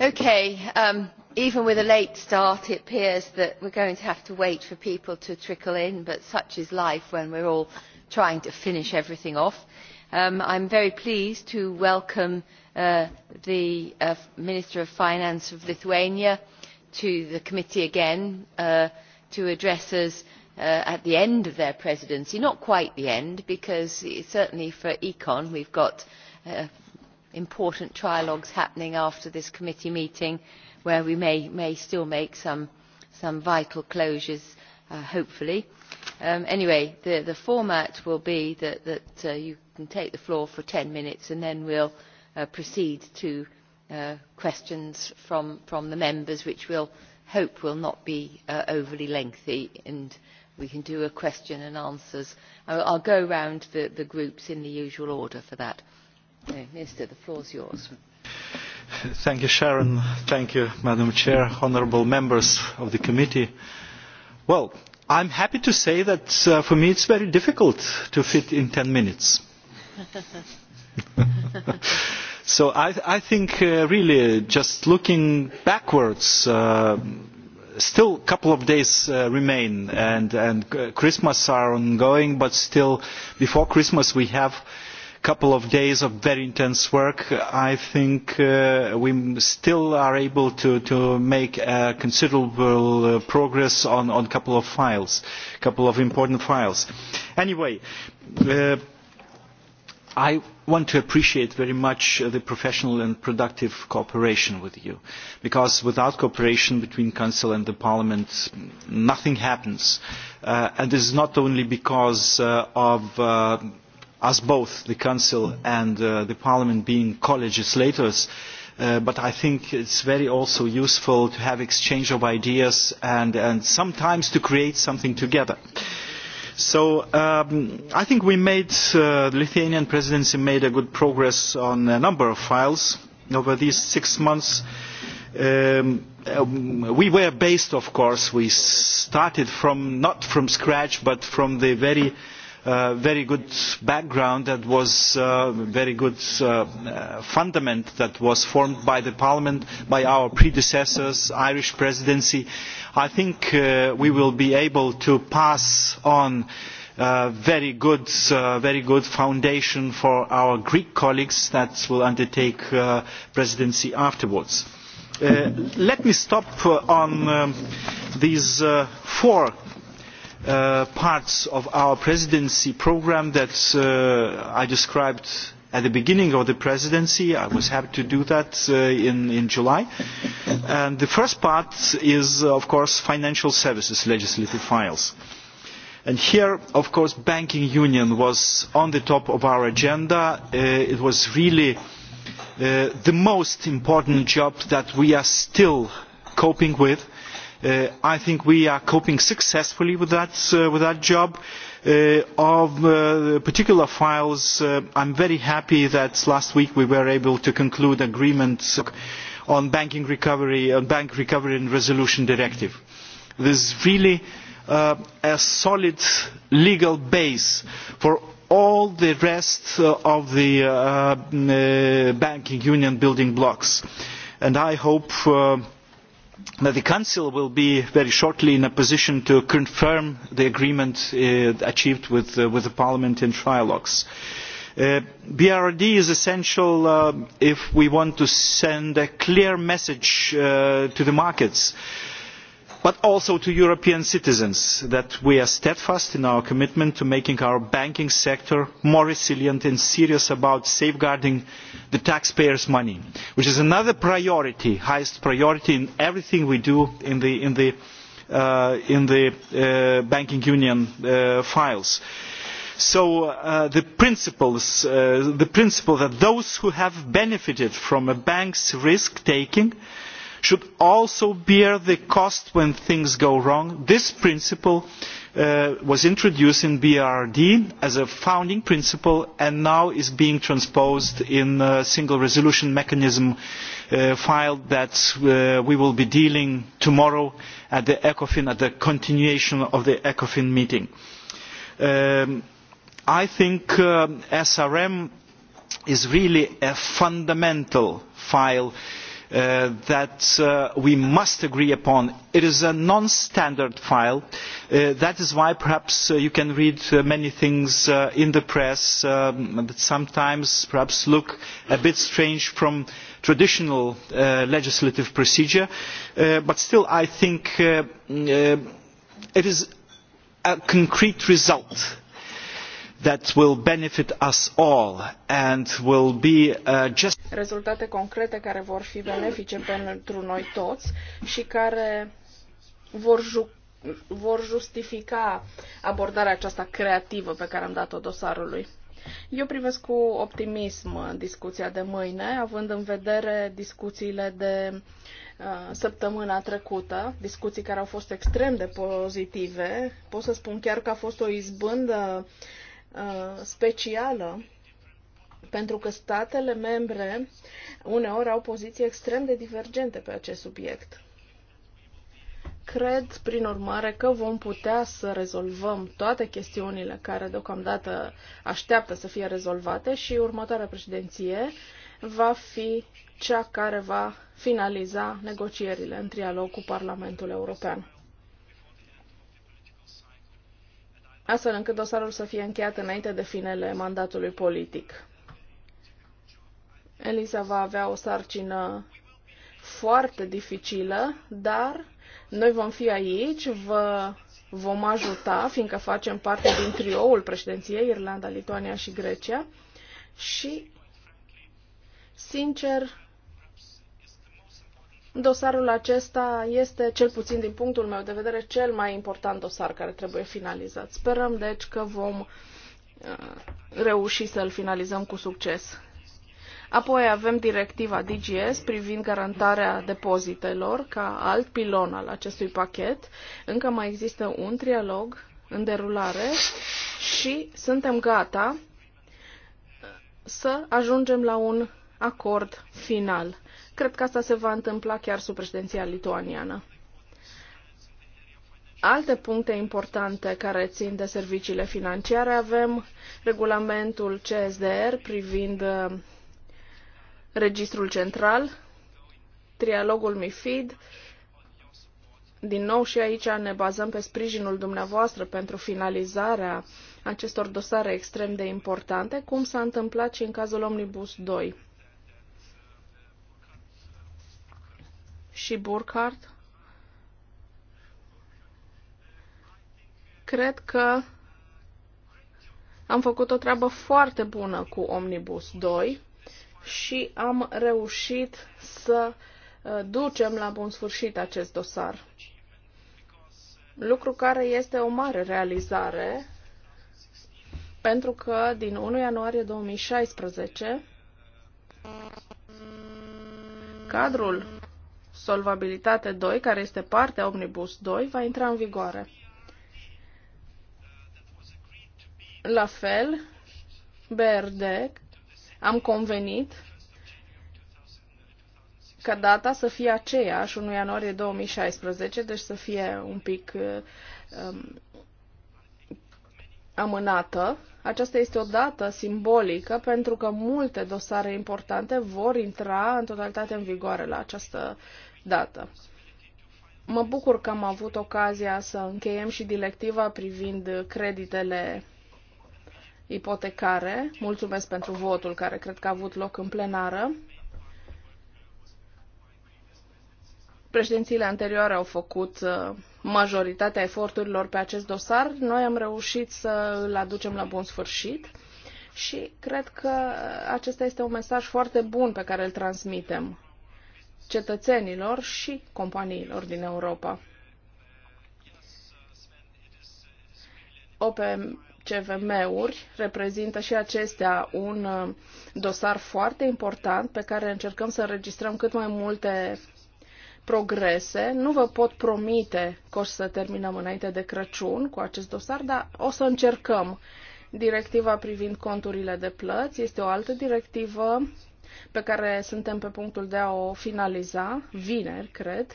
Okay, um, even with a late start it appears that we are going to have to wait for people to trickle in but such is life when we are all trying to finish everything off. i am um, very pleased to welcome uh, the uh, minister of finance of lithuania to the committee again uh, to address us at the end of their presidency not quite the end because certainly for econ we have got important trialogues happening after this committee meeting where we may, still make some, vital closures, uh, hopefully. Um, anyway, the, format will be that, uh, you can take the floor for 10 minutes and then we'll will uh, proceed to questions from, the members, which we'll hope will not be overly lengthy and we can do a question and answers. I'll, will go round the groups in the usual order for that. Minister, the floor is yours. Thank you, Sharon. Thank you, Madam Chair, honourable members of the committee. Well, I'm happy to say that uh, for me it's very difficult to fit in 10 minutes. so I, I think uh, really just looking backwards, uh, still a couple of days uh, remain and, and Christmas are ongoing, but still before Christmas we have uh, couple of days of very intense work, I think uh, we still are able to, to make uh, considerable uh, progress on a couple of files, a couple of important files. Anyway, uh, I want to appreciate very much the professional and productive cooperation with you, because without cooperation between Council and the Parliament, nothing happens. Uh, and this is not only because uh, of uh, us both, the Council and uh, the Parliament, being co-legislators. Uh, but I think it's very also useful to have exchange of ideas and, and sometimes to create something together. So um, I think we made, uh, the Lithuanian presidency made a good progress on a number of files over these six months. Um, um, we were based, of course, we started from, not from scratch, but from the very Uh, very good background that was a uh, very good uh, fundament that was formed by the parliament by our predecessors irish presidency i think uh, we will be able to pass on a very good very good foundation for our greek colleagues that will undertake presidency afterwards let me stop on um, these four Uh, parts of our presidency programme that uh, I described at the beginning of the presidency. I was happy to do that uh, in, in July. And the first part is, uh, of course, financial services legislative files. And here, of course, banking union was on the top of our agenda. Uh, it was really uh, the most important job that we are still coping with Uh, i think we are coping successfully with that, uh, job. Uh, on particular files i am very happy that last week we were able to conclude agreements on banking recovery and bank recovery and resolution directive. this is really a solid legal base for all the rest of the banking union building blocks and i hope that the Council will be very shortly in a position to confirm the agreement uh, achieved with, uh, with Parliament in trialogues. Uh, brrd is essential uh, if we want to send a clear message uh, to the markets that but also to european citizens that we are steadfast in our commitment to making our banking sector more resilient and serious about safeguarding the taxpayers' money which is another priority highest priority in everything we do in the, uh, uh, banking union uh, files so the, the principle that those who have benefited from a bank's risk taking should also bear the cost when things go wrong. this principle uh, was introduced in brrd as a founding principle and now is being transposed in the single resolution mechanism uh, file that uh, we will be dealing with tomorrow at the ecofin at the continuation of the ecofin meeting. Um, i think srm um, is really a fundamental file Uh, that uh, we must agree upon. It is a non-standard file. Uh, that is why perhaps you can read many things in the press that um, sometimes perhaps look a bit strange from traditional legislative procedure. but still, I think it is a concrete result that will benefit us all and will be just rezultate concrete care vor fi benefice pentru noi toți și care vor, ju- vor justifica abordarea aceasta creativă pe care am dat-o dosarului. Eu privesc cu optimism discuția de mâine, având în vedere discuțiile de uh, săptămâna trecută, discuții care au fost extrem de pozitive. Pot să spun chiar că a fost o izbândă uh, specială pentru că statele membre uneori au poziții extrem de divergente pe acest subiect. Cred, prin urmare, că vom putea să rezolvăm toate chestiunile care deocamdată așteaptă să fie rezolvate și următoarea președinție va fi cea care va finaliza negocierile în trialog cu Parlamentul European. Astfel încât dosarul să fie încheiat înainte de finele mandatului politic. Elisa va avea o sarcină foarte dificilă, dar noi vom fi aici, vă vom ajuta, fiindcă facem parte din trioul președinției Irlanda, Lituania și Grecia. Și, sincer, dosarul acesta este, cel puțin din punctul meu de vedere, cel mai important dosar care trebuie finalizat. Sperăm, deci, că vom uh, reuși să-l finalizăm cu succes. Apoi avem directiva DGS privind garantarea depozitelor ca alt pilon al acestui pachet. Încă mai există un trialog în derulare și suntem gata să ajungem la un acord final. Cred că asta se va întâmpla chiar sub președinția lituaniană. Alte puncte importante care țin de serviciile financiare avem regulamentul CSDR privind uh, registrul central, trialogul MIFID. Din nou și aici ne bazăm pe sprijinul dumneavoastră pentru finalizarea acestor dosare extrem de importante, cum s-a întâmplat și în cazul Omnibus 2. Și Burkhardt? Cred că am făcut o treabă foarte bună cu Omnibus 2 și am reușit să uh, ducem la bun sfârșit acest dosar. Lucru care este o mare realizare, pentru că din 1 ianuarie 2016 cadrul Solvabilitate 2, care este parte a Omnibus 2, va intra în vigoare. La fel, BRD, am convenit ca data să fie aceeași, 1 ianuarie 2016, deci să fie un pic um, amânată. Aceasta este o dată simbolică pentru că multe dosare importante vor intra în totalitate în vigoare la această dată. Mă bucur că am avut ocazia să încheiem și directiva privind creditele ipotecare. Mulțumesc pentru votul care cred că a avut loc în plenară. Președințiile anterioare au făcut uh, majoritatea eforturilor pe acest dosar. Noi am reușit să îl aducem la bun sfârșit și cred că uh, acesta este un mesaj foarte bun pe care îl transmitem cetățenilor și companiilor din Europa. OPM CVM-uri reprezintă și acestea un uh, dosar foarte important pe care încercăm să înregistrăm cât mai multe progrese. Nu vă pot promite că o să terminăm înainte de Crăciun cu acest dosar, dar o să încercăm. Directiva privind conturile de plăți este o altă directivă pe care suntem pe punctul de a o finaliza vineri, cred,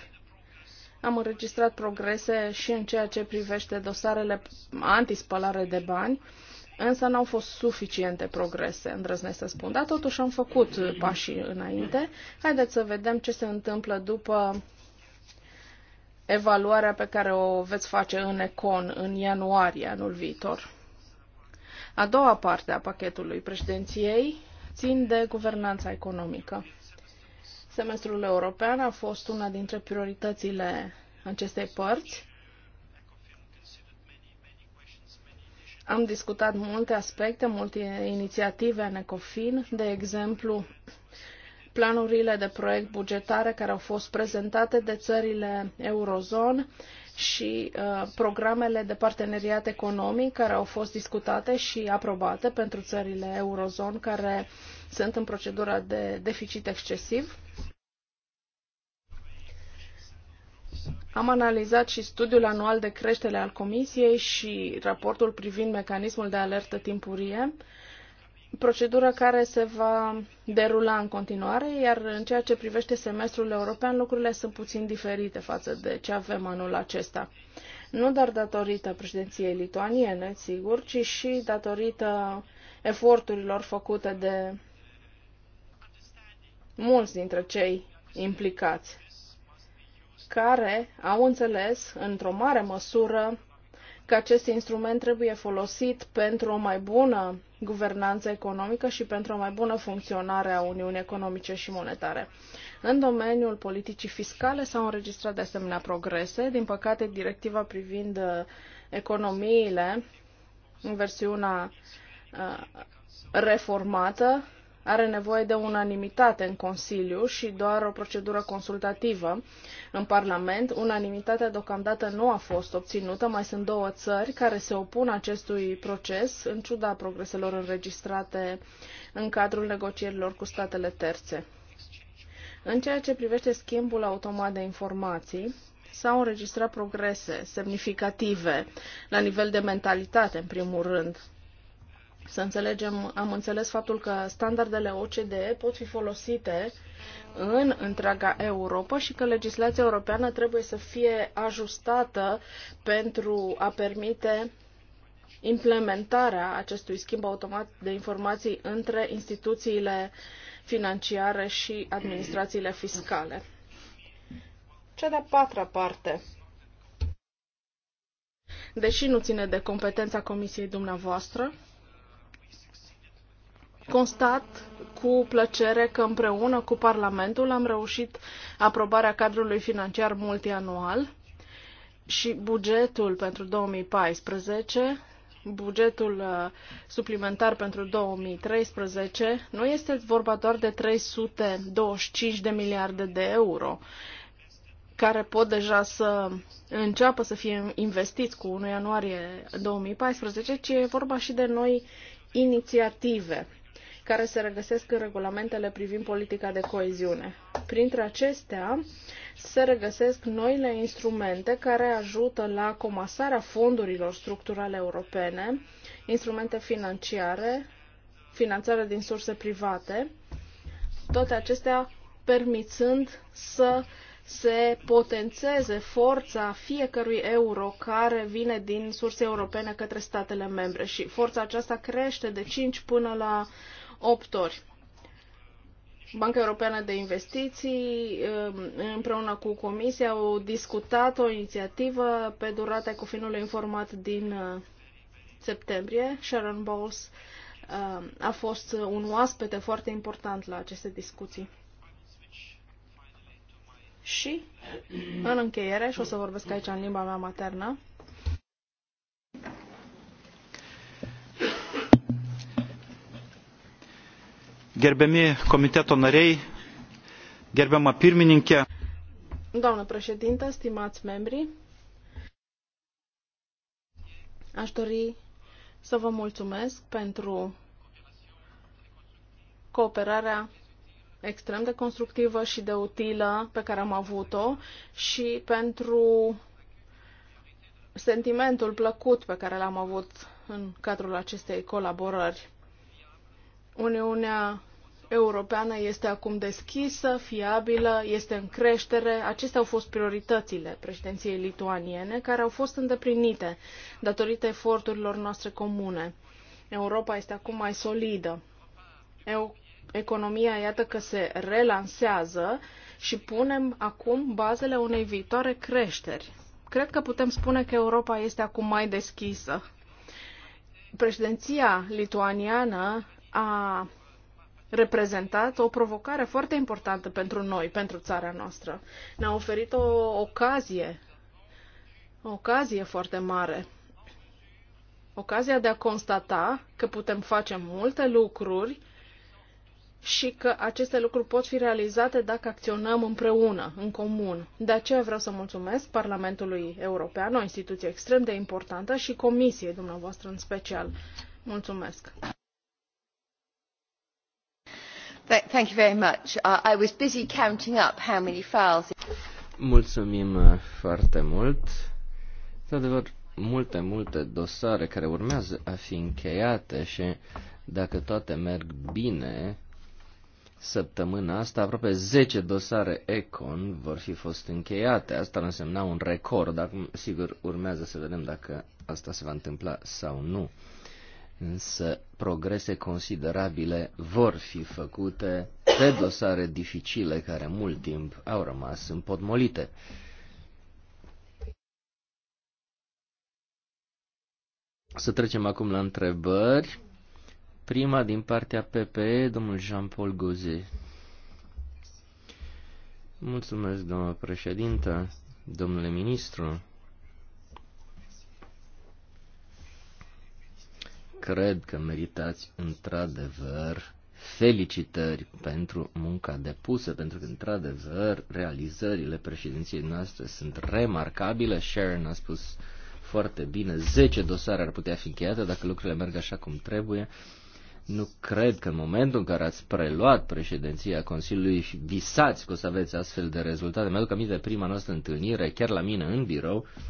am înregistrat progrese și în ceea ce privește dosarele antispălare de bani, însă n-au fost suficiente progrese, îndrăznesc să spun. Dar totuși am făcut pașii înainte. Haideți să vedem ce se întâmplă după evaluarea pe care o veți face în Econ în ianuarie anul viitor. A doua parte a pachetului președinției țin de guvernanța economică. Semestrul european a fost una dintre prioritățile acestei părți. Am discutat multe aspecte, multe inițiative în ECOFIN, de exemplu, planurile de proiect bugetare care au fost prezentate de țările eurozon și uh, programele de parteneriat economic care au fost discutate și aprobate pentru țările eurozon care sunt în procedura de deficit excesiv. Am analizat și studiul anual de creștere al Comisiei și raportul privind mecanismul de alertă timpurie, procedură care se va derula în continuare, iar în ceea ce privește semestrul european, lucrurile sunt puțin diferite față de ce avem anul acesta. Nu doar datorită președinției lituaniene, sigur, ci și datorită eforturilor făcute de mulți dintre cei implicați care au înțeles, într-o mare măsură, că acest instrument trebuie folosit pentru o mai bună guvernanță economică și pentru o mai bună funcționare a Uniunii Economice și Monetare. În domeniul politicii fiscale s-au înregistrat de asemenea progrese. Din păcate, directiva privind uh, economiile în versiunea uh, reformată are nevoie de unanimitate în Consiliu și doar o procedură consultativă în Parlament. Unanimitatea deocamdată nu a fost obținută, mai sunt două țări care se opun acestui proces în ciuda progreselor înregistrate în cadrul negocierilor cu statele terțe. În ceea ce privește schimbul automat de informații, s-au înregistrat progrese semnificative la nivel de mentalitate, în primul rând, să înțelegem, am înțeles faptul că standardele OCDE pot fi folosite în întreaga Europa și că legislația europeană trebuie să fie ajustată pentru a permite implementarea acestui schimb automat de informații între instituțiile financiare și administrațiile fiscale. Cea de-a patra parte. Deși nu ține de competența comisiei dumneavoastră, Constat cu plăcere că împreună cu Parlamentul am reușit aprobarea cadrului financiar multianual și bugetul pentru 2014 bugetul uh, suplimentar pentru 2013 nu este vorba doar de 325 de miliarde de euro care pot deja să înceapă să fie investiți cu 1 ianuarie 2014, ci e vorba și de noi inițiative care se regăsesc în regulamentele privind politica de coeziune. Printre acestea se regăsesc noile instrumente care ajută la comasarea fondurilor structurale europene, instrumente financiare, finanțare din surse private, toate acestea permițând să se potențeze forța fiecărui euro care vine din surse europene către statele membre și forța aceasta crește de 5 până la 8 ori. Banca Europeană de Investiții um, împreună cu Comisia au discutat o inițiativă pe durata cofinului informat din uh, septembrie. Sharon Bowles um, a fost un oaspete foarte important la aceste discuții. Și, în încheiere, și o să vorbesc aici în limba mea maternă, gerbiami komiteto nariai, gerbiama pirmininke Doamnă președintă, stimați membri, aș dori să vă mulțumesc pentru cooperarea extrem de constructivă și de utilă pe care am avut-o și pentru sentimentul plăcut pe care l-am avut în cadrul acestei colaborări. Uniunea europeană este acum deschisă, fiabilă, este în creștere. Acestea au fost prioritățile președinției lituaniene, care au fost îndeplinite datorită eforturilor noastre comune. Europa este acum mai solidă. Eu, economia, iată că se relansează și punem acum bazele unei viitoare creșteri. Cred că putem spune că Europa este acum mai deschisă. Președinția lituaniană a reprezentat o provocare foarte importantă pentru noi, pentru țara noastră. Ne-a oferit o ocazie, o ocazie foarte mare. Ocazia de a constata că putem face multe lucruri și că aceste lucruri pot fi realizate dacă acționăm împreună, în comun. De aceea vreau să mulțumesc Parlamentului European, o instituție extrem de importantă, și Comisiei dumneavoastră în special. Mulțumesc! I was busy counting up how many files. Mulțumim uh, foarte mult. Într-adevăr, multe, multe dosare care urmează a fi încheiate și dacă toate merg bine, săptămâna asta aproape 10 dosare Econ vor fi fost încheiate. Asta ar însemna un record. dar sigur, urmează să vedem dacă asta se va întâmpla sau nu însă progrese considerabile vor fi făcute pe dosare dificile care mult timp au rămas împotmolite. Să trecem acum la întrebări. Prima din partea PPE, domnul Jean-Paul Gauze. Mulțumesc, domnule președinte, domnule ministru. cred că meritați într-adevăr felicitări pentru munca depusă, pentru că, într-adevăr, realizările președinției noastre sunt remarcabile. Sharon a spus foarte bine, 10 dosare ar putea fi încheiate dacă lucrurile merg așa cum trebuie. Nu cred că în momentul în care ați preluat președinția Consiliului și visați că o să aveți astfel de rezultate. Mi-aduc aminte de prima noastră întâlnire, chiar la mine în birou, uh,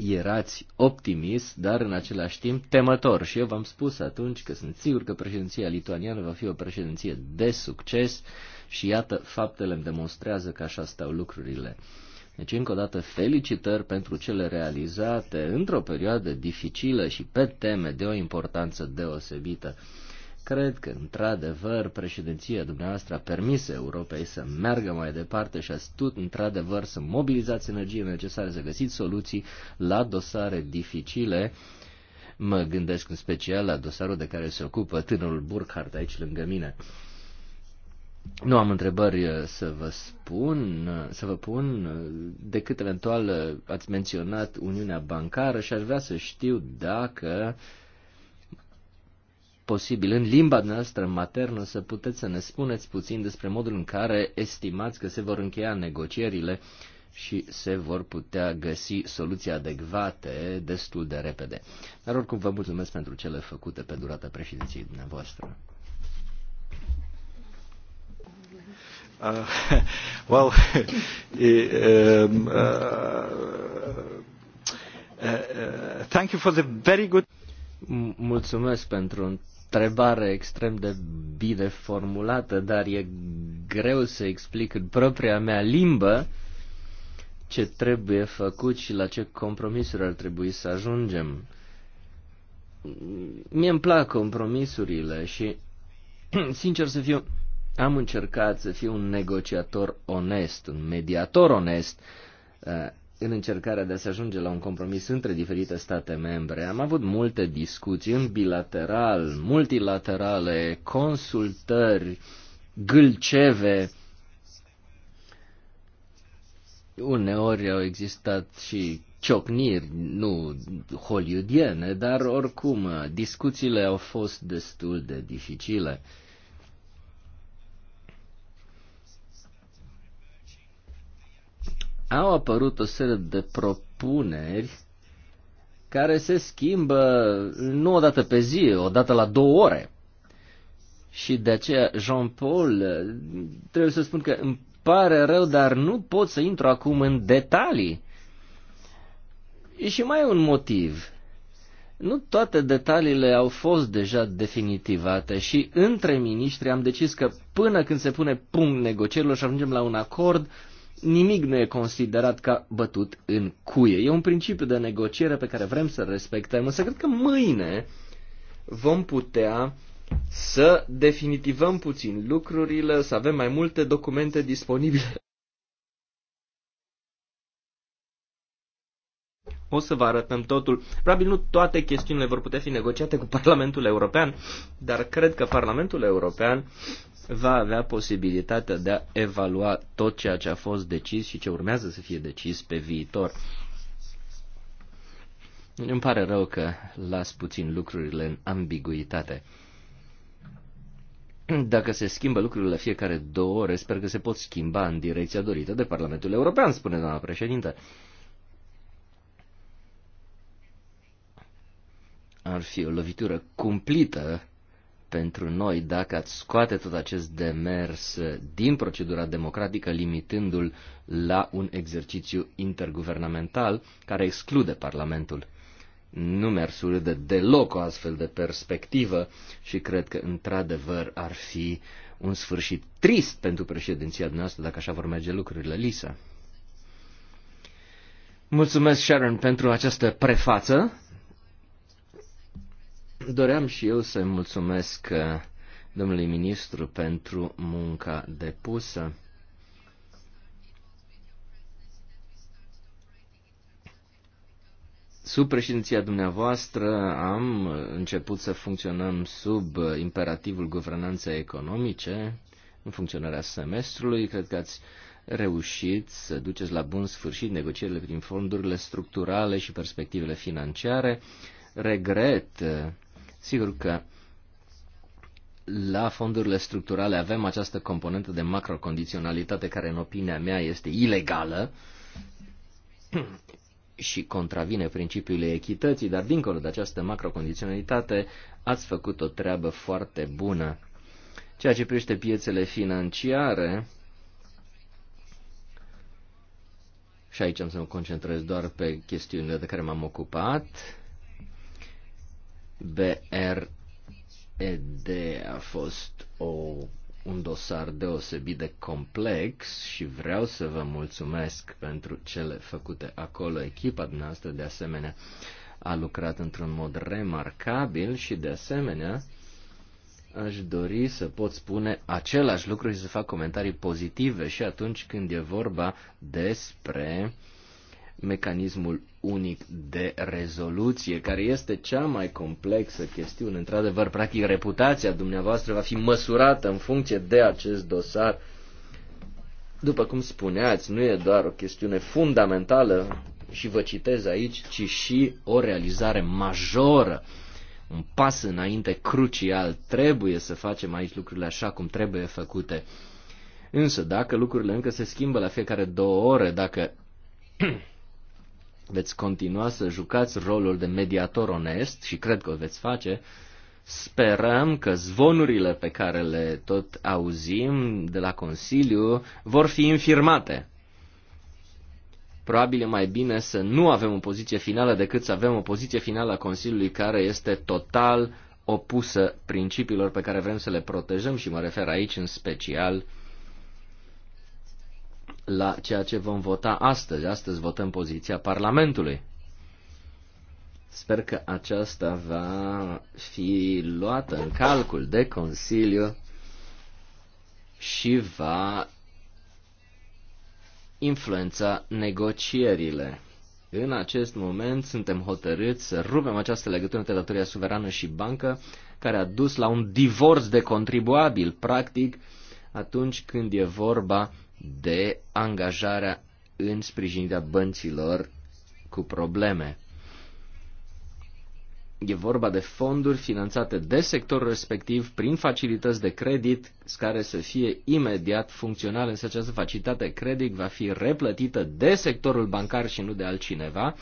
erați optimist, dar în același timp temător. Și eu v-am spus atunci că sunt sigur că președinția lituaniană va fi o președinție de succes și iată, faptele îmi demonstrează că așa stau lucrurile. Deci, încă o dată, felicitări pentru cele realizate într-o perioadă dificilă și pe teme de o importanță deosebită. Cred că, într-adevăr, președinția dumneavoastră a permis Europei să meargă mai departe și a stut, într-adevăr, să mobilizați energie necesare, să găsiți soluții la dosare dificile. Mă gândesc în special la dosarul de care se ocupă tânărul Burkhardt aici lângă mine. Nu am întrebări uh, să vă spun, uh, să vă pun, uh, decât eventual ați menționat Uniunea Bancară și aș vrea să știu dacă uh, posibil în limba noastră maternă să puteți să ne spuneți puțin despre modul în care estimați că se vor încheia negocierile și se vor putea găsi soluții adecvate destul de repede. Dar oricum vă mulțumesc pentru cele făcute pe durata președinției dumneavoastră. Uh, well, um, uh, uh, uh, thank you for the very good. Mulțumesc pentru întrebare extrem de bine formulată, dar e greu să explic în propria mea limbă ce trebuie făcut și la ce compromisuri ar trebui să ajungem. Mie îmi plac compromisurile și, sincer să fiu, am încercat să fiu un negociator onest, un mediator onest uh, în încercarea de a se ajunge la un compromis între diferite state membre. Am avut multe discuții în bilateral, multilaterale, consultări, gâlceve. Uneori au existat și ciocniri, nu hollywoodiene, dar oricum discuțiile au fost destul de dificile. au apărut o serie de propuneri care se schimbă nu o dată pe zi, o dată la două ore. Și de aceea, Jean-Paul, trebuie să spun că îmi pare rău, dar nu pot să intru acum în detalii. E și mai un motiv. Nu toate detaliile au fost deja definitivate și între miniștri am decis că până când se pune punct negocierilor și ajungem la un acord, uh, nimic nu e considerat ca bătut în cuie. E un principiu de negociere pe care vrem să respectăm, însă cred că mâine vom putea să definitivăm puțin lucrurile, să avem mai multe documente disponibile. O să vă arătăm totul. Probabil nu toate chestiunile vor putea fi negociate cu Parlamentul European, dar cred că Parlamentul European va avea posibilitatea de a evalua tot ceea ce a fost decis și ce urmează să fie decis pe viitor. Îmi pare rău că las puțin lucrurile în ambiguitate. Dacă se schimbă lucrurile la fiecare două ore, sper că se pot schimba în direcția dorită de Parlamentul European, spune doamna președinte. Ar fi o lovitură cumplită pentru noi dacă ați scoate tot acest demers eh, din procedura democratică, limitându-l la un exercițiu interguvernamental care exclude Parlamentul. Nu mi-ar surâde deloc o astfel de perspectivă și cred că, într-adevăr, ar fi un sfârșit trist pentru președinția noastră dacă așa vor merge lucrurile, Lisa. Mulțumesc, Sharon, pentru această prefață Doream și eu să-i mulțumesc uh, domnului ministru pentru munca depusă. Sub președinția dumneavoastră am început să funcționăm sub imperativul guvernanței economice, în funcționarea semestrului. Cred că ați reușit să duceți la bun sfârșit negocierile prin fondurile structurale și perspectivele financiare. Regret Sigur că la fondurile structurale avem această componentă de macrocondiționalitate care, în opinia mea, este ilegală și contravine principiului echității, dar dincolo de această macrocondiționalitate ați făcut o treabă foarte bună. Ceea ce privește piețele financiare, și aici am să mă concentrez doar pe chestiunile de care m-am ocupat, BRED a fost o, un dosar deosebit de complex și vreau să vă mulțumesc pentru cele făcute acolo. Echipa dumneavoastră, de asemenea, a lucrat într-un mod remarcabil și, de asemenea, aș dori să pot spune același lucru și să fac comentarii pozitive și atunci când e vorba despre mecanismul unic de rezoluție, care este cea mai complexă chestiune. Într-adevăr, practic, reputația dumneavoastră va fi măsurată în funcție de acest dosar. După cum spuneați, nu e doar o chestiune fundamentală, și vă citez aici, ci și o realizare majoră un pas înainte crucial. Trebuie să facem aici lucrurile așa cum trebuie făcute. Însă, dacă lucrurile încă se schimbă la fiecare două ore, dacă veți continua să jucați rolul de mediator onest și cred că o veți face, sperăm că zvonurile pe care le tot auzim de la Consiliu vor fi infirmate. Probabil e mai bine să nu avem o poziție finală decât să avem o poziție finală a Consiliului care este total opusă principiilor pe care vrem să le protejăm și mă refer aici în special la ceea ce vom vota astăzi. Astăzi votăm poziția Parlamentului. Sper că aceasta va fi luată în calcul de Consiliu și va influența negocierile. În acest moment suntem hotărâți să rupem această legătură între datoria suverană și bancă, care a dus la un divorț de contribuabil, practic, atunci când e vorba de angajarea în sprijinirea bănților cu probleme. E vorba de fonduri finanțate de sectorul respectiv prin facilități de credit care să fie imediat funcționale, însă această facilitate credit va fi replătită de sectorul bancar și nu de altcineva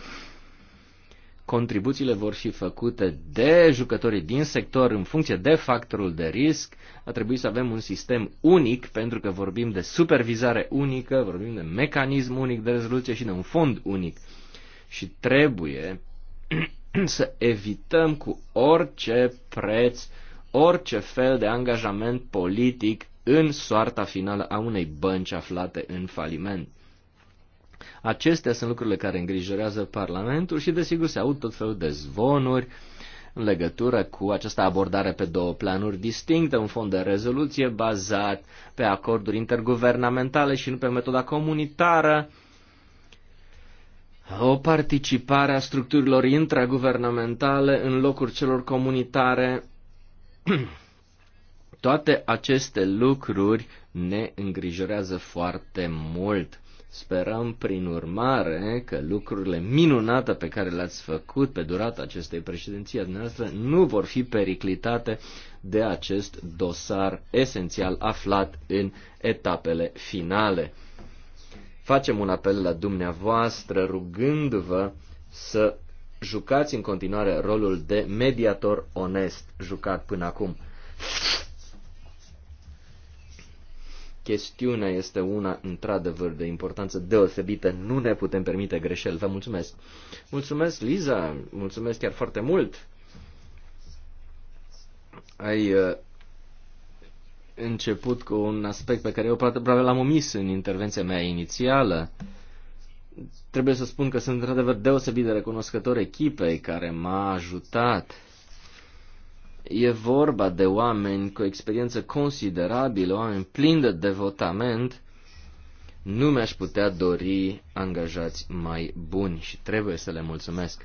contribuțiile vor fi făcute de jucătorii din sector în funcție de factorul de risc. A trebuit să avem un sistem unic, pentru că vorbim de supervizare unică, vorbim de mecanism unic de rezoluție și de un fond unic. Și trebuie să evităm cu orice preț, orice fel de angajament politic în soarta finală a unei bănci aflate în faliment. Acestea sunt lucrurile care îngrijorează Parlamentul și, desigur, se aud tot felul de zvonuri în legătură cu această abordare pe două planuri distincte, un fond de rezoluție bazat pe acorduri interguvernamentale și nu pe metoda comunitară, o participare a structurilor intraguvernamentale în locul celor comunitare. Toate aceste lucruri ne îngrijorează foarte mult. Sperăm, prin urmare, că lucrurile minunate pe care le-ați făcut pe durata acestei președinții noastre nu vor fi periclitate de acest dosar esențial aflat în etapele finale. Facem un apel la dumneavoastră rugându-vă să jucați în continuare rolul de mediator onest jucat până acum chestiunea este una într-adevăr de importanță deosebită. Nu ne putem permite greșeli. Vă mulțumesc. Mulțumesc, Liza. Mulțumesc chiar foarte mult. Ai uh, început cu un aspect pe care eu probabil l-am omis în intervenția mea inițială. Trebuie să spun că sunt într-adevăr deosebit de recunoscător echipei care m-a ajutat E vorba de oameni cu experiență considerabilă, oameni plini de devotament. Nu mi-aș putea dori angajați mai buni și trebuie să le mulțumesc.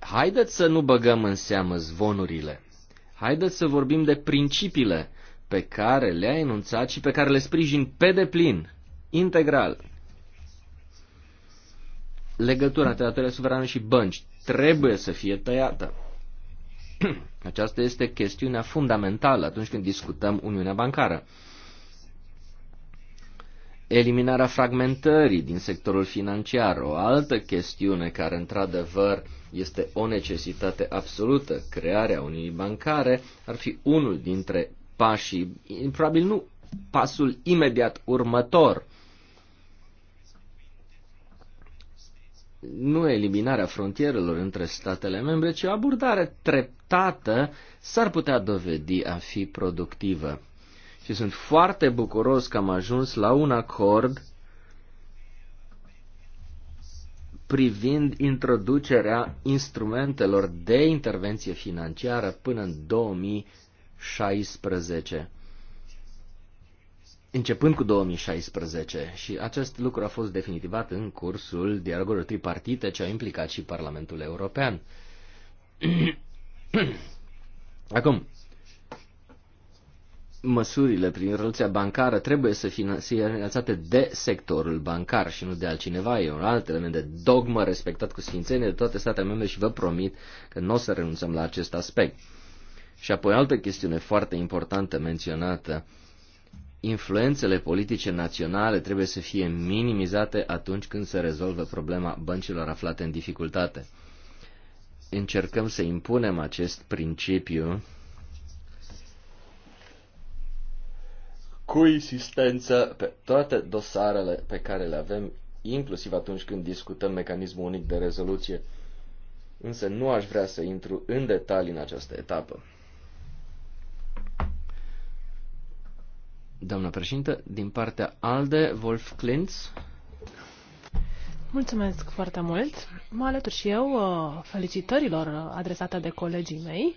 Haideți să nu băgăm în seamă zvonurile. Haideți să vorbim de principiile pe care le-a enunțat și pe care le sprijin pe deplin, integral. Legătura între datoria suverană și bănci trebuie să fie tăiată. Hmm. Aceasta este chestiunea fundamentală atunci când discutăm Uniunea Bancară. Eliminarea fragmentării din sectorul financiar, o altă chestiune care într-adevăr este o necesitate absolută, crearea Uniunii Bancare, ar fi unul dintre pașii, probabil nu pasul imediat următor, nu eliminarea frontierelor între statele membre, ci o abordare treptată s-ar putea dovedi a fi productivă. Și sunt foarte bucuros că am ajuns la un acord privind introducerea instrumentelor de intervenție financiară până în 2016 începând cu 2016 și acest lucru a fost definitivat în cursul dialogurilor tripartite ce au implicat și Parlamentul European. Acum, măsurile prin relația bancară trebuie să fie finanțate de sectorul bancar și nu de altcineva. E un alt element de dogmă respectat cu sfințenie de toate statele membre și vă promit că nu o să renunțăm la acest aspect. Și apoi altă chestiune foarte importantă menționată uh, influențele politice naționale trebuie să fie minimizate atunci când se rezolvă problema băncilor aflate în dificultate. Încercăm să impunem acest principiu cu insistență pe toate dosarele pe care le avem, inclusiv atunci când discutăm mecanismul unic de rezoluție. Însă nu aș vrea să intru în detalii în această etapă. Doamnă președintă, din partea ALDE, Wolf Klintz. Mulțumesc foarte mult. Mă alătur și eu uh, felicitărilor adresate de colegii mei.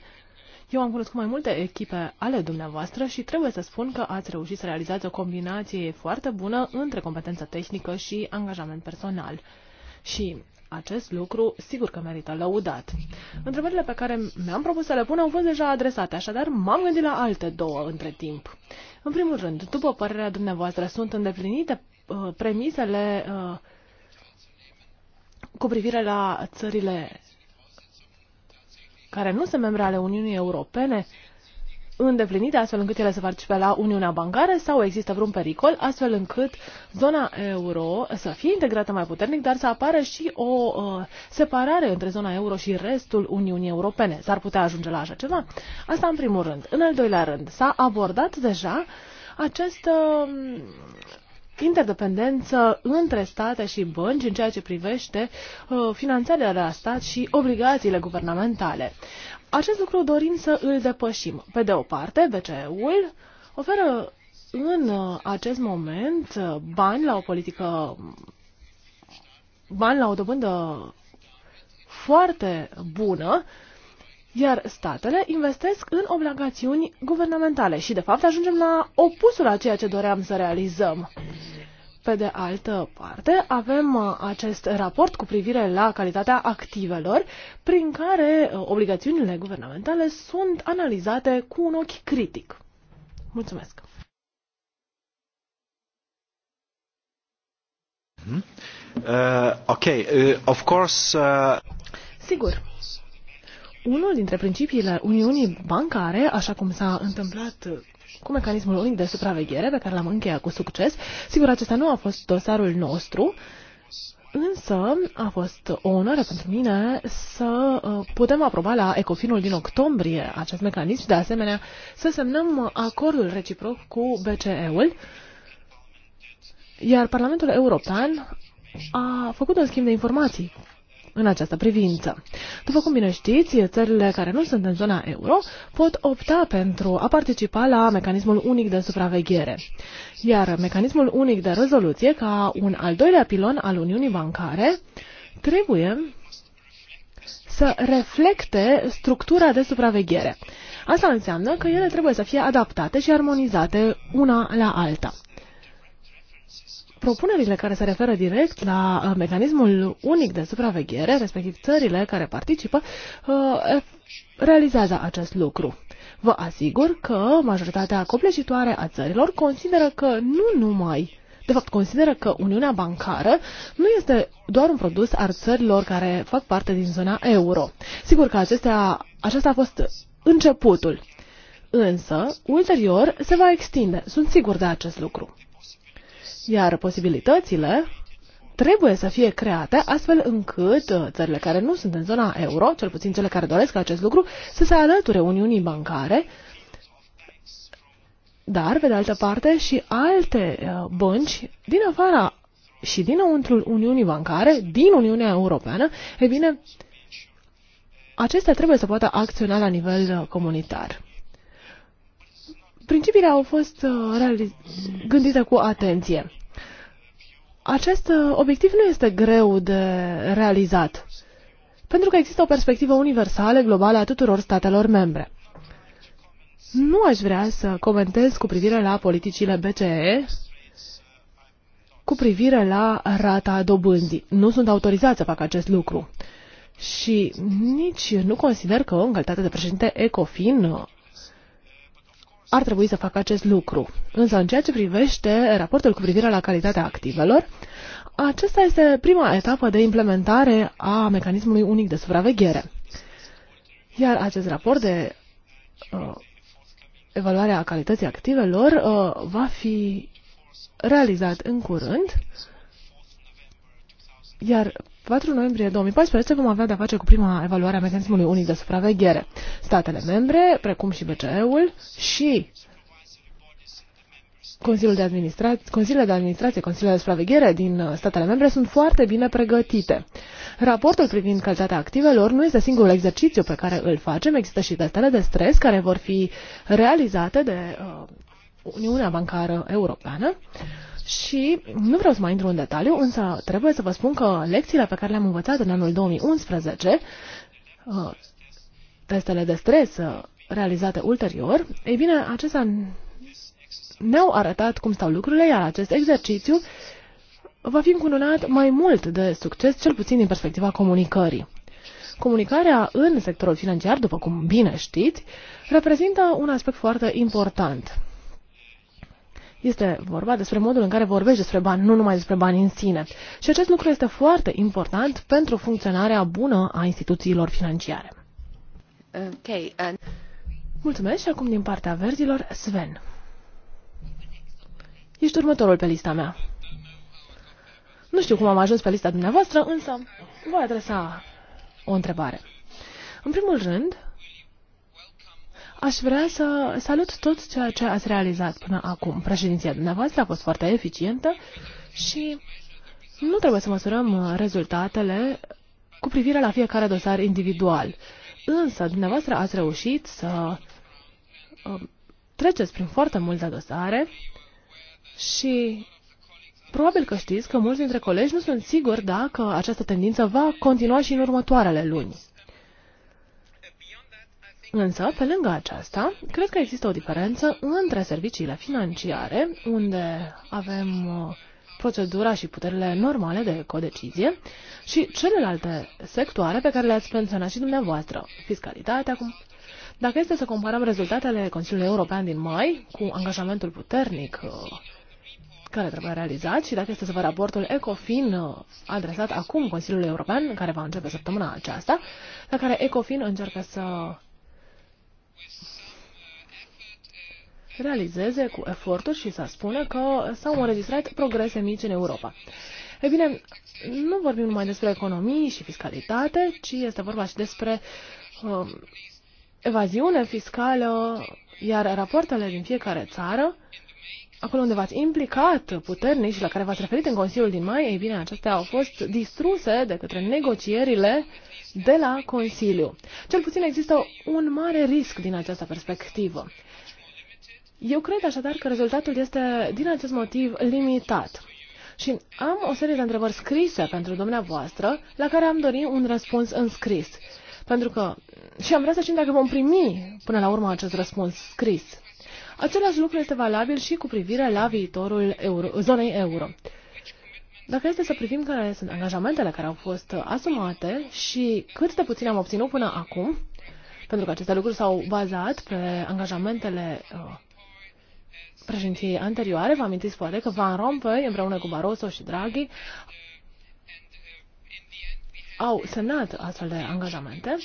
Eu am cunoscut mai multe echipe ale dumneavoastră și trebuie să spun că ați reușit să realizați o combinație foarte bună între competență tehnică și angajament personal. Și acest lucru sigur că merită lăudat. Întrebările pe care mi-am propus să le pun au fost deja adresate, așadar m-am gândit la alte două între timp. În primul rând, după părerea dumneavoastră, sunt îndeplinite uh, premisele uh, cu privire la țările care nu sunt membre ale Uniunii Europene îndeplinite astfel încât ele să participe la Uniunea Bancară sau există vreun pericol astfel încât zona euro să fie integrată mai puternic, dar să apară și o uh, separare între zona euro și restul Uniunii Europene. S-ar putea ajunge la așa ceva? Asta în primul rând. În al doilea rând, s-a abordat deja această um, interdependență între state și bănci în ceea ce privește uh, finanțarea de la stat și obligațiile guvernamentale. Acest lucru dorim să îl depășim. Pe de o parte, BCE-ul oferă în uh, acest moment uh, bani la o politică, bani la o dobândă foarte bună, iar statele investesc în obligațiuni guvernamentale și, de fapt, ajungem la opusul a ceea ce doream să realizăm. Pe de altă parte, avem uh, acest raport cu privire la calitatea activelor, prin care uh, obligațiunile guvernamentale sunt analizate cu un ochi critic. Mulțumesc! Hmm? Uh, ok, uh, of course. Uh... Sigur. Unul dintre principiile Uniunii Bancare, așa cum s-a întâmplat cu mecanismul unic de supraveghere pe care l-am încheiat cu succes. Sigur, acesta nu a fost dosarul nostru, Însă a fost o onoare pentru mine să uh, putem aproba la Ecofinul din octombrie acest mecanism și de asemenea să semnăm acordul reciproc cu BCE-ul, iar Parlamentul European a făcut un schimb de informații în această privință. După cum bine știți, țările care nu sunt în zona euro pot opta pentru a participa la mecanismul unic de supraveghere. Iar mecanismul unic de rezoluție, ca un al doilea pilon al Uniunii Bancare, trebuie să reflecte structura de supraveghere. Asta înseamnă că ele trebuie să fie adaptate și armonizate una la alta propunerile care se referă direct la uh, mecanismul unic de supraveghere, respectiv țările care participă, uh, realizează acest lucru. Vă asigur că majoritatea copleșitoare a țărilor consideră că nu numai de fapt, consideră că Uniunea Bancară nu este doar un produs al țărilor care fac parte din zona euro. Sigur că acestea, acesta a fost începutul, însă, ulterior, se va extinde. Sunt sigur de acest lucru. Iar posibilitățile trebuie să fie create astfel încât uh, țările care nu sunt în zona euro, cel puțin cele care doresc acest lucru, să se alăture Uniunii Bancare, dar, pe de altă parte, și alte uh, bănci din afara și dinăuntrul Uniunii Bancare, din Uniunea Europeană, e bine, acestea trebuie să poată acționa la nivel uh, comunitar. Principiile au fost uh, gândite cu atenție. Acest uh, obiectiv nu este greu de realizat, pentru că există o perspectivă universală, globală a tuturor statelor membre. Nu aș vrea să comentez cu privire la politicile BCE, cu privire la rata dobânzii. Nu sunt autorizat să fac acest lucru. Și nici nu consider că, în calitate de președinte ECOFIN, ar trebui să facă acest lucru. Însă, în ceea ce privește raportul cu privire la calitatea activelor, acesta este prima etapă de implementare a mecanismului unic de supraveghere. Iar acest raport de uh, evaluare a calității activelor uh, va fi realizat în curând, iar 4 noiembrie 2014 vom avea de-a face cu prima evaluare a mecanismului unic de supraveghere. Statele membre, precum și BCE-ul și Consiliul de administrație, Consiliile de Administrație, Consiliile de Supraveghere din uh, statele membre sunt foarte bine pregătite. Raportul privind calitatea activelor nu este singurul exercițiu pe care îl facem, există și testele de stres care vor fi realizate de uh, Uniunea Bancară Europeană. Uh, și nu vreau să mai intru în detaliu, însă trebuie să vă spun că lecțiile pe care le-am învățat în anul 2011, uh, testele de stres uh, realizate ulterior, ei bine, acestea ne-au arătat cum stau lucrurile, iar acest exercițiu va fi încununat mai mult de succes, cel puțin din perspectiva comunicării. Comunicarea în sectorul financiar, după cum bine știți, reprezintă un aspect foarte important. Este vorba despre modul în care vorbești despre bani, nu numai despre bani în sine. Și acest lucru este foarte important pentru funcționarea bună a instituțiilor financiare. Okay, and... Mulțumesc și acum din partea verzilor, Sven. Ești următorul pe lista mea. Nu știu cum am ajuns pe lista dumneavoastră, însă voi adresa o întrebare. În primul rând, Aș vrea să salut tot ceea ce ați realizat până acum. Președinția dumneavoastră a fost foarte eficientă și nu trebuie să măsurăm uh, rezultatele cu privire la fiecare dosar individual. Însă, dumneavoastră ați reușit să uh, treceți prin foarte multe dosare și probabil că știți că mulți dintre colegi nu sunt siguri dacă această tendință va continua și în următoarele luni. Însă, pe lângă aceasta, cred că există o diferență între serviciile financiare, unde avem uh, procedura și puterile normale de codecizie, și celelalte sectoare pe care le-ați menționat și dumneavoastră, fiscalitatea, acum. Dacă este să comparăm rezultatele Consiliului European din mai cu angajamentul puternic uh, care trebuie realizat și dacă este să vă raportul ECOFIN uh, adresat acum Consiliului European, care va începe săptămâna aceasta, la care ECOFIN încearcă să realizeze cu eforturi și să spună că s-au înregistrat progrese mici în Europa. E bine, nu vorbim numai despre economii și fiscalitate, ci este vorba și despre uh, evaziune fiscală, iar rapoartele din fiecare țară, acolo unde v-ați implicat puternic și la care v-ați referit în Consiliul din mai, ei bine, acestea au fost distruse de către negocierile de la Consiliu. Cel puțin există un mare risc din această perspectivă. Eu cred așadar că rezultatul este din acest motiv limitat. Și am o serie de întrebări scrise pentru dumneavoastră, la care am dorit un răspuns în scris. Pentru că și am vrea să știm dacă vom primi până la urmă acest răspuns scris. Același lucru este valabil și cu privire la viitorul euro, zonei euro. Dacă este să privim care sunt angajamentele care au fost asumate și cât de puțin am obținut până acum, pentru că aceste lucruri s-au bazat pe angajamentele uh, președinției anterioare. Vă amintiți poate că Van Rompuy împreună cu Barroso și Draghi au semnat astfel de angajamente,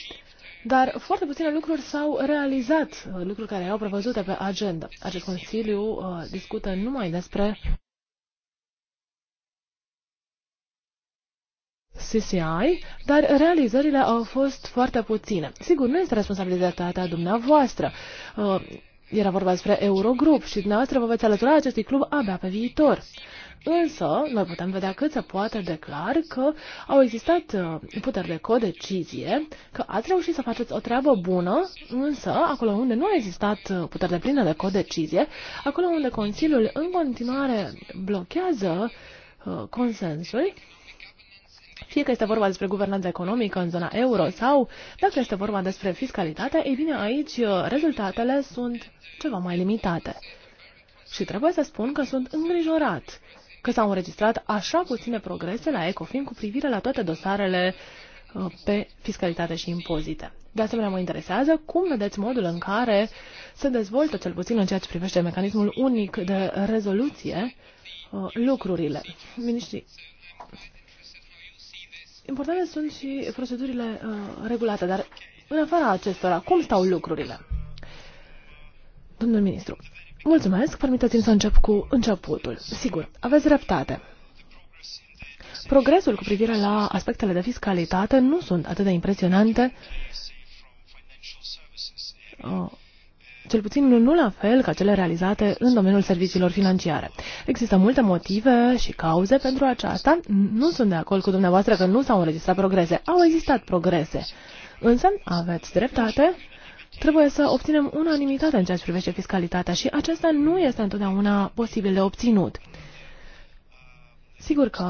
dar foarte puține lucruri s-au realizat, uh, lucruri care erau prevăzute pe agenda. Acest Consiliu uh, discută numai despre CCI, dar realizările au fost foarte puține. Sigur, nu este responsabilitatea dumneavoastră. Uh, era vorba despre Eurogrup și dumneavoastră vă veți alătura acestui club abia pe viitor. Însă, noi putem vedea cât se poate de clar că au existat uh, puteri de codecizie, că ați reușit să faceți o treabă bună, însă, acolo unde nu a existat uh, puteri de plină de codecizie, acolo unde Consiliul în continuare blochează uh, consensul, fie că este vorba despre guvernanța economică în zona euro sau dacă este vorba despre fiscalitate, ei bine, aici uh, rezultatele sunt ceva mai limitate. Și trebuie să spun că sunt îngrijorat că s-au înregistrat așa puține progrese la ECOFIN cu privire la toate dosarele uh, pe fiscalitate și impozite. De asemenea, mă interesează cum vedeți modul în care se dezvoltă, cel puțin în ceea ce privește mecanismul unic de rezoluție, uh, lucrurile. Ministrii Importante sunt și procedurile uh, regulate, dar în afara acestora, cum stau lucrurile? Domnul ministru, mulțumesc, permiteți-mi să încep cu începutul. Sigur, aveți dreptate. Progresul cu privire la aspectele de fiscalitate nu sunt atât de impresionante uh, cel puțin nu la fel ca cele realizate în domeniul serviciilor financiare. Există multe motive și cauze pentru aceasta. Nu sunt de acord cu dumneavoastră că nu s-au înregistrat progrese. Au existat progrese. Însă, aveți dreptate, trebuie să obținem unanimitate în ceea ce privește fiscalitatea și acesta nu este întotdeauna posibil de obținut. Sigur că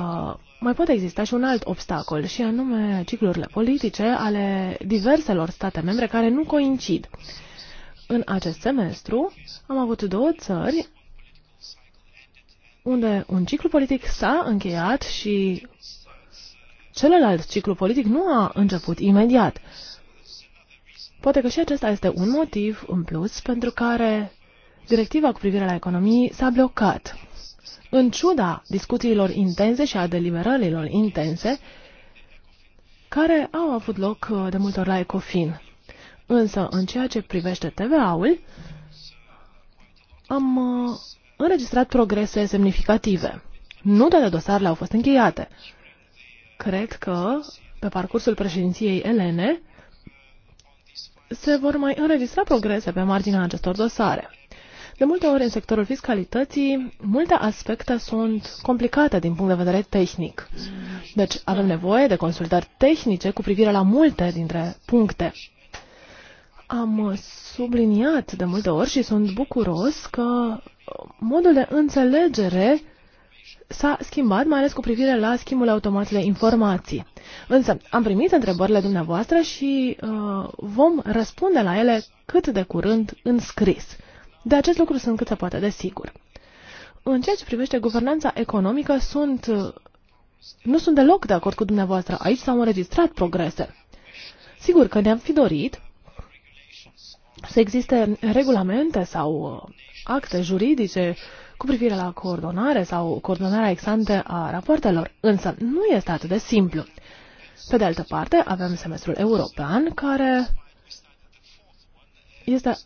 mai poate exista și un alt obstacol, și anume ciclurile politice ale diverselor state membre care nu coincid. În acest semestru am avut două țări unde un ciclu politic s-a încheiat și celălalt ciclu politic nu a început imediat. Poate că și acesta este un motiv în plus pentru care directiva cu privire la economii s-a blocat. În ciuda discuțiilor intense și a deliberărilor intense care au avut loc uh, de multe ori la ECOFIN. Însă, în ceea ce privește TVA-ul, am uh, înregistrat progrese semnificative. Nu toate dosarele au fost încheiate. Cred că, pe parcursul președinției Elene, se vor mai înregistra progrese pe marginea acestor dosare. De multe ori, în sectorul fiscalității, multe aspecte sunt complicate din punct de vedere tehnic. Deci, avem nevoie de consultări tehnice cu privire la multe dintre puncte. Am subliniat de multe ori și sunt bucuros că modul de înțelegere s-a schimbat, mai ales cu privire la schimbul automat de informații. Însă, am primit întrebările dumneavoastră și uh, vom răspunde la ele cât de curând în scris. De acest lucru sunt cât se poate de sigur. În ceea ce privește guvernanța economică, sunt, nu sunt deloc de acord cu dumneavoastră. Aici s-au înregistrat progrese. Sigur că ne-am fi dorit să existe regulamente sau uh, acte juridice cu privire la coordonare sau coordonarea exante a rapoartelor, însă nu este atât de simplu. Pe de altă parte, avem semestrul european, care este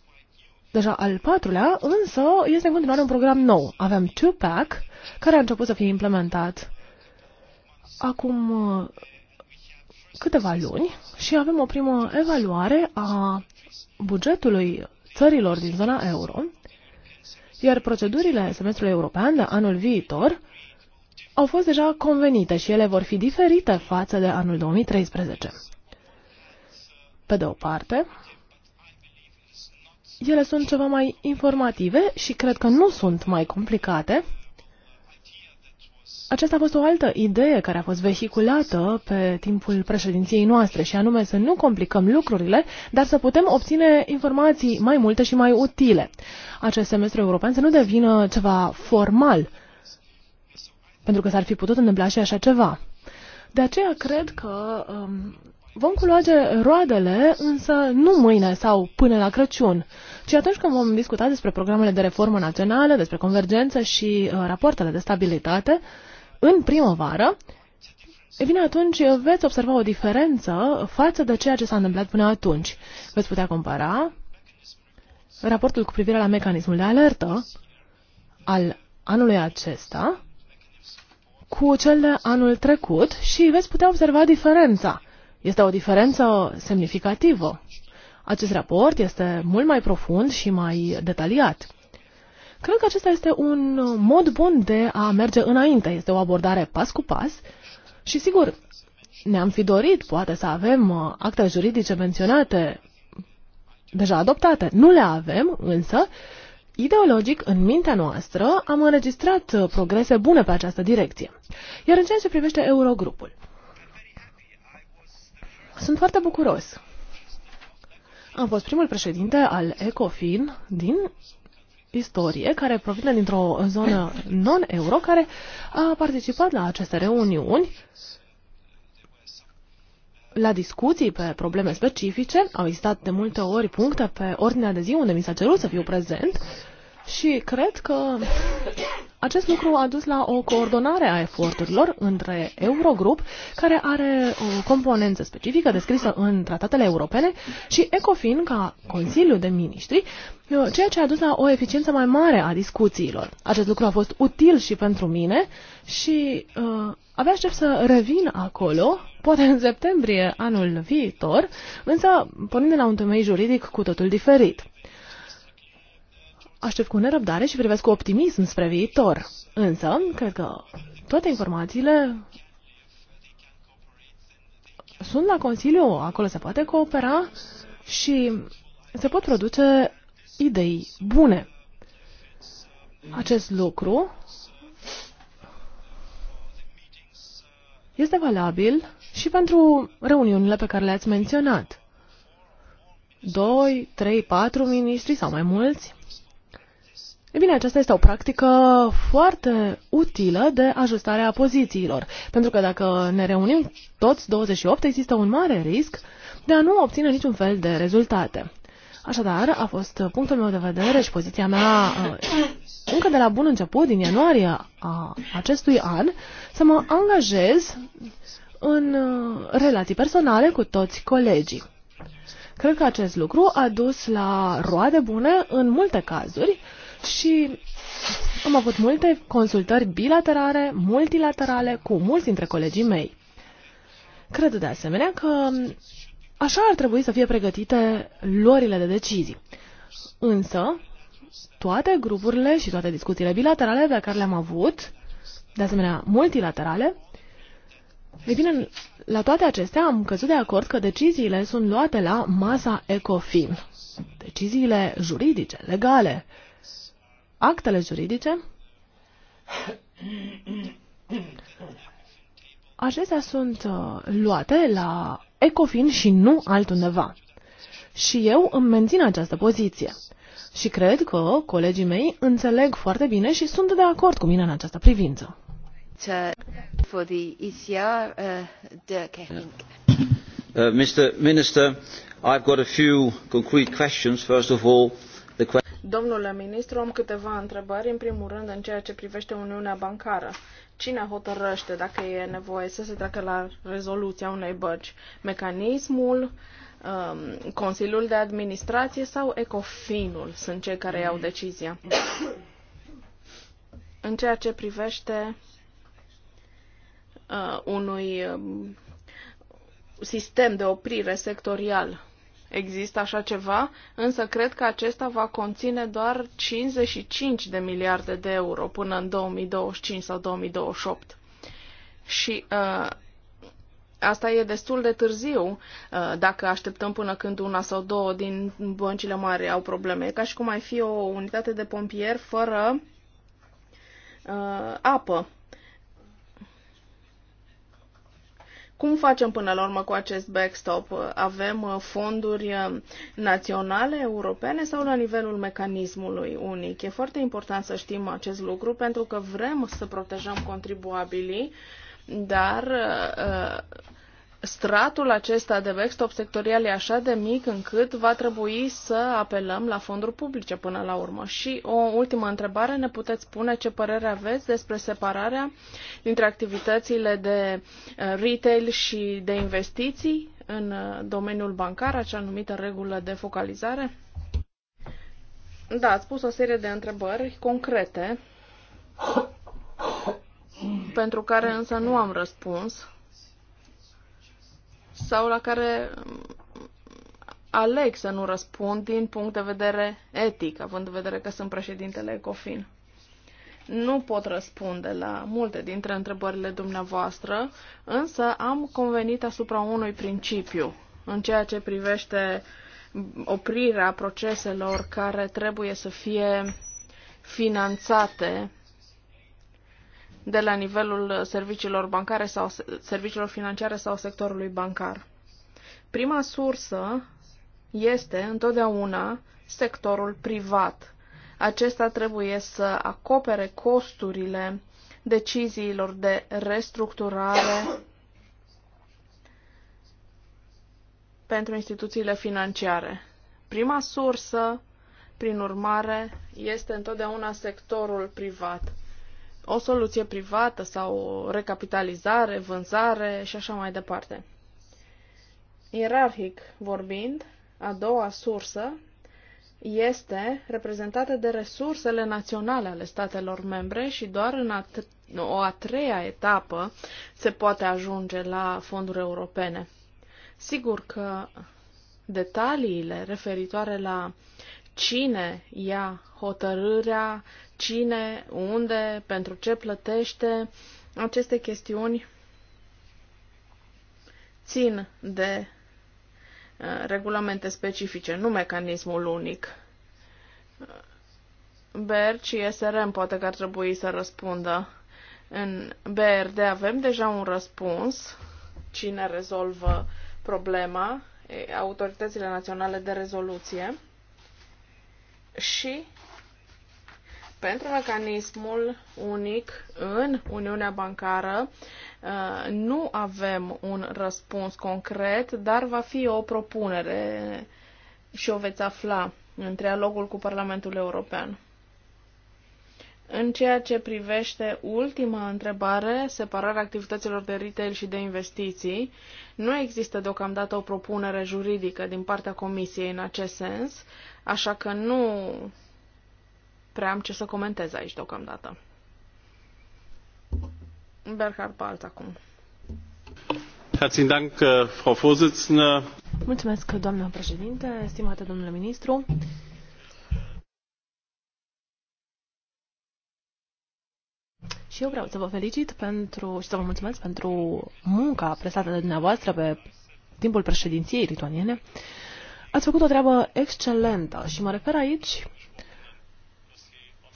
deja al patrulea, însă este în continuare un program nou. Avem TUPAC, care a început să fie implementat acum uh, câteva luni și avem o primă evaluare a bugetului țărilor din zona euro, iar procedurile semestrului european de anul viitor au fost deja convenite și ele vor fi diferite față de anul 2013. Pe de o parte, ele sunt ceva mai informative și cred că nu sunt mai complicate aceasta a fost o altă idee care a fost vehiculată pe timpul președinției noastre și anume să nu complicăm lucrurile, dar să putem obține informații mai multe și mai utile. Acest semestru european să nu devină ceva formal, pentru că s-ar fi putut întâmpla și așa ceva. De aceea cred că um, vom culoage roadele, însă nu mâine sau până la Crăciun, ci atunci când vom discuta despre programele de reformă națională, despre convergență și uh, rapoartele de stabilitate, uh, în primăvară, E bine, atunci veți observa o diferență față de ceea ce s-a întâmplat până atunci. Veți putea compara raportul cu privire la mecanismul de alertă al anului acesta cu cel de anul trecut și veți putea observa diferența. Este o diferență semnificativă. Acest raport este mult mai profund și mai detaliat. Cred că acesta este un mod bun de a merge înainte. Este o abordare pas cu pas și, sigur, ne-am fi dorit poate să avem uh, acte juridice menționate deja adoptate. Nu le avem, însă, ideologic, în mintea noastră, am înregistrat uh, progrese bune pe această direcție. Iar în ceea ce privește Eurogrupul, sunt foarte bucuros. Am fost primul președinte al ECOFIN din istorie, care provine dintr-o zonă non-euro, care a participat la aceste reuniuni, la discuții pe probleme specifice. Au existat de multe ori puncte pe ordinea de zi unde mi s-a cerut să fiu prezent și cred că acest lucru a dus la o coordonare a eforturilor între Eurogrup, care are o componență specifică descrisă în tratatele europene, și ECOFIN ca Consiliu de Ministri, ceea ce a dus la o eficiență mai mare a discuțiilor. Acest lucru a fost util și pentru mine și uh, avea aștept să revin acolo, poate în septembrie anul viitor, însă pornind de la un temei juridic cu totul diferit aștept cu nerăbdare și privesc cu optimism spre viitor. Însă, cred că toate informațiile sunt la Consiliu, acolo se poate coopera și se pot produce idei bune. Acest lucru este valabil și pentru reuniunile pe care le-ați menționat. Doi, trei, patru miniștri sau mai mulți E bine, aceasta este o practică foarte utilă de ajustare a pozițiilor, pentru că dacă ne reunim toți 28, există un mare risc de a nu obține niciun fel de rezultate. Așadar, a fost punctul meu de vedere și poziția mea uh, încă de la bun început, din ianuarie a acestui an, să mă angajez în uh, relații personale cu toți colegii. Cred că acest lucru a dus la roade bune în multe cazuri și am avut multe consultări bilaterale, multilaterale cu mulți dintre colegii mei. Cred de asemenea că așa ar trebui să fie pregătite luările de decizii. Însă, toate grupurile și toate discuțiile bilaterale pe care le-am avut, de asemenea multilaterale, ei bine, la toate acestea am căzut de acord că deciziile sunt luate la masa ECOFIN. Deciziile juridice, legale, actele juridice acestea sunt uh, luate la Ecofin și nu altundeva. Și eu îmi mențin această poziție. Și cred că colegii mei înțeleg foarte bine și sunt de acord cu mine în această privință. Mr. Uh, uh, Minister, I've got a few concrete questions. First of all, the question Domnule ministru, am câteva întrebări. În primul rând, în ceea ce privește Uniunea Bancară. Cine hotărăște dacă e nevoie să se treacă la rezoluția unei băci? Mecanismul, um, Consiliul de Administrație sau Ecofinul sunt cei care iau decizia? În ceea ce privește uh, unui um, sistem de oprire sectorial există așa ceva, însă cred că acesta va conține doar 55 de miliarde de euro până în 2025 sau 2028. Și uh, asta e destul de târziu uh, dacă așteptăm până când una sau două din băncile mari au probleme. E ca și cum ai fi o unitate de pompieri fără uh, apă. Cum facem până la urmă cu acest backstop? Avem uh, fonduri uh, naționale, europene sau la nivelul mecanismului unic? E foarte important să știm acest lucru pentru că vrem să protejăm contribuabilii, dar uh, uh stratul acesta de backstop sectorial e așa de mic încât va trebui să apelăm la fonduri publice până la urmă. Și o ultimă întrebare, ne puteți spune ce părere aveți despre separarea dintre activitățile de uh, retail și de investiții în uh, domeniul bancar, acea numită regulă de focalizare? Da, ați pus o serie de întrebări concrete pentru care însă nu am răspuns sau la care aleg să nu răspund din punct de vedere etic, având în vedere că sunt președintele Ecofin. Nu pot răspunde la multe dintre întrebările dumneavoastră, însă am convenit asupra unui principiu în ceea ce privește oprirea proceselor care trebuie să fie finanțate de la nivelul serviciilor bancare sau serviciilor financiare sau sectorului bancar. Prima sursă este întotdeauna sectorul privat. Acesta trebuie să acopere costurile deciziilor de restructurare pentru instituțiile financiare. Prima sursă, prin urmare, este întotdeauna sectorul privat o soluție privată sau o recapitalizare, vânzare și așa mai departe. Ierarhic vorbind, a doua sursă este reprezentată de resursele naționale ale statelor membre și doar în a o a treia etapă se poate ajunge la fonduri europene. Sigur că detaliile referitoare la cine ia hotărârea, cine, unde, pentru ce plătește. Aceste chestiuni țin de uh, regulamente specifice, nu mecanismul unic. Uh, BER și SRM poate că ar trebui să răspundă. În BRD avem deja un răspuns. Cine rezolvă problema? Autoritățile naționale de rezoluție și pentru mecanismul unic în Uniunea Bancară uh, nu avem un răspuns concret, dar va fi o propunere și o veți afla în trialogul cu Parlamentul European. În ceea ce privește ultima întrebare, separarea activităților de retail și de investiții, nu există deocamdată o propunere juridică din partea Comisiei în acest sens, așa că nu prea am ce să comentez aici deocamdată. Berhard Palt acum. Herzlichen Dank, äh, Frau Vorsitzende. Mulțumesc, doamnă președinte, stimate domnule ministru. Și eu vreau să vă felicit pentru și să vă mulțumesc pentru munca prestată de dumneavoastră pe timpul președinției lituaniene. Ați făcut o treabă excelentă și mă refer aici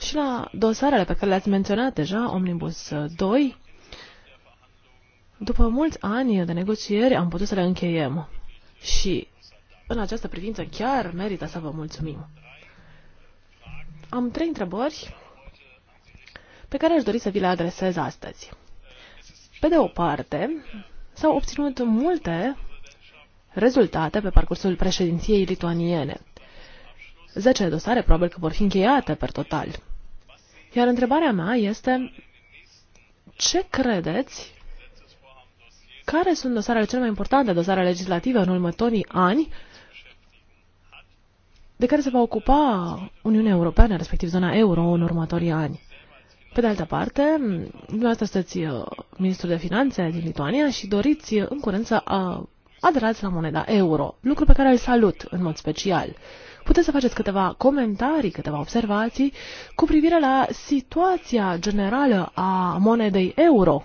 și la dosarele pe care le-ați menționat deja, Omnibus 2. După mulți ani de negocieri am putut să le încheiem și în această privință chiar merită să vă mulțumim. Am trei întrebări pe care aș dori să vi le adresez astăzi. Pe de o parte, s-au obținut multe rezultate pe parcursul președinției lituaniene. Zece dosare probabil că vor fi încheiate per total. Iar întrebarea mea este ce credeți care sunt dosarele cele mai importante, dosare legislative în următorii ani de care se va ocupa Uniunea Europeană, respectiv zona euro, în următorii ani. Pe de altă parte, dumneavoastră sunteți uh, ministrul de finanțe din Lituania și doriți uh, în curând să uh, aderați la moneda euro, lucru pe care îl salut în mod special. Puteți să faceți câteva comentarii, câteva observații cu privire la situația generală a monedei euro.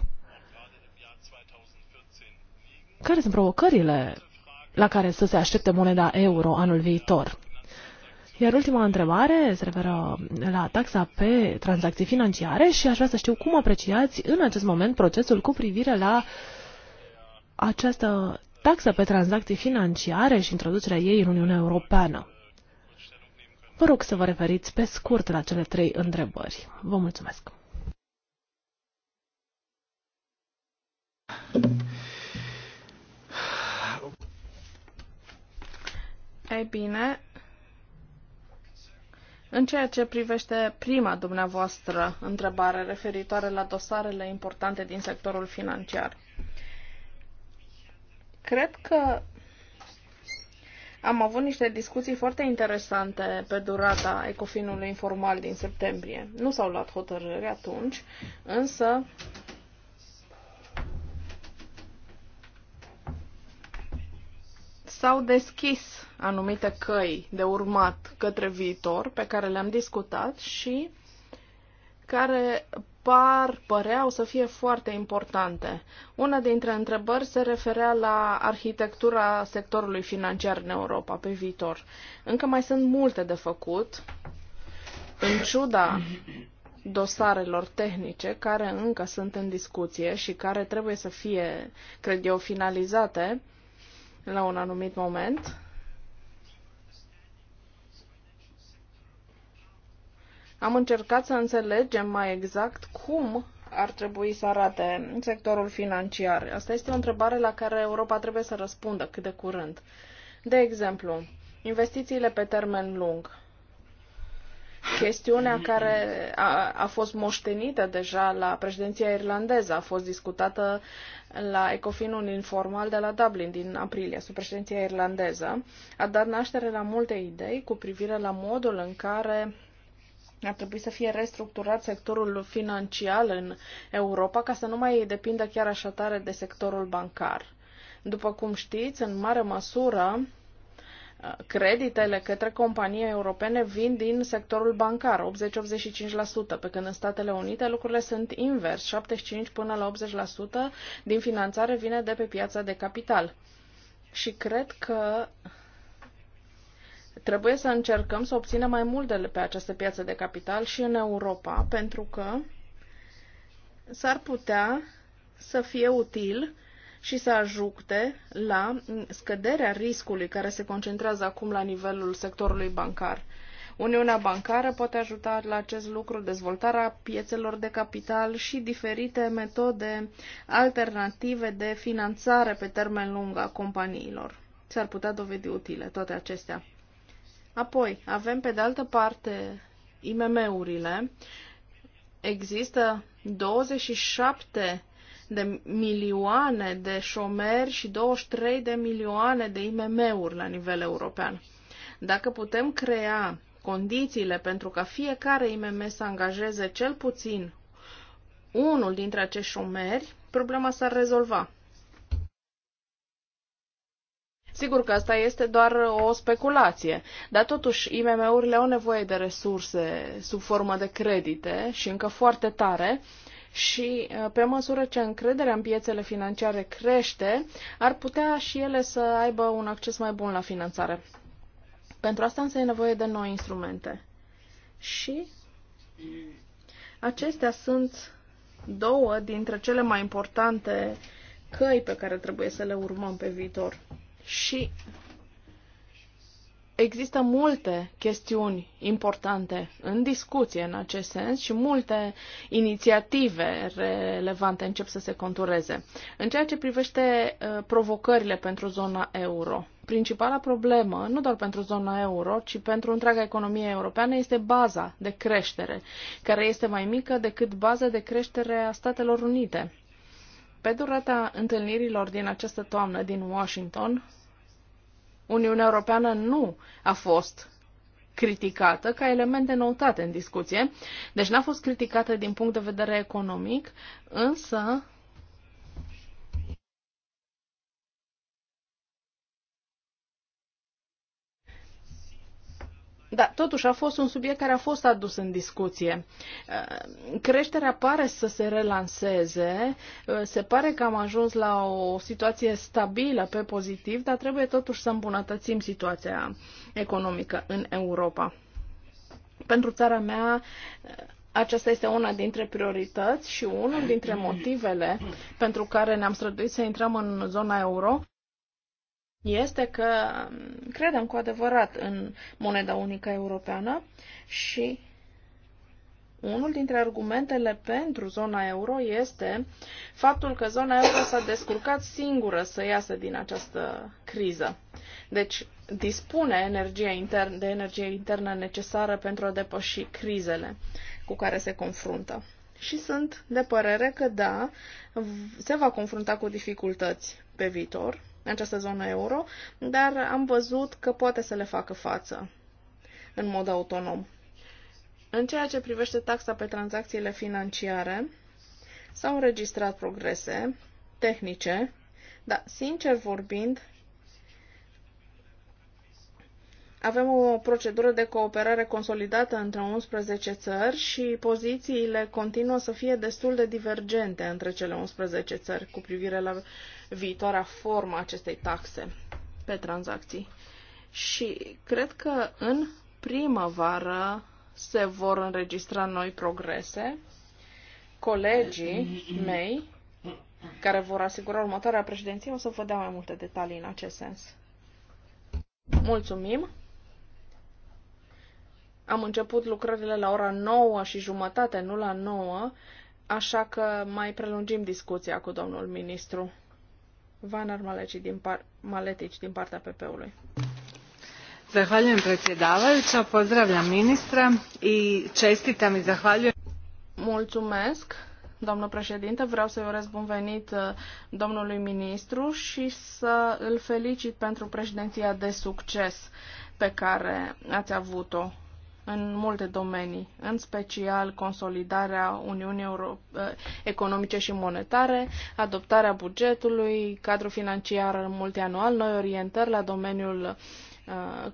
Care sunt provocările la care să se aștepte moneda euro anul viitor? Iar ultima întrebare se referă la taxa pe tranzacții financiare și aș vrea să știu cum apreciați în acest moment procesul cu privire la această taxă pe tranzacții financiare și introducerea ei în Uniunea Europeană. Vă rog să vă referiți pe scurt la cele trei întrebări. Vă mulțumesc. Ei bine, în ceea ce privește prima dumneavoastră întrebare referitoare la dosarele importante din sectorul financiar, cred că am avut niște discuții foarte interesante pe durata ecofinului informal din septembrie. Nu s-au luat hotărâri atunci, însă s-au deschis anumite căi de urmat către viitor pe care le-am discutat și care par, păreau să fie foarte importante. Una dintre întrebări se referea la arhitectura sectorului financiar în Europa pe viitor. Încă mai sunt multe de făcut, în ciuda dosarelor tehnice care încă sunt în discuție și care trebuie să fie, cred eu, finalizate, la un anumit moment. Am încercat să înțelegem mai exact cum ar trebui să arate sectorul financiar. Asta este o întrebare la care Europa trebuie să răspundă cât de curând. De exemplu, investițiile pe termen lung Chestiunea care a, a fost moștenită deja la președinția irlandeză a fost discutată la ecofinul informal de la Dublin din aprilie, sub președinția irlandeză, a dat naștere la multe idei cu privire la modul în care ar trebui să fie restructurat sectorul financiar în Europa ca să nu mai depindă chiar așa tare de sectorul bancar. După cum știți, în mare măsură, Uh, creditele către companii europene vin din sectorul bancar, 80-85%, pe când în Statele Unite lucrurile sunt invers, 75 până la 80% din finanțare vine de pe piața de capital. Și cred că trebuie să încercăm să obținem mai mult de pe această piață de capital și în Europa, pentru că s-ar putea să fie util și să ajute la scăderea riscului care se concentrează acum la nivelul sectorului bancar. Uniunea bancară poate ajuta la acest lucru, dezvoltarea piețelor de capital și diferite metode alternative de finanțare pe termen lung a companiilor. S-ar putea dovedi utile toate acestea. Apoi, avem pe de altă parte IMM-urile. Există 27 de milioane de șomeri și 23 de milioane de IMM-uri la nivel european. Dacă putem crea condițiile pentru ca fiecare IMM să angajeze cel puțin unul dintre acești șomeri, problema s-ar rezolva. Sigur că asta este doar o speculație, dar totuși IMM-urile au nevoie de resurse sub formă de credite și încă foarte tare și uh, pe măsură ce încrederea în piețele financiare crește, ar putea și ele să aibă un acces mai bun la finanțare. Pentru asta însă e nevoie de noi instrumente. Și acestea sunt două dintre cele mai importante căi pe care trebuie să le urmăm pe viitor. Și Există multe chestiuni importante în discuție în acest sens și multe inițiative relevante încep să se contureze. În ceea ce privește uh, provocările pentru zona euro, principala problemă, nu doar pentru zona euro, ci pentru întreaga economie europeană, este baza de creștere, care este mai mică decât baza de creștere a Statelor Unite. Pe durata întâlnirilor din această toamnă din Washington, Uniunea Europeană nu a fost criticată ca element de noutate în discuție, deci n-a fost criticată din punct de vedere economic, însă Da, totuși a fost un subiect care a fost adus în discuție. Uh, creșterea pare să se relanseze, uh, se pare că am ajuns la o situație stabilă pe pozitiv, dar trebuie totuși să îmbunătățim situația economică în Europa. Pentru țara mea, uh, aceasta este una dintre priorități și unul dintre motivele pentru care ne-am străduit să intrăm în zona euro este că credem cu adevărat în moneda unică europeană și unul dintre argumentele pentru zona euro este faptul că zona euro s-a descurcat singură să iasă din această criză. Deci dispune energie intern, de energie internă necesară pentru a depăși crizele cu care se confruntă. Și sunt de părere că da, se va confrunta cu dificultăți pe viitor, în această zonă euro, dar am văzut că poate să le facă față în mod autonom. În ceea ce privește taxa pe tranzacțiile financiare, s-au înregistrat progrese tehnice, dar, sincer vorbind, avem o procedură de cooperare consolidată între 11 țări și pozițiile continuă să fie destul de divergente între cele 11 țări cu privire la viitoarea formă acestei taxe pe tranzacții. Și cred că în primăvară se vor înregistra noi progrese. Colegii mei care vor asigura următoarea președinție o să vă dea mai multe detalii în acest sens. Mulțumim! Am început lucrările la ora 9 și jumătate, nu la 9, așa că mai prelungim discuția cu domnul ministru. Vanar Maletici din, par, Maletici din partea PP-ului. Zahvaljujem predsjedavajuća, pozdravljam ministra i čestitam i zahvaljujem. Mulțumesc, doamnă președinte, vreau să-i urez bun venit uh, domnului ministru și să îl felicit pentru președinția de succes pe care ați avut-o în multe domenii, în special consolidarea Uniunii Euro- eh, Economice și Monetare, adoptarea bugetului, cadru financiar multianual, noi orientări la domeniul eh,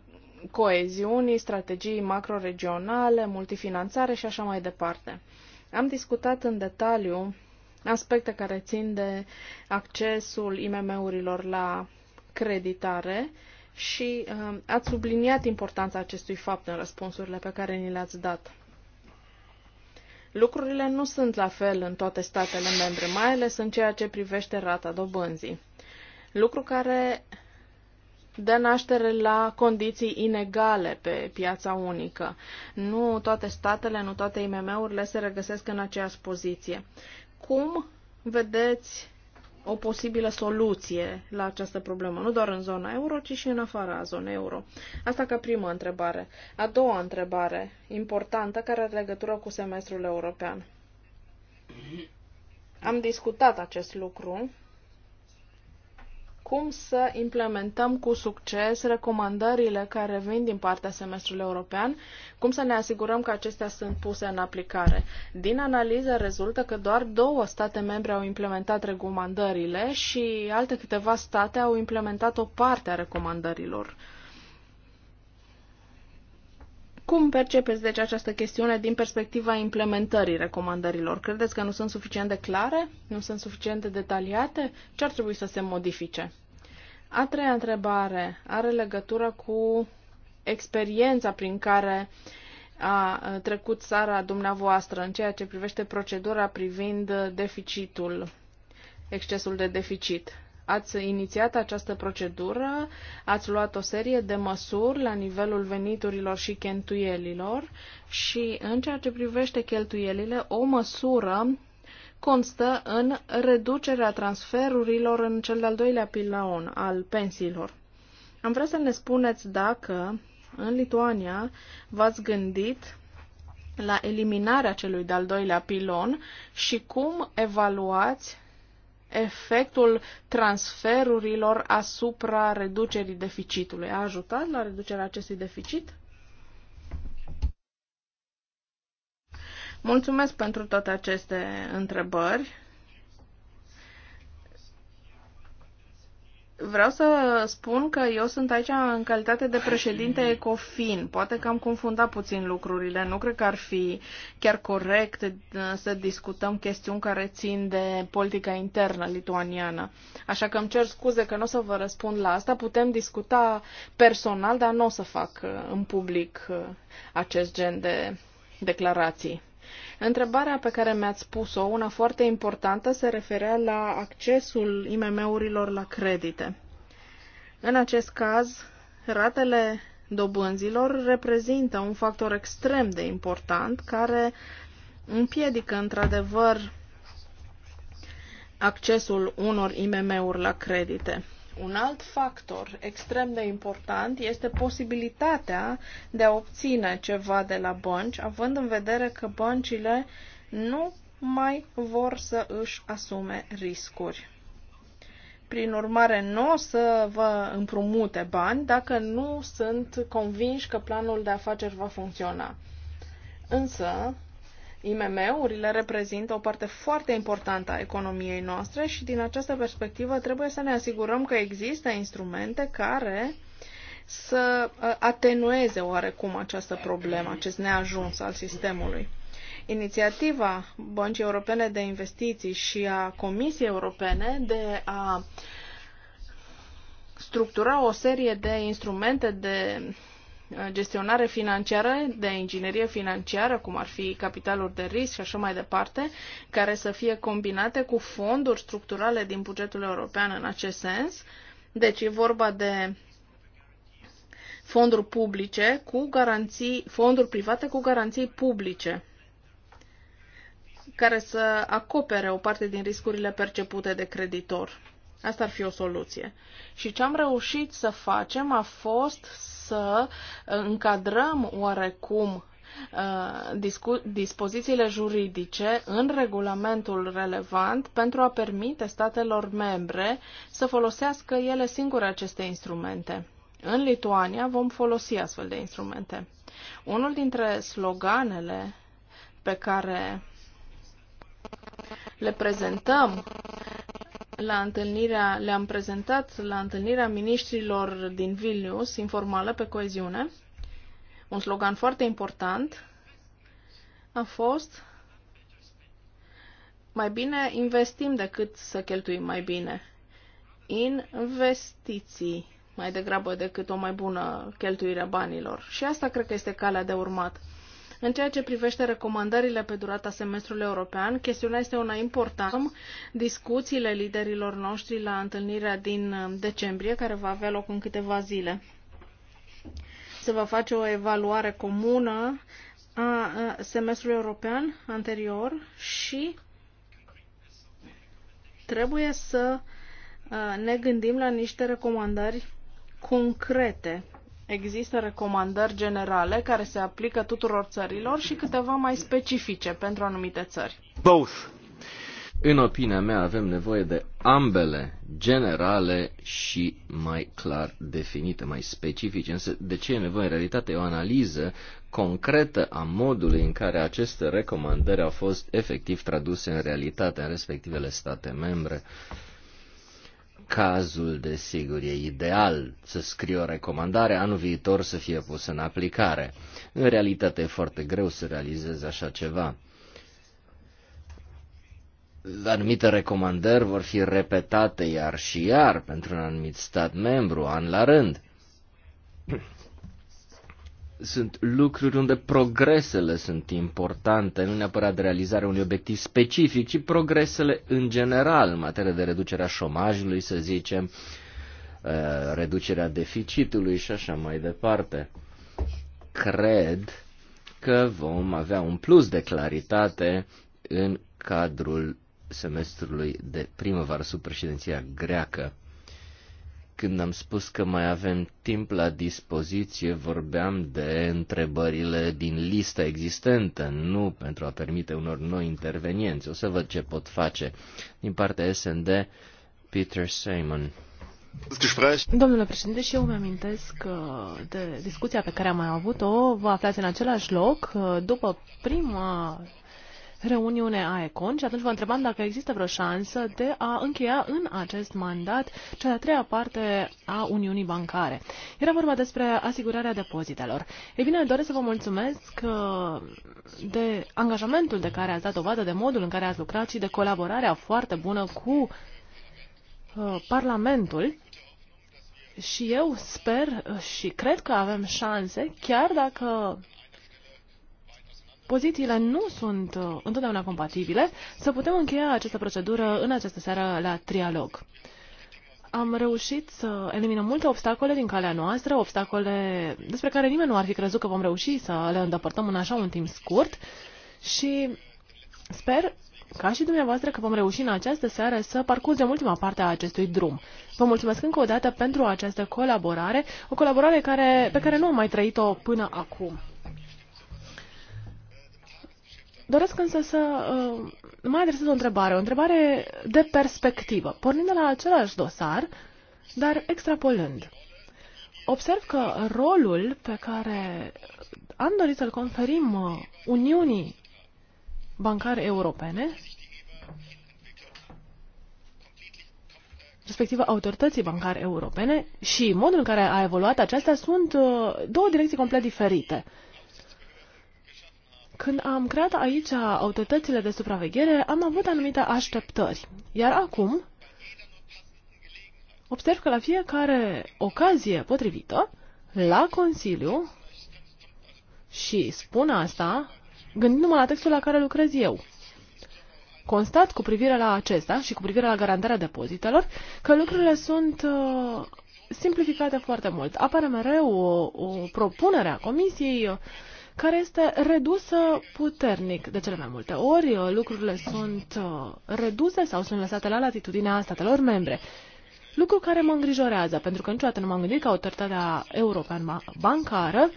coeziunii, strategii macroregionale, multifinanțare și așa mai departe. Am discutat în detaliu aspecte care țin de accesul IMM-urilor la creditare, și uh, ați subliniat importanța acestui fapt în răspunsurile pe care ni le-ați dat. Lucrurile nu sunt la fel în toate statele membre, mai ales în ceea ce privește rata dobânzii. Lucru care dă naștere la condiții inegale pe piața unică. Nu toate statele, nu toate IMM-urile se regăsesc în aceeași poziție. Cum vedeți o posibilă soluție la această problemă, nu doar în zona euro, ci și în afara zonei euro. Asta ca prima întrebare. A doua întrebare importantă care are legătură cu semestrul european. Am discutat acest lucru cum să implementăm cu succes recomandările care vin din partea semestrului european, cum să ne asigurăm că acestea sunt puse în aplicare. Din analiză rezultă că doar două state membre au implementat recomandările și alte câteva state au implementat o parte a recomandărilor. Cum percepeți deci această chestiune din perspectiva implementării recomandărilor? Credeți că nu sunt suficient de clare? Nu sunt suficient de detaliate? Ce ar trebui să se modifice? A treia întrebare are legătură cu experiența prin care a trecut țara dumneavoastră în ceea ce privește procedura privind deficitul, excesul de deficit ați inițiat această procedură, ați luat o serie de măsuri la nivelul veniturilor și cheltuielilor și în ceea ce privește cheltuielile, o măsură constă în reducerea transferurilor în cel de-al doilea pilon al pensiilor. Am vrea să ne spuneți dacă în Lituania v-ați gândit la eliminarea celui de-al doilea pilon și cum evaluați efectul transferurilor asupra reducerii deficitului. A ajutat la reducerea acestui deficit? Mulțumesc pentru toate aceste întrebări. Vreau să spun că eu sunt aici în calitate de președinte ECOFIN. Poate că am confundat puțin lucrurile. Nu cred că ar fi chiar corect uh, să discutăm chestiuni care țin de politica internă lituaniană. Așa că îmi cer scuze că nu o să vă răspund la asta. Putem discuta personal, dar nu o să fac uh, în public uh, acest gen de declarații. Întrebarea pe care mi-ați pus-o, una foarte importantă, se referea la accesul IMM-urilor la credite. În acest caz, ratele dobânzilor reprezintă un factor extrem de important care împiedică într-adevăr accesul unor IMM-uri la credite. Un alt factor extrem de important este posibilitatea de a obține ceva de la bănci, având în vedere că băncile nu mai vor să își asume riscuri. Prin urmare, nu o să vă împrumute bani dacă nu sunt convinși că planul de afaceri va funcționa. Însă, IMM-urile reprezintă o parte foarte importantă a economiei noastre și din această perspectivă trebuie să ne asigurăm că există instrumente care să uh, atenueze oarecum această problemă, acest neajuns al sistemului. Inițiativa Băncii Europene de Investiții și a Comisiei Europene de a structura o serie de instrumente de Uh, gestionare financiară, de inginerie financiară, cum ar fi capitaluri de risc și așa mai departe, care să fie combinate cu fonduri structurale din bugetul european în acest sens. Deci e vorba de fonduri publice cu garanții, fonduri private cu garanții publice care să acopere o parte din riscurile percepute de creditor. Asta ar fi o soluție. Și ce am reușit să facem a fost să încadrăm oarecum uh, dispozițiile juridice în regulamentul relevant pentru a permite statelor membre să folosească ele singure aceste instrumente. În Lituania vom folosi astfel de instrumente. Unul dintre sloganele pe care le prezentăm la întâlnirea, le-am prezentat la întâlnirea ministrilor din Vilnius, informală pe coeziune. Un slogan foarte important a fost mai bine investim decât să cheltuim mai bine. Investiții mai degrabă decât o mai bună cheltuire a banilor. Și asta cred că este calea de urmat. În ceea ce privește recomandările pe durata semestrului european, chestiunea este una importantă. Discuțiile liderilor noștri la întâlnirea din uh, decembrie, care va avea loc în câteva zile. Se va face o evaluare comună a semestrului european anterior și trebuie să uh, ne gândim la niște recomandări concrete Există recomandări generale care se aplică tuturor țărilor și câteva mai specifice pentru anumite țări. Both. În opinia mea avem nevoie de ambele, generale și mai clar definite, mai specifice. Însă de ce e nevoie în realitate o analiză concretă a modului în care aceste recomandări au fost efectiv traduse în realitate în respectivele state membre? Uh, cazul, desigur, e ideal să scrie o recomandare, anul viitor să fie pusă în aplicare. În realitate e foarte greu să realizezi așa ceva. Anumite recomandări vor fi repetate iar și iar pentru un anumit stat membru, an la rând sunt lucruri unde progresele sunt importante, nu neapărat de realizarea unui obiectiv specific, ci progresele în general, în materie de reducerea șomajului, să zicem, uh, reducerea deficitului și așa mai departe. Cred că vom avea un plus de claritate în cadrul semestrului de primăvară sub președinția greacă. Când am spus că mai avem timp la dispoziție, vorbeam de întrebările din lista existentă, nu pentru a permite unor noi intervenienți. O să văd ce pot face. Din partea SND, Peter Simon. Domnule președinte, și eu îmi amintesc uh, de discuția pe care am mai avut-o. Vă aflați în același loc uh, după prima reuniune a ECON și atunci vă întrebam dacă există vreo șansă de a încheia în acest mandat cea de-a treia parte a Uniunii Bancare. Era vorba despre asigurarea depozitelor. Ei bine, doresc să vă mulțumesc uh, de angajamentul de care ați dat dovadă, de modul în care ați lucrat și de colaborarea foarte bună cu uh, Parlamentul și eu sper și cred că avem șanse, chiar dacă pozițiile nu sunt uh, întotdeauna compatibile, să putem încheia această procedură în această seară la trialog. Am reușit să eliminăm multe obstacole din calea noastră, obstacole despre care nimeni nu ar fi crezut că vom reuși să le îndepărtăm în așa un timp scurt și sper ca și dumneavoastră că vom reuși în această seară să parcurgem ultima parte a acestui drum. Vă mulțumesc încă o dată pentru această colaborare, o colaborare care, pe care nu am mai trăit-o până acum. Doresc însă să uh, mai adresez o întrebare, o întrebare de perspectivă, pornind de la același dosar, dar extrapolând. Observ că rolul pe care am dorit să-l conferim uh, Uniunii Bancare Europene, respectiv autorității bancare europene, și modul în care a evoluat aceasta sunt uh, două direcții complet diferite. Uh, când am creat aici autoritățile de supraveghere, am avut anumite așteptări. Iar acum, observ că la fiecare ocazie potrivită, la Consiliu, și spun asta gândindu-mă la textul la care lucrez eu, constat cu privire la acesta și cu privire la garantarea depozitelor că lucrurile sunt uh, simplificate foarte mult. Apare mereu o, o propunere a Comisiei uh, care este redusă puternic de cele mai multe ori. Lucrurile sunt uh, reduse sau sunt lăsate la latitudinea statelor membre. Lucru care mă îngrijorează, pentru că niciodată nu m-am gândit că autoritatea europeană bancară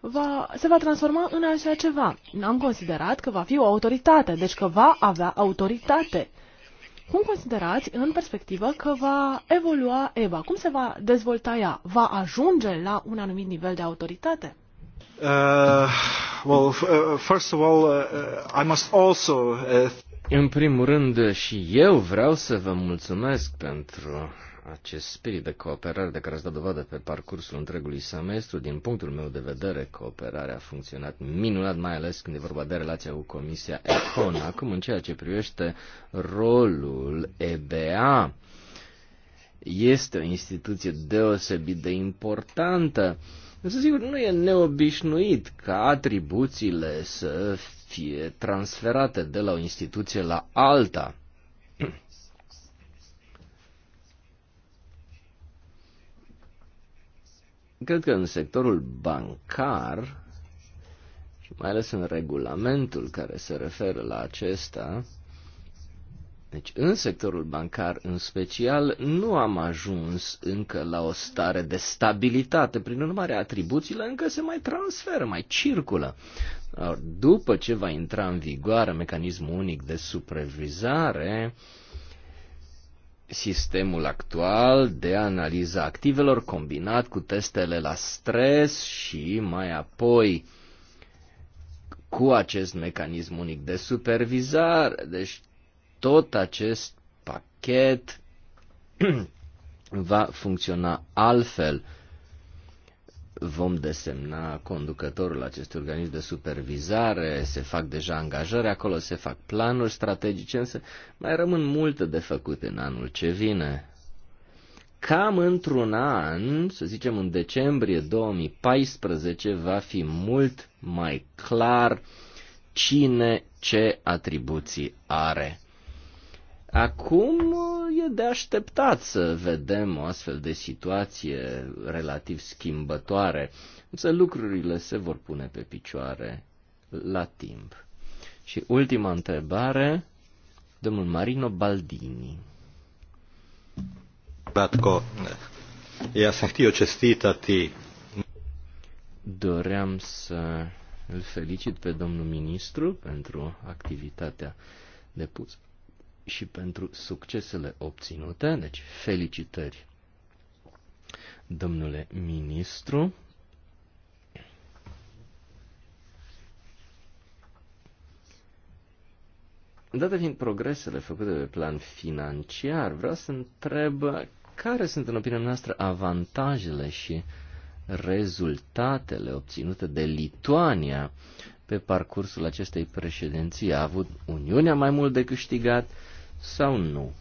va, se va transforma în așa ceva. Am considerat că va fi o autoritate, deci că va avea autoritate. Cum considerați în perspectivă că va evolua EBA? Cum se va dezvolta ea? Va ajunge la un anumit nivel de autoritate? Uh, well, uh, first of all, uh, uh, I must also. Uh... În primul rând, și eu vreau să vă mulțumesc pentru acest spirit de cooperare de care ați dat dovadă pe parcursul întregului semestru. Din punctul meu de vedere, cooperarea a funcționat minunat, mai ales când e vorba de relația cu Comisia ECON. Acum, în ceea ce privește rolul EBA, este o instituție deosebit de importantă Însă, sigur, nu e neobișnuit ca atribuțiile să fie transferate de la o instituție la alta. Cred că în sectorul bancar, și mai ales în regulamentul care se referă la acesta, deci, în sectorul bancar, în special, nu am ajuns încă la o stare de stabilitate. Prin urmare, atribuțiile încă se mai transferă, mai circulă. Or, după ce va intra în vigoare mecanismul unic de supervizare, sistemul actual de analiză activelor combinat cu testele la stres și mai apoi cu acest mecanism unic de supervizare, deci tot acest pachet va funcționa altfel. Vom desemna conducătorul acestui organism de supervizare, se fac deja angajări acolo, se fac planuri strategice, însă mai rămân multe de făcut în anul ce vine. Cam într-un an, să zicem în decembrie 2014, va fi mult mai clar cine ce atribuții are. Acum e de așteptat să vedem o astfel de situație relativ schimbătoare, însă lucrurile se vor pune pe picioare la timp. Și ultima întrebare, domnul Marino Baldini. să fie o cestită čestitati. Doream să îl felicit pe domnul ministru pentru activitatea depusă și pentru succesele obținute, deci felicitări, domnule ministru. Date fiind progresele făcute pe plan financiar, vreau să întreb care sunt, în opinia noastră, avantajele și rezultatele obținute de Lituania pe parcursul acestei președinții. A avut Uniunea mai mult de câștigat, sau nu?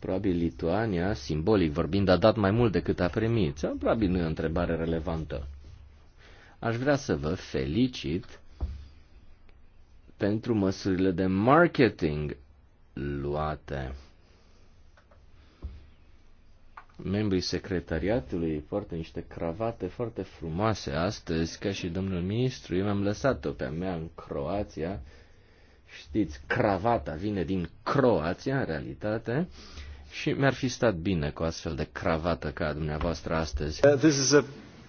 Probabil Lituania, simbolic vorbind, a dat mai mult decât a primit. Sau probabil nu e o întrebare relevantă. Aș vrea să vă felicit pentru măsurile de marketing luate. Membrii secretariatului poartă niște cravate foarte frumoase astăzi, ca și domnul ministru. Eu mi-am lăsat-o pe a mea în Croația Știți, cravata vine din Croația, în realitate, și mi-ar fi stat bine cu astfel de cravată ca dumneavoastră astăzi. Uh, this is a,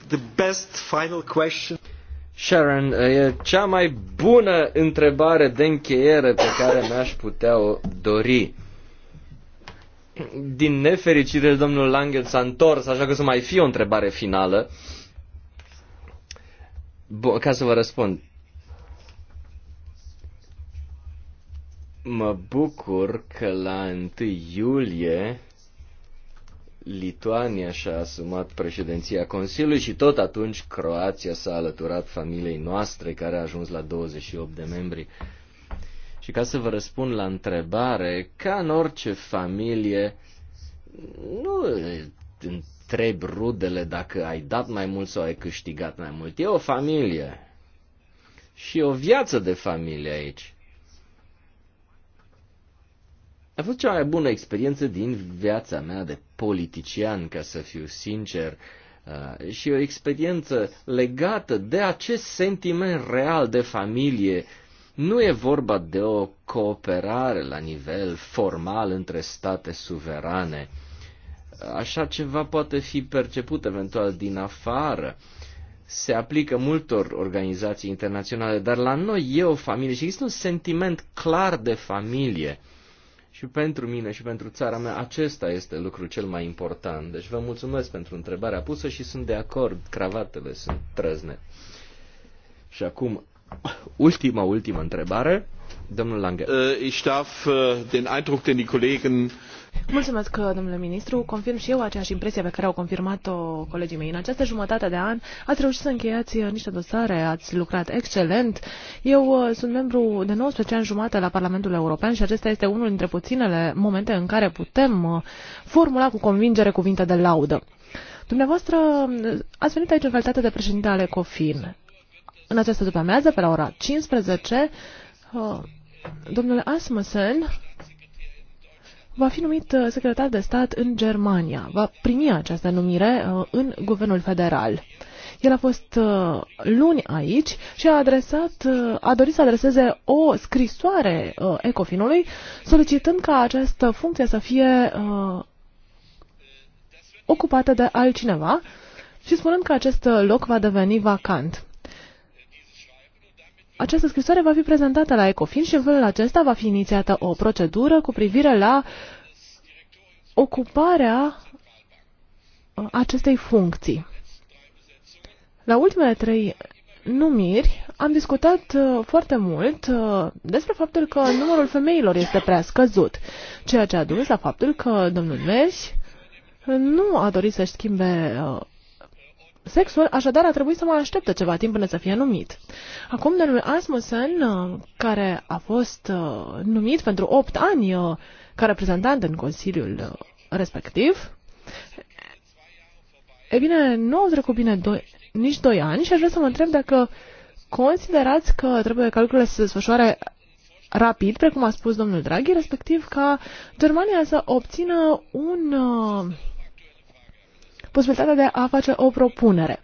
the best final question. Sharon, uh, e cea mai bună întrebare de încheiere pe care mi-aș putea o dori. Din nefericire, domnul Langen s-a întors, așa că să mai fie o întrebare finală. Bun, ca să vă răspund, Mă bucur că la 1 iulie Lituania și-a asumat președinția Consiliului și tot atunci Croația s-a alăturat familiei noastre care a ajuns la 28 de membri. Și ca să vă răspund la întrebare, ca în orice familie, nu întreb rudele dacă ai dat mai mult sau ai câștigat mai mult. E o familie. Și o viață de familie aici. A fost cea mai bună experiență din viața mea de politician, ca să fiu sincer, uh, și o experiență legată de acest sentiment real de familie. Nu e vorba de o cooperare la nivel formal între state suverane. Așa ceva poate fi perceput eventual din afară, se aplică multor organizații internaționale, dar la noi e o familie și există un sentiment clar de familie. Și pentru mine și pentru țara mea acesta este lucrul cel mai important. Deci vă mulțumesc pentru întrebarea pusă și sunt de acord, cravatele sunt trăzne. Și acum, ultima, ultima întrebare, domnul Lange. Äh, ich darf äh, den Eindruck, den die Kollegen Mulțumesc, domnule ministru. Confirm și eu aceeași impresie pe care au confirmat-o colegii mei. În această jumătate de an ați reușit să încheiați uh, niște dosare, ați lucrat excelent. Eu uh, sunt membru de 19 ani jumate la Parlamentul European și acesta este unul dintre puținele momente în care putem uh, formula cu convingere cuvinte de laudă. Dumneavoastră ați venit aici în calitate de președinte ale COFIN. În această după-amiază, pe la ora 15, domnule Asmussen va fi numit uh, secretar de stat în Germania. Va primi această numire uh, în guvernul federal. El a fost uh, luni aici și a, adresat, a dorit să adreseze o scrisoare Ecofinului solicitând ca această funcție să fie ocupată de altcineva și spunând că acest loc va deveni vacant această scrisoare va fi prezentată la ECOFIN și în felul acesta va fi inițiată o procedură cu privire la ocuparea uh, acestei funcții. La ultimele trei numiri am discutat uh, foarte mult uh, despre faptul că numărul femeilor este prea scăzut, ceea ce a dus la faptul că domnul Mersi nu a dorit să-și schimbe Sexul așadar a trebuit să mai aștepte ceva timp până să fie numit. Acum domnul Asmussen, uh, care a fost uh, numit pentru 8 ani uh, ca reprezentant în Consiliul respectiv, e bine, nu au trecut bine doi, nici 2 ani și aș vrea să mă întreb dacă considerați că trebuie calculele să se desfășoare rapid, precum a spus domnul Draghi, respectiv ca Germania să obțină un posibilitatea de a face o propunere.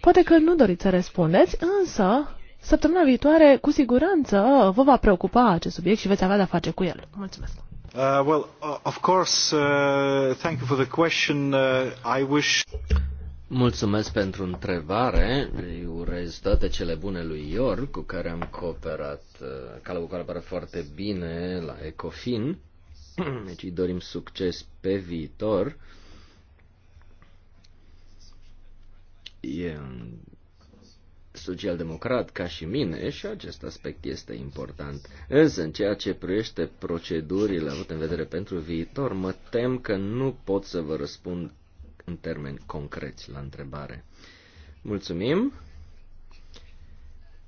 Poate că nu doriți să răspundeți, însă săptămâna viitoare cu siguranță vă va preocupa acest subiect și veți avea de-a face cu el. Mulțumesc! Uh, well, uh, of course, uh, thank you for the question. Uh, I wish... Mulțumesc pentru întrebare. Îi urez toate cele bune lui Ior, cu care am cooperat, uh, care au colaboră foarte bine la Ecofin. Deci îi dorim succes pe viitor. e social-democrat ca și mine și acest aspect este important. Însă, în ceea ce privește procedurile avute în vedere pentru viitor, mă tem că nu pot să vă răspund în termeni concreți la întrebare. Mulțumim!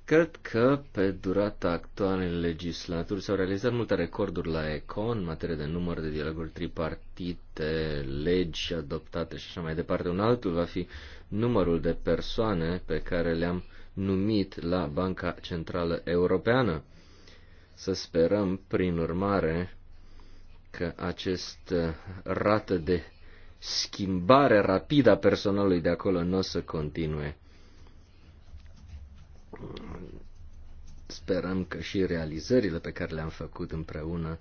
Cred că pe durata actualei legislaturi s-au realizat multe recorduri la ECON în materie de număr de dialoguri tripartite, legi adoptate și așa mai departe. Un altul va fi numărul de persoane pe care le-am numit la Banca Centrală Europeană. Să sperăm, prin urmare, că acest uh, rată de schimbare rapidă a personalului de acolo nu o să continue. Sperăm că și realizările pe care le-am făcut împreună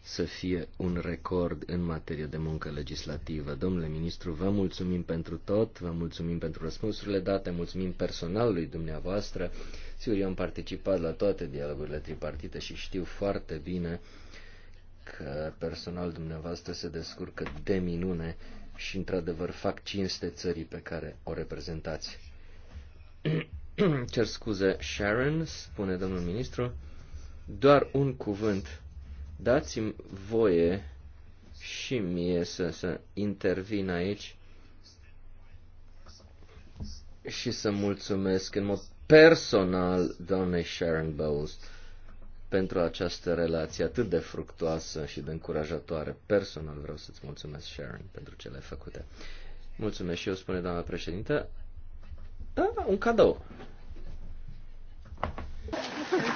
să fie un record în materie de muncă legislativă. Domnule ministru, vă mulțumim pentru tot, vă mulțumim pentru răspunsurile date, mulțumim personalului dumneavoastră. Sigur, eu am participat la toate dialogurile tripartite și știu foarte bine că personalul dumneavoastră se descurcă de minune și, într-adevăr, fac cinste țării pe care o reprezentați. Cer scuze, Sharon, spune domnul ministru, doar un cuvânt Dați-mi voie și mie să, să intervin aici și să mulțumesc în mod personal doamnei Sharon Bowles pentru această relație atât de fructoasă și de încurajatoare. Personal vreau să-ți mulțumesc, Sharon, pentru cele făcute. Mulțumesc și eu, spune doamna președintă. Da, un cadou. Thank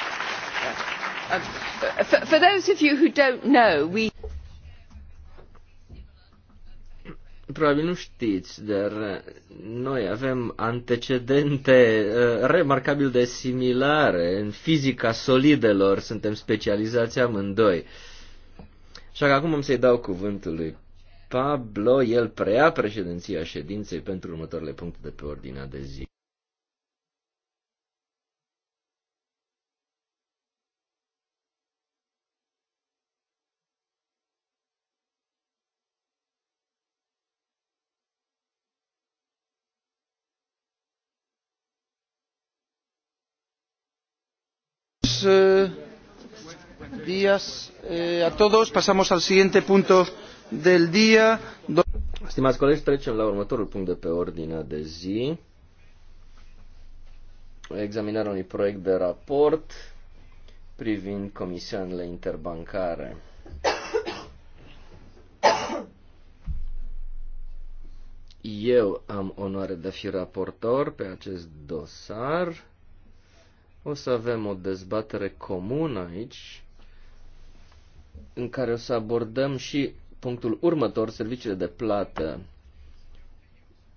you. Uh, for, those of you who don't know, we probabil nu știți, dar uh, noi avem antecedente uh, remarcabil de similare în fizica solidelor, suntem specializați amândoi. Așa că acum am să-i dau cuvântul lui Pablo, el preia președinția ședinței pentru următoarele puncte de pe ordinea de zi. Eh, días eh, a todos. Pasamos al siguiente punto del día. Stimați colegi, trecem la următorul punct de pe ordinea de zi. Examinarea unui proiect de raport privind comisioanele interbancare. Eu am onoare de a fi raportor pe acest dosar. O să avem o dezbatere comună aici, în care o să abordăm și punctul următor, serviciile de plată,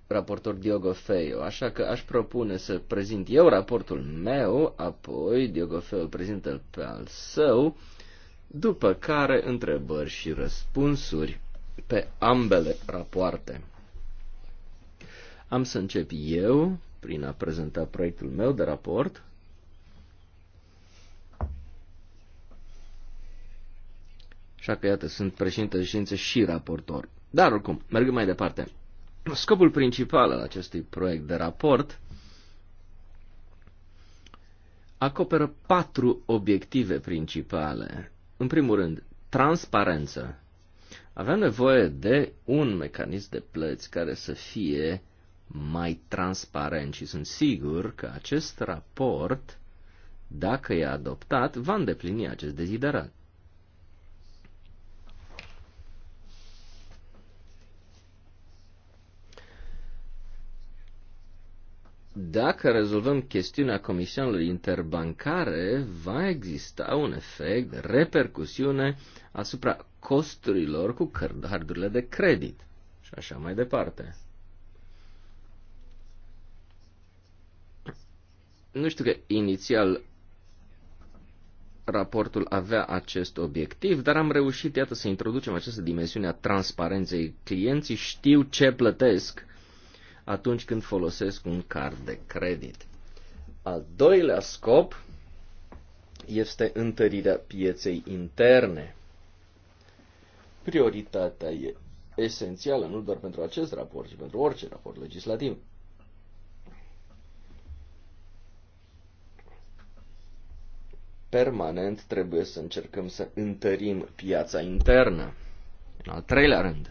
raportor Diogo Feio. Așa că aș propune să prezint eu raportul meu, apoi Diogo Feio prezintă pe al său, după care întrebări și răspunsuri pe ambele rapoarte. Am să încep eu prin a prezenta proiectul meu de raport, Așa că, iată, sunt președinte de ședință și raportor. Dar, oricum, mergând mai departe. Scopul principal al acestui proiect de raport acoperă patru obiective principale. În primul rând, transparență. Avem nevoie de un mecanism de plăți care să fie mai transparent și sunt sigur că acest raport, dacă e adoptat, va îndeplini acest deziderat. dacă rezolvăm chestiunea comisionului interbancare, va exista un efect de repercusiune asupra costurilor cu cardurile de credit și așa mai departe. Nu știu că inițial raportul avea acest obiectiv, dar am reușit, iată, să introducem această dimensiune a transparenței. Clienții știu ce plătesc atunci când folosesc un card de credit. Al doilea scop este întărirea pieței interne. Prioritatea e esențială nu doar pentru acest raport, ci pentru orice raport legislativ. Permanent trebuie să încercăm să întărim piața internă. În al treilea rând,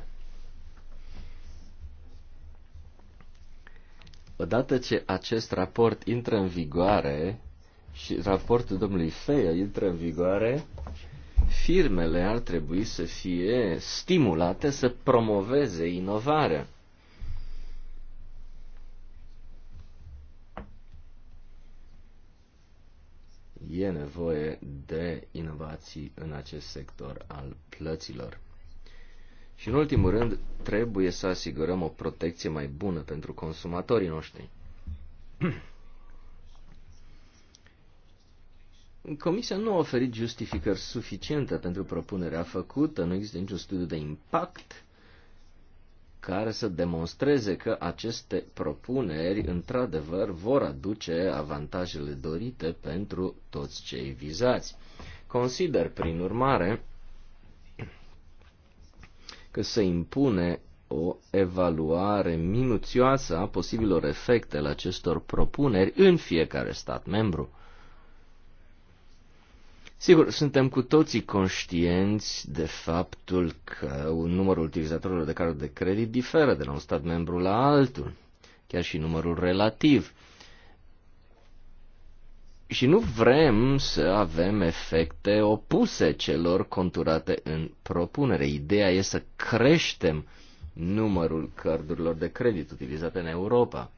Odată ce acest raport intră în vigoare și raportul domnului Feia intră în vigoare, firmele ar trebui să fie stimulate să promoveze inovarea. E nevoie de inovații în acest sector al plăților. Și în ultimul rând, trebuie să asigurăm o protecție mai bună pentru consumatorii noștri. Comisia nu a oferit justificări suficiente pentru propunerea făcută, nu există niciun studiu de impact care să demonstreze că aceste propuneri, într-adevăr, vor aduce avantajele dorite pentru toți cei vizați. Consider, prin urmare, că se impune o evaluare minuțioasă a posibilor efecte ale acestor propuneri în fiecare stat membru. Sigur, suntem cu toții conștienți de faptul că un numărul utilizatorilor de card de credit diferă de la un stat membru la altul, chiar și numărul relativ și nu vrem să avem efecte opuse celor conturate în propunere. Ideea e să creștem numărul cardurilor de credit utilizate în Europa.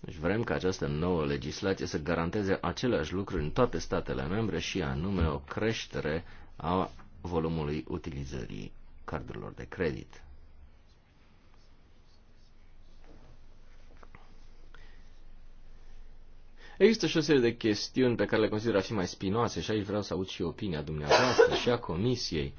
Deci vrem ca această nouă legislație să garanteze același lucru în toate statele membre și anume o creștere a volumului utilizării cardurilor de credit. Există și o serie de chestiuni pe care le consider a fi mai spinoase și aici vreau să aud și opinia dumneavoastră și a comisiei.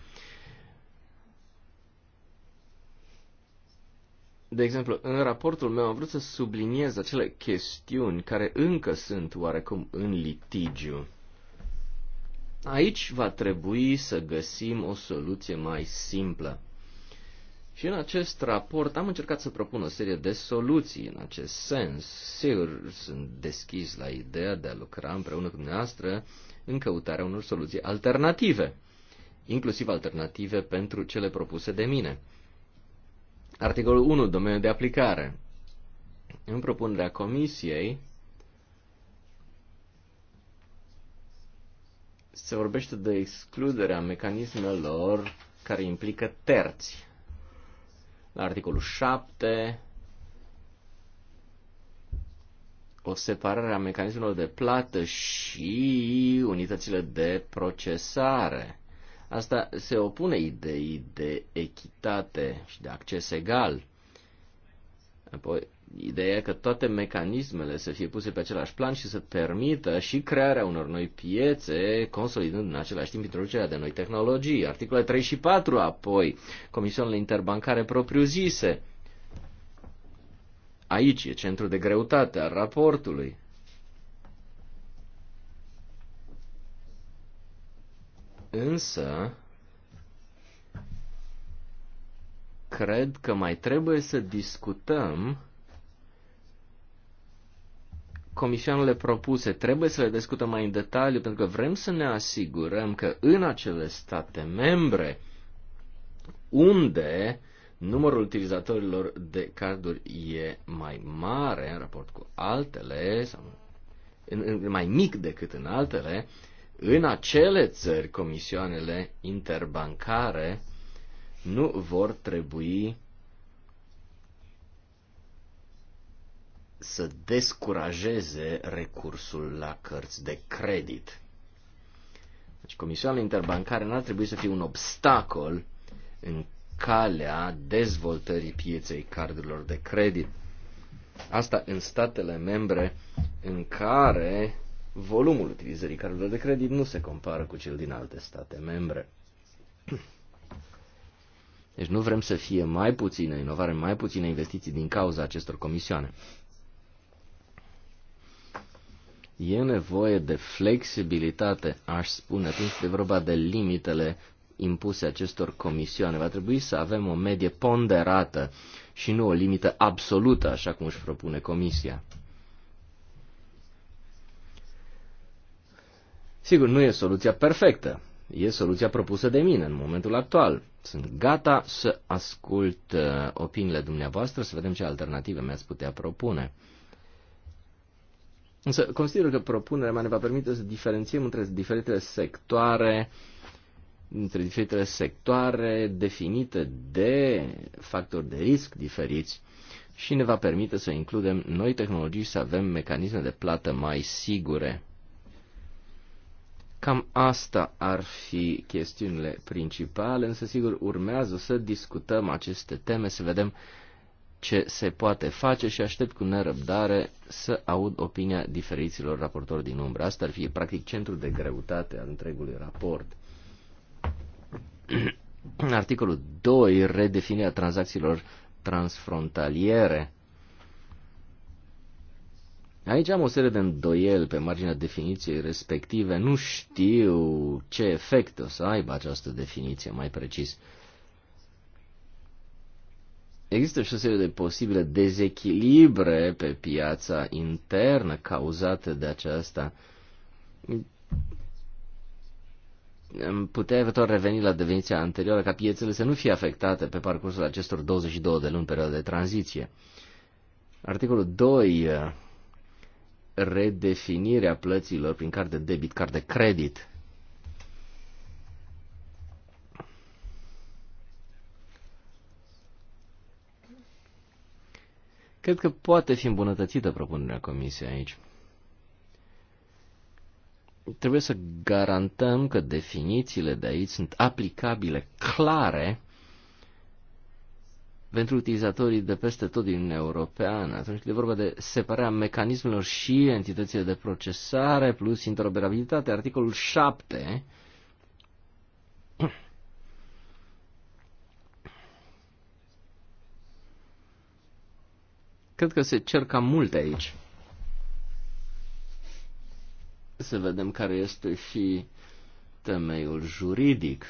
De exemplu, în raportul meu am vrut să subliniez acele chestiuni care încă sunt oarecum în litigiu. Aici va trebui să găsim o soluție mai simplă. Și în acest raport am încercat să propun o serie de soluții în acest sens. Sigur, sunt deschis la ideea de a lucra împreună cu dumneavoastră în căutarea unor soluții alternative, inclusiv alternative pentru cele propuse de mine. Articolul 1, domeniul de aplicare. În propunerea comisiei se vorbește de excluderea mecanismelor care implică terți la articolul 7, o separare a mecanismelor de plată și unitățile de procesare. Asta se opune ideii de echitate și de acces egal. Apoi, Ideea că toate mecanismele să fie puse pe același plan și să permită și crearea unor noi piețe, consolidând în același timp introducerea de noi tehnologii. Articolul 3 și 4, apoi, comisiunile interbancare propriu-zise. Aici e centrul de greutate al raportului. Însă, cred că mai trebuie să discutăm comisioanele propuse trebuie să le discutăm mai în detaliu, pentru că vrem să ne asigurăm că în acele state membre unde numărul utilizatorilor de carduri e mai mare în raport cu altele, sau în, în, mai mic decât în altele, în acele țări comisioanele interbancare nu vor trebui să descurajeze recursul la cărți de credit. Deci comisioanele interbancare n-ar trebui să fie un obstacol în calea dezvoltării pieței cardurilor de credit. Asta în statele membre în care volumul utilizării cardurilor de credit nu se compară cu cel din alte state membre. Deci nu vrem să fie mai puțină inovare, mai puține investiții din cauza acestor comisioane. E nevoie de flexibilitate, aș spune, atunci de vorba de limitele impuse acestor comisioane. Va trebui să avem o medie ponderată și nu o limită absolută, așa cum își propune comisia. Sigur, nu e soluția perfectă. E soluția propusă de mine în momentul actual. Sunt gata să ascult uh, opiniile dumneavoastră, să vedem ce alternative mi-ați putea propune. Însă consider că propunerea mea ne va permite să diferențiem între diferitele sectoare, între diferitele sectoare definite de factori de risc diferiți și ne va permite să includem noi tehnologii și să avem mecanisme de plată mai sigure. Cam asta ar fi chestiunile principale, însă sigur urmează să discutăm aceste teme, să vedem ce se poate face și aștept cu nerăbdare să aud opinia diferiților raportori din umbră. Asta ar fi practic centrul de greutate al întregului raport. Articolul 2, redefinirea tranzacțiilor transfrontaliere. Aici am o serie de îndoieli pe marginea definiției respective. Nu știu ce efect o să aibă această definiție mai precis. Uh, Există și o serie de posibile dezechilibre pe piața internă cauzate de aceasta. Am putea eventual reveni la devenția anterioară ca piețele să nu fie afectate pe parcursul acestor 22 de luni perioade de tranziție. Articolul 2. Eh, redefinirea plăților prin card de debit, card de credit. Cred că poate fi îmbunătățită propunerea comisiei aici. Trebuie să garantăm că definițiile de aici sunt aplicabile, clare, pentru utilizatorii de peste tot din Uniunea Europeană, atunci când e vorba de separarea mecanismelor și entitățile de procesare plus interoperabilitate, articolul 7 Cred că se cer cam multe aici. Să vedem care este și temeiul juridic.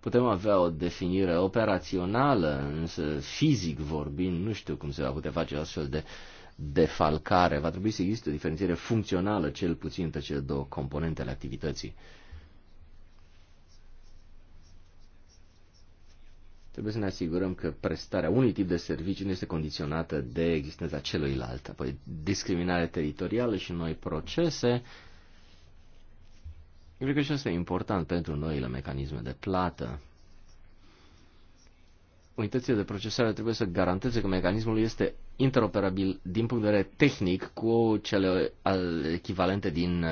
Putem avea o definire operațională, însă fizic vorbind, nu știu cum se va putea face astfel de defalcare. Va trebui să existe o diferențiere funcțională, cel puțin, între cele două componente ale activității. Trebuie să ne asigurăm că prestarea unui tip de serviciu nu este condiționată de existența celuilalt. Apoi discriminare teritorială și noi procese. Eu cred că și asta e important pentru noile mecanisme de plată. Unitățile de procesare trebuie să garanteze că mecanismul este interoperabil din punct de vedere tehnic cu cele echivalente din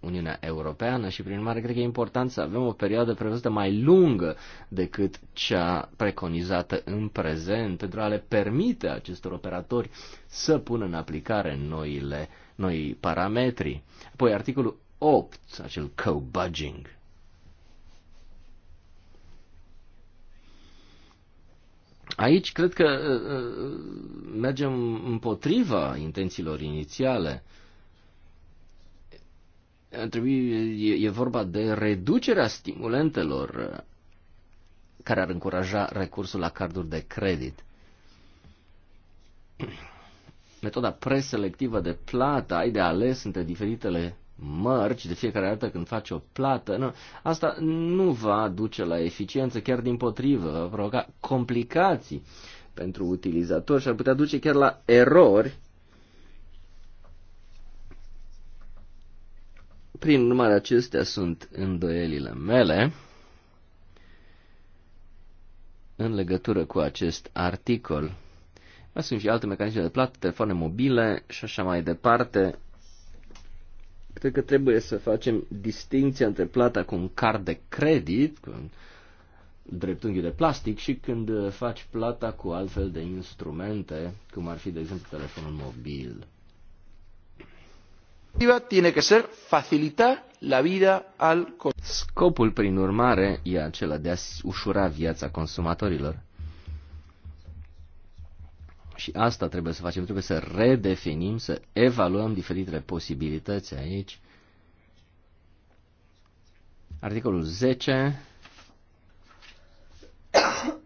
Uniunea Europeană și, prin urmare, cred că e important să avem o perioadă prevăzută mai lungă decât cea preconizată în prezent pentru a le permite acestor operatori să pună în aplicare noile, noi parametri. Apoi, articolul 8, acel co-budging. Aici cred că uh, uh, mergem împotriva intențiilor inițiale. Uh, trebui, e, e vorba de reducerea stimulentelor uh, care ar încuraja recursul la carduri de credit. Metoda preselectivă de plată, ai de ales între diferitele mărci de fiecare dată când faci o plată, nu, asta nu va duce la eficiență, chiar din potrivă, va provoca complicații pentru utilizator și ar putea duce chiar la erori Prin urmare, acestea sunt îndoielile mele în legătură cu acest articol. Mai sunt și alte mecanisme de plată, telefoane mobile și așa mai departe. Cred că trebuie să facem distinția între plata cu un card de credit, cu un dreptunghi de plastic, și când faci plata cu altfel de instrumente, cum ar fi, de exemplu, telefonul mobil. Scopul, prin urmare, e acela de a ușura viața consumatorilor. Și asta trebuie să facem, trebuie să redefinim, să evaluăm diferitele posibilități aici. Articolul 10,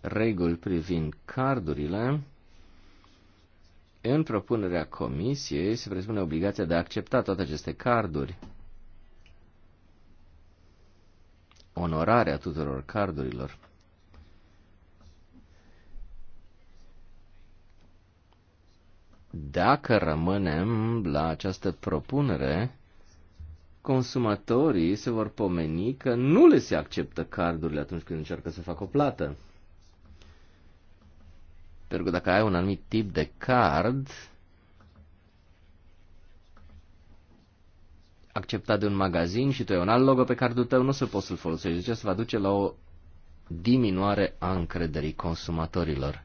reguli privind cardurile. În propunerea comisiei se presupune obligația de a accepta toate aceste carduri. Onorarea tuturor cardurilor. Dacă rămânem la această propunere, consumatorii se vor pomeni că nu le se acceptă cardurile atunci când încearcă să facă o plată. Pentru că dacă ai un anumit tip de card, acceptat de un magazin și tu ai un alt logo pe cardul tău, nu se poți să-l folosești. Deci asta va duce la o diminuare a încrederii consumatorilor.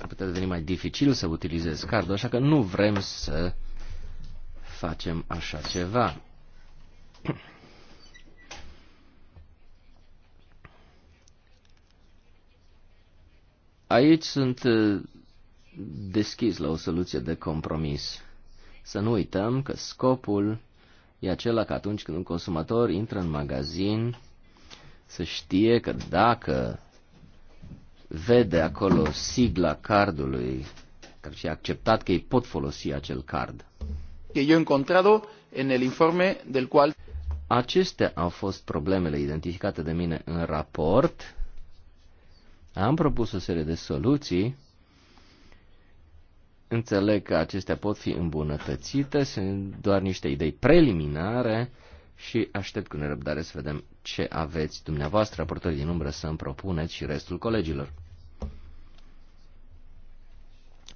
Ar putea deveni mai dificil să utilizezi cardul, așa că nu vrem să facem așa ceva. Aici sunt uh, deschis la o soluție de compromis. Să nu uităm că scopul e acela că atunci când un consumator intră în magazin, să știe că dacă vede acolo sigla cardului și a acceptat că ei pot folosi acel card. Eu encontrado en el informe del cual Acestea au fost problemele identificate de mine în raport am propus o serie de soluții. Înțeleg că acestea pot fi îmbunătățite, sunt doar niște idei preliminare și aștept cu nerăbdare să vedem ce aveți dumneavoastră, raportorii din umbră, să îmi propuneți și restul colegilor.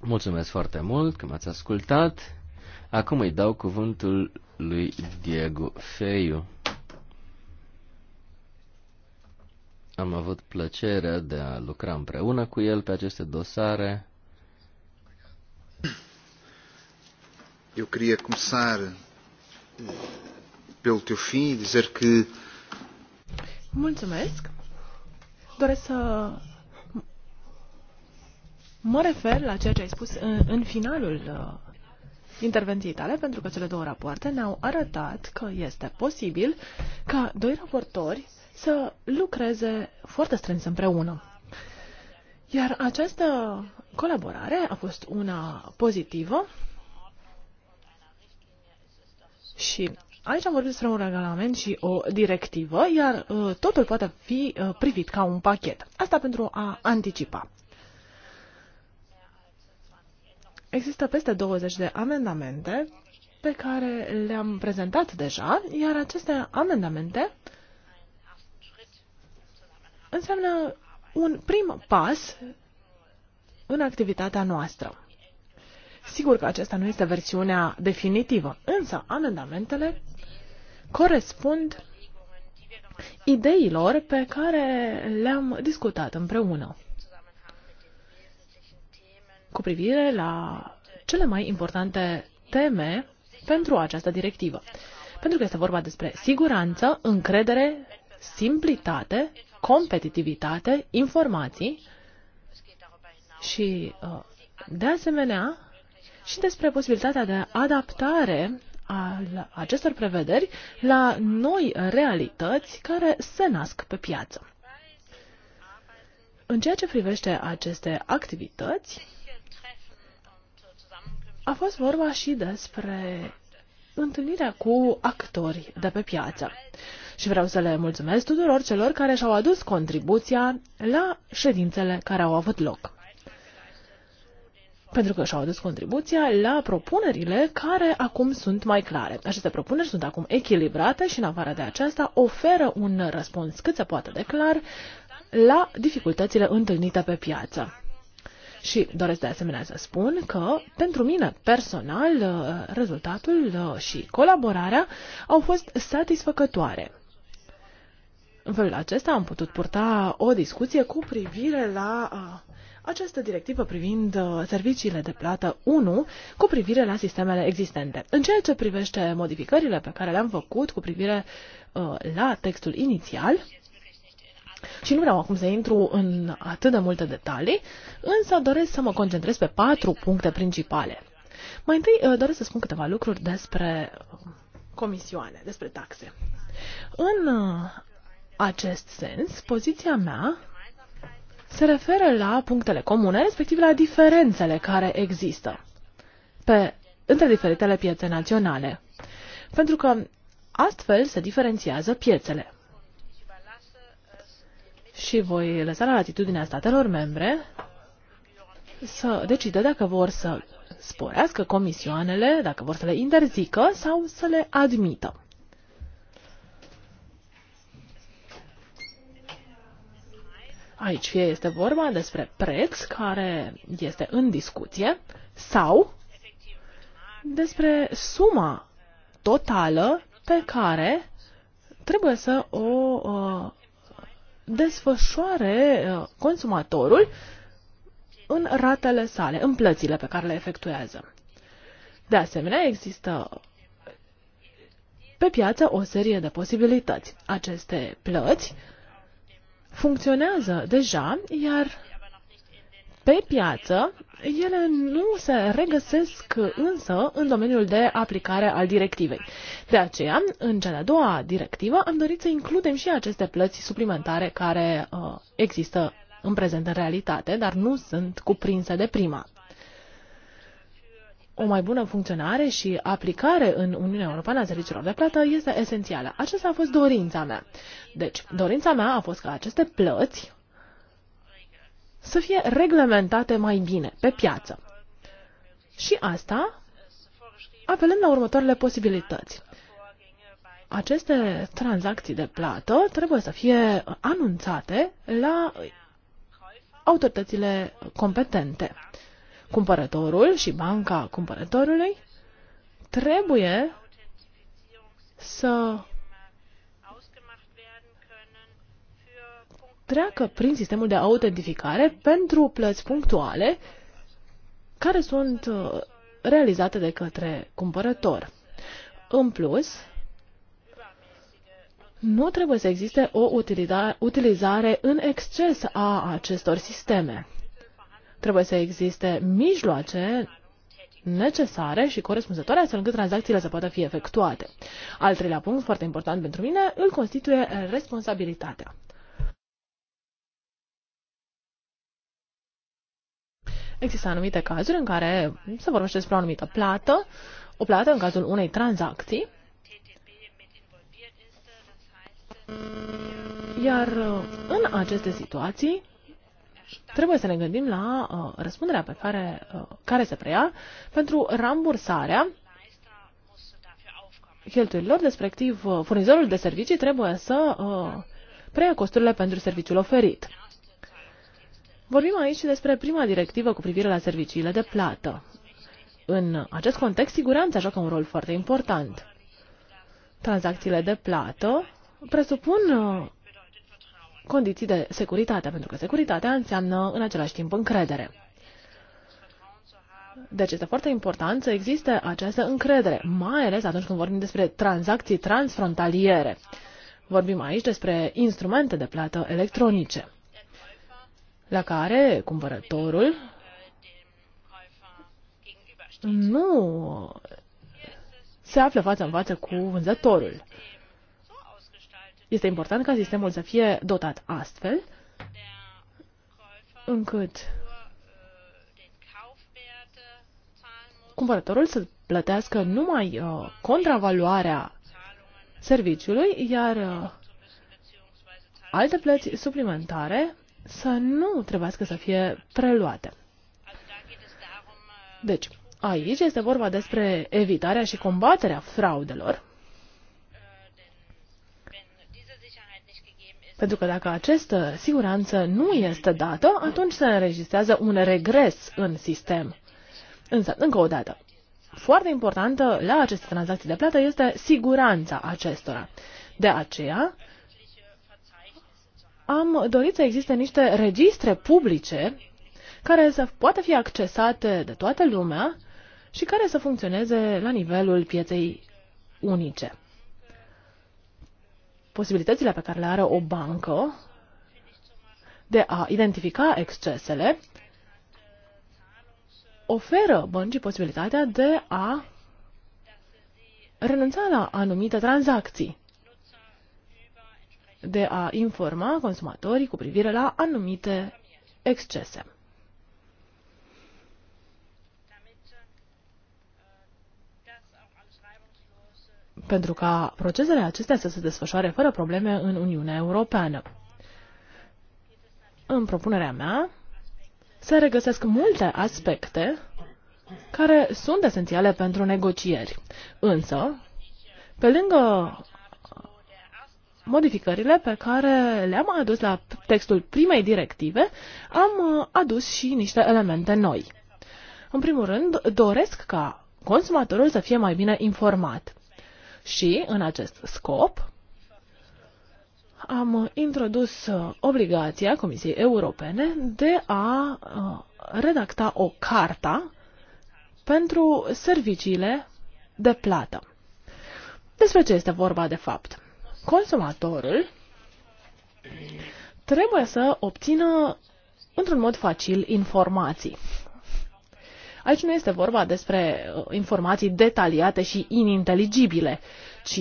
Mulțumesc foarte mult că m-ați ascultat. Acum îi dau cuvântul lui Diego Feiu. Am avut plăcerea de a lucra împreună cu el pe aceste dosare. Eu queria começar eh, pelo teu fim e dizer que Mulțumesc. Doresc să mă refer la ceea ce ai spus în, în finalul eh, intervenției tale, pentru că cele două rapoarte ne-au arătat că este posibil ca doi raportori să lucreze foarte strâns împreună. Iar această colaborare a fost una pozitivă și aici am vorbit despre un regulament și o directivă, iar uh, totul poate fi uh, privit ca un pachet. Asta pentru a anticipa. Există peste 20 de amendamente pe care le-am prezentat deja, iar aceste amendamente uh, înseamnă un prim pas în activitatea noastră. Sigur că aceasta nu este versiunea definitivă, însă amendamentele corespund ideilor pe care le-am discutat împreună cu privire la cele mai importante teme pentru această directivă. Pentru că este vorba despre siguranță, încredere, simplitate competitivitate, informații și, uh, de asemenea, și despre posibilitatea de adaptare al acestor prevederi la noi realități care se nasc pe piață. În ceea ce privește aceste activități, a fost vorba și despre întâlnirea cu actori de pe piață. Și vreau să le mulțumesc tuturor celor care și-au adus contribuția la ședințele care au avut loc. Pentru că și-au adus contribuția la propunerile care acum sunt mai clare. Aceste propuneri sunt acum echilibrate și, în afară de aceasta, oferă un răspuns cât se poate de clar la dificultățile întâlnite pe piață. Și doresc de asemenea să spun că, pentru mine personal, uh, rezultatul uh, și colaborarea au fost satisfăcătoare. În felul acesta am putut purta o discuție cu privire la uh, această directivă privind serviciile de plată 1 cu privire la sistemele existente. În ceea ce privește modificările pe care le-am făcut cu privire la textul inițial, și nu vreau acum să intru în atât de multe detalii, însă doresc să mă concentrez pe patru puncte principale. Mai întâi uh, doresc să spun câteva lucruri despre uh, comisioane, despre taxe. În uh, acest sens, poziția mea se referă la punctele comune, respectiv la diferențele care există pe, între diferitele piețe naționale. Pentru că astfel se diferențiază piețele și voi lăsa la latitudinea statelor membre să decidă dacă vor să sporească comisioanele, dacă vor să le interzică sau să le admită. Aici fie este vorba despre preț care este în discuție sau despre suma totală pe care trebuie să o uh, desfășoare uh, consumatorul în ratele sale, în plățile pe care le efectuează. De asemenea, există pe piață o serie de posibilități. Aceste plăți funcționează deja, iar pe piață ele nu se regăsesc însă în domeniul de aplicare al directivei. De aceea, în cea de-a doua directivă, am dorit să includem și aceste plăți suplimentare care uh, există în prezent în realitate, dar nu sunt cuprinse de prima. O mai bună funcționare și aplicare în Uniunea Europeană a serviciilor de plată este esențială. Aceasta a fost dorința mea. Deci, dorința mea a fost ca aceste plăți să fie reglementate mai bine pe piață. Și asta apelând la următoarele posibilități. Aceste tranzacții de plată trebuie să fie anunțate la autoritățile competente. Cumpărătorul și banca cumpărătorului trebuie să treacă prin sistemul de autentificare pentru plăți punctuale care sunt uh, realizate de către cumpărător. În plus, nu trebuie să existe o utilizare în exces a acestor sisteme. Trebuie să existe mijloace necesare și corespunzătoare astfel încât tranzacțiile să poată fi efectuate. Al treilea punct, foarte important pentru mine, îl constituie responsabilitatea. Există anumite cazuri în care se vorbește despre o anumită plată, o plată în cazul unei tranzacții, iar uh, în aceste situații trebuie să ne gândim la uh, răspunderea pe care, uh, care se preia pentru rambursarea cheltuielilor, respectiv uh, furnizorul de servicii trebuie să uh, preia costurile pentru serviciul oferit. Vorbim aici despre prima directivă cu privire la serviciile de plată. În acest context, siguranța joacă un rol foarte important. Tranzacțiile de plată presupun uh, condiții de securitate, pentru că securitatea înseamnă în același timp încredere. Deci este foarte important să existe această încredere, mai ales atunci când vorbim despre tranzacții transfrontaliere. Vorbim aici despre instrumente de plată electronice la care cumpărătorul nu se află față în față cu vânzătorul. Este important ca sistemul să fie dotat astfel încât cumpărătorul să plătească numai uh, contravaloarea serviciului, iar uh, alte plăți suplimentare să nu trebuiască să fie preluate. Deci, aici este vorba despre evitarea și combaterea fraudelor. Pentru că dacă această siguranță nu este dată, atunci se înregistrează un regres în sistem. Însă, încă o dată, foarte importantă la aceste tranzacții de plată este siguranța acestora. De aceea, am dorit să existe niște registre publice care să poată fi accesate de toată lumea și care să funcționeze la nivelul pieței unice. Posibilitățile pe care le are o bancă de a identifica excesele oferă băncii posibilitatea de a renunța la anumite tranzacții de a informa consumatorii cu privire la anumite excese. Pentru ca procesele acestea să se desfășoare fără probleme în Uniunea Europeană. În propunerea mea se regăsesc multe aspecte care sunt esențiale pentru negocieri. Însă, pe lângă modificările pe care le-am adus la textul primei directive, am uh, adus și niște elemente noi. În primul rând, doresc ca consumatorul să fie mai bine informat. Și, în acest scop, am introdus uh, obligația Comisiei Europene de a uh, redacta o carta pentru serviciile de plată. Despre ce este vorba de fapt? consumatorul trebuie să obțină într-un mod facil informații. Aici nu este vorba despre uh, informații detaliate și ininteligibile, ci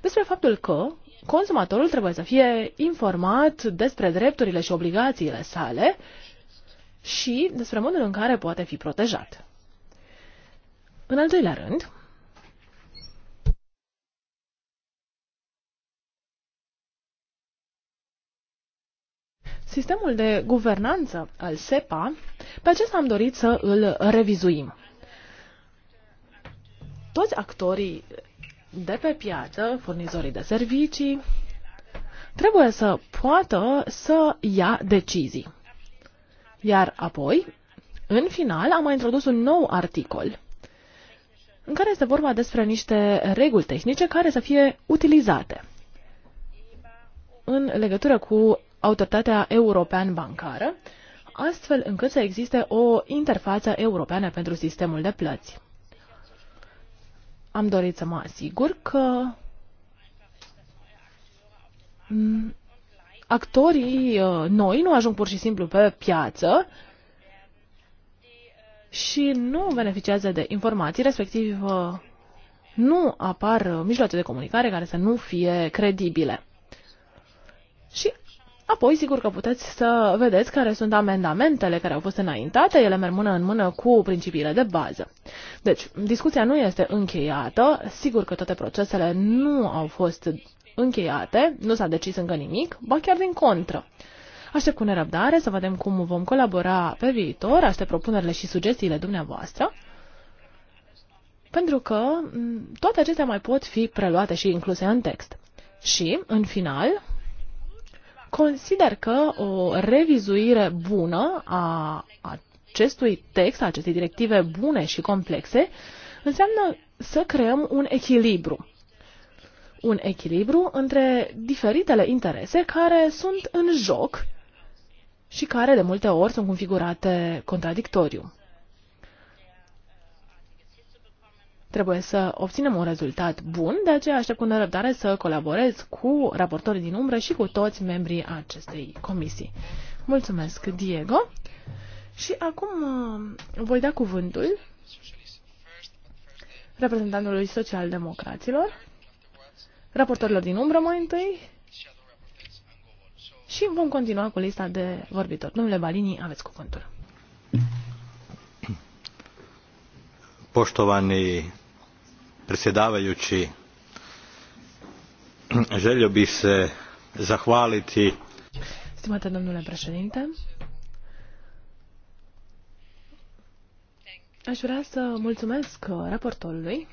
despre faptul că consumatorul trebuie să fie informat despre drepturile și obligațiile sale și despre modul în care poate fi protejat. În al doilea rând, sistemul de guvernanță al SEPA, pe acesta am dorit să îl revizuim. Toți actorii de pe piață, furnizorii de servicii, trebuie să poată să ia decizii. Iar apoi, în final, am mai introdus un nou articol în care este vorba despre niște reguli tehnice care să fie utilizate în legătură cu Autoritatea European Bancară, astfel încât să existe o interfață europeană pentru sistemul de plăți. Am dorit să mă asigur că actorii uh, noi nu ajung pur și simplu pe piață și nu beneficiază de informații, respectiv uh, nu apar mijloace de comunicare care să nu fie credibile. Și Apoi, sigur că puteți să vedeți care sunt amendamentele care au fost înaintate, ele merg mână în mână cu principiile de bază. Deci, discuția nu este încheiată, sigur că toate procesele nu au fost încheiate, nu s-a decis încă nimic, ba chiar din contră. Aștept cu nerăbdare să vedem cum vom colabora pe viitor, aștept propunerile și sugestiile dumneavoastră, pentru că toate acestea mai pot fi preluate și incluse în text. Și, în final, consider că o revizuire bună a acestui text, a acestei directive bune și complexe, înseamnă să creăm un echilibru. Un echilibru între diferitele interese care sunt în joc și care de multe ori sunt configurate contradictoriu. Trebuie să obținem un rezultat bun, de aceea aștept cu nerăbdare să colaborez cu raportorii din umbră și cu toți membrii acestei comisii. Mulțumesc, Diego. Și acum uh, voi da cuvântul reprezentantului social-democraților, raportorilor din umbră mai întâi și vom continua cu lista de vorbitori. Domnule Balini, aveți cuvântul poštovani predsjedavajući želio bih se zahvaliti Stimate domnule președinte, aș vrea să mulțumesc raportorului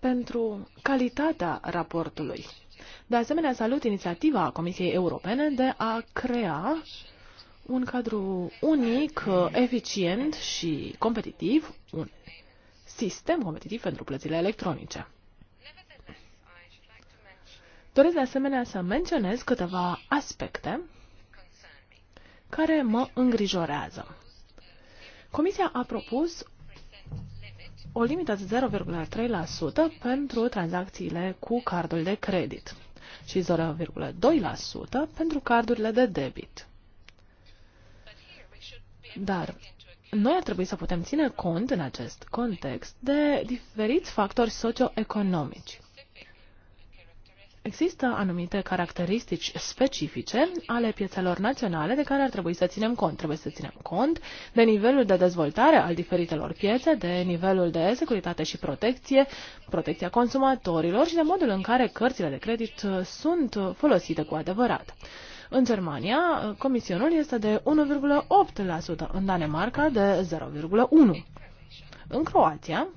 pentru calitatea raportului. De asemenea, salut inițiativa Comisiei Europene de a crea un cadru unic, eficient și competitiv, un sistem competitiv pentru plățile electronice. Doresc de asemenea să menționez câteva aspecte care mă îngrijorează. Comisia a propus o limită de 0,3% pentru tranzacțiile cu cardul de credit și 0,2% pentru cardurile de debit. Dar noi ar trebui să putem ține cont în acest context de diferiți factori socioeconomici. Există anumite caracteristici specifice ale piețelor naționale de care ar trebui să ținem cont. Trebuie să ținem cont de nivelul de dezvoltare al diferitelor piețe, de nivelul de securitate și protecție, protecția consumatorilor și de modul în care cărțile de credit sunt folosite cu adevărat. În Germania, comisionul este de 1,8%, în Danemarca de 0,1%. În Croația,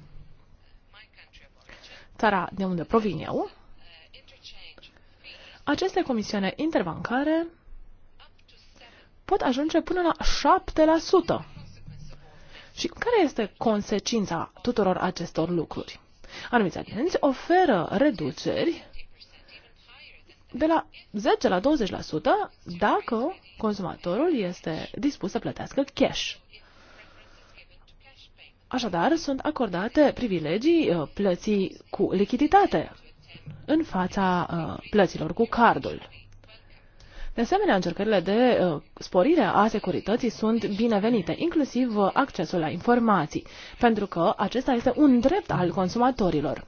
țara de unde provin eu, aceste comisioane interbancare pot ajunge până la 7%. Și care este consecința tuturor acestor lucruri? Anumiți agenți oferă reduceri de la 10 la 20% dacă consumatorul este dispus să plătească cash. Așadar, sunt acordate privilegii uh, plății cu lichiditate în fața uh, plăților cu cardul. De asemenea, încercările de uh, sporire a securității sunt binevenite, inclusiv accesul la informații, pentru că acesta este un drept al consumatorilor.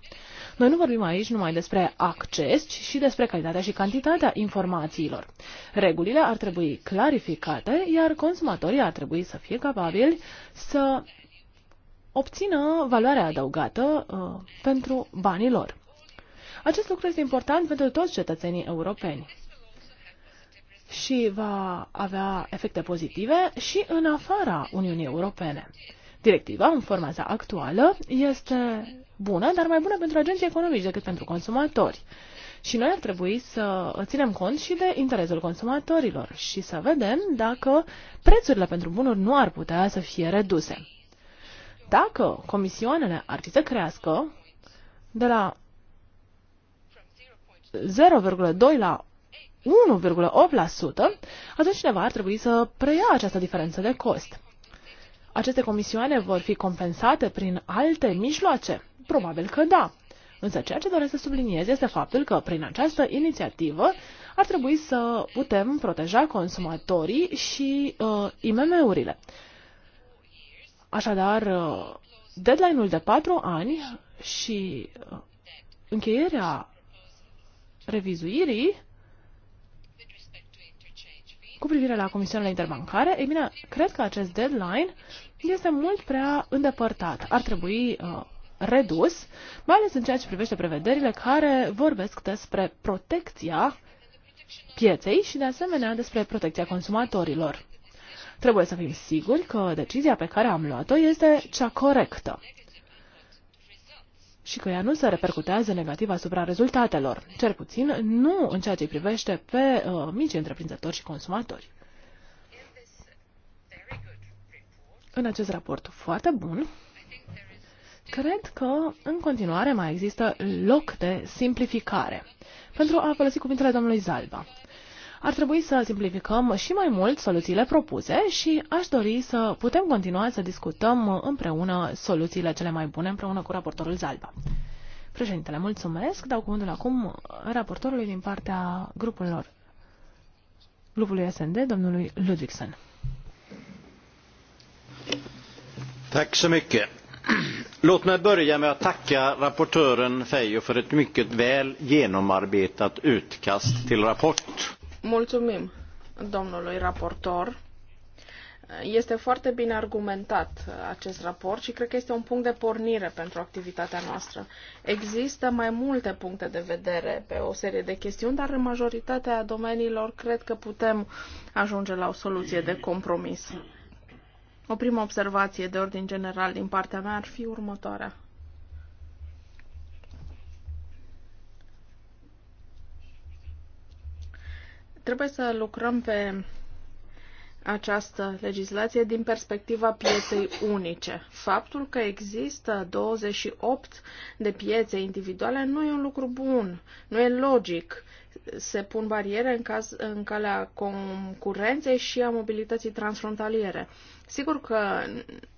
Noi nu vorbim aici numai despre acces, ci și despre calitatea și cantitatea informațiilor. Regulile ar trebui clarificate, iar consumatorii ar trebui să fie capabili să obțină valoarea adăugată uh, pentru banii lor. Acest lucru este important pentru toți cetățenii europeni și va avea efecte pozitive și în afara Uniunii Europene. Directiva, în forma sa actuală, este bună, dar mai bună pentru agenții economici decât pentru consumatori. Și noi ar trebui să ținem cont și de interesul consumatorilor și să vedem dacă prețurile pentru bunuri nu ar putea să fie reduse. Dacă comisioanele ar fi să crească de la 0,2 la 1,8%, atunci cineva ar trebui să preia această diferență de cost. Aceste comisioane vor fi compensate prin alte mijloace, Probabil că da. Însă ceea ce doresc să subliniez este faptul că prin această inițiativă ar trebui să putem proteja consumatorii și uh, IMM-urile. Așadar, uh, deadline-ul de patru ani și uh, încheierea revizuirii cu privire la comisiunile interbancare, ei bine, cred că acest deadline este mult prea îndepărtat. Ar trebui uh, redus, mai ales în ceea ce privește prevederile care vorbesc despre protecția pieței și, de asemenea, despre protecția consumatorilor. Trebuie să fim siguri că decizia pe care am luat-o este cea corectă și că ea nu se repercutează negativ asupra rezultatelor, cel puțin nu în ceea ce privește pe uh, mici întreprinzători și consumatori. În acest raport foarte bun, Cred că în continuare mai există loc de simplificare. Pentru a folosi cuvintele domnului Zalba, ar trebui să simplificăm și mai mult soluțiile propuse și aș dori să putem continua să discutăm împreună soluțiile cele mai bune împreună cu raportorul Zalba. Președintele, mulțumesc. Dau cuvântul acum raportorului din partea grupurilor grupului SND, domnului Ludvigsen. Mulțumesc. Låt mig börja med att tacka rapportören Feio för ett mycket väl genomarbetat utkast till rapport. Mulțumim domnului raportor. Este foarte bine argumentat uh, acest raport și cred că este un punct de pornire pentru activitatea noastră. Există mai multe puncte de vedere pe o serie de chestiuni, dar în majoritatea domeniilor cred că putem ajunge la o soluție de compromis. O primă observație de ordin general din partea mea ar fi următoarea. Trebuie să lucrăm pe această legislație din perspectiva pieței unice. Faptul că există 28 de piețe individuale nu e un lucru bun, nu e logic. Se pun bariere în, caz, în calea concurenței și a mobilității transfrontaliere. Sigur că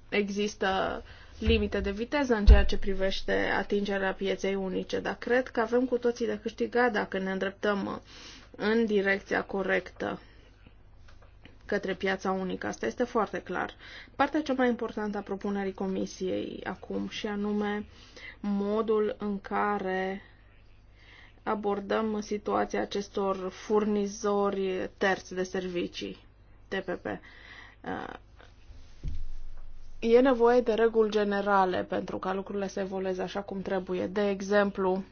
există limite de viteză în ceea ce privește atingerea pieței unice, dar cred că avem cu toții de câștigat dacă ne îndreptăm în direcția corectă către piața unică. Asta este foarte clar. Partea cea mai importantă a propunerii comisiei acum și anume modul în care abordăm situația acestor furnizori terți de servicii, TPP. E nevoie de reguli generale pentru ca lucrurile să evolueze așa cum trebuie. De exemplu,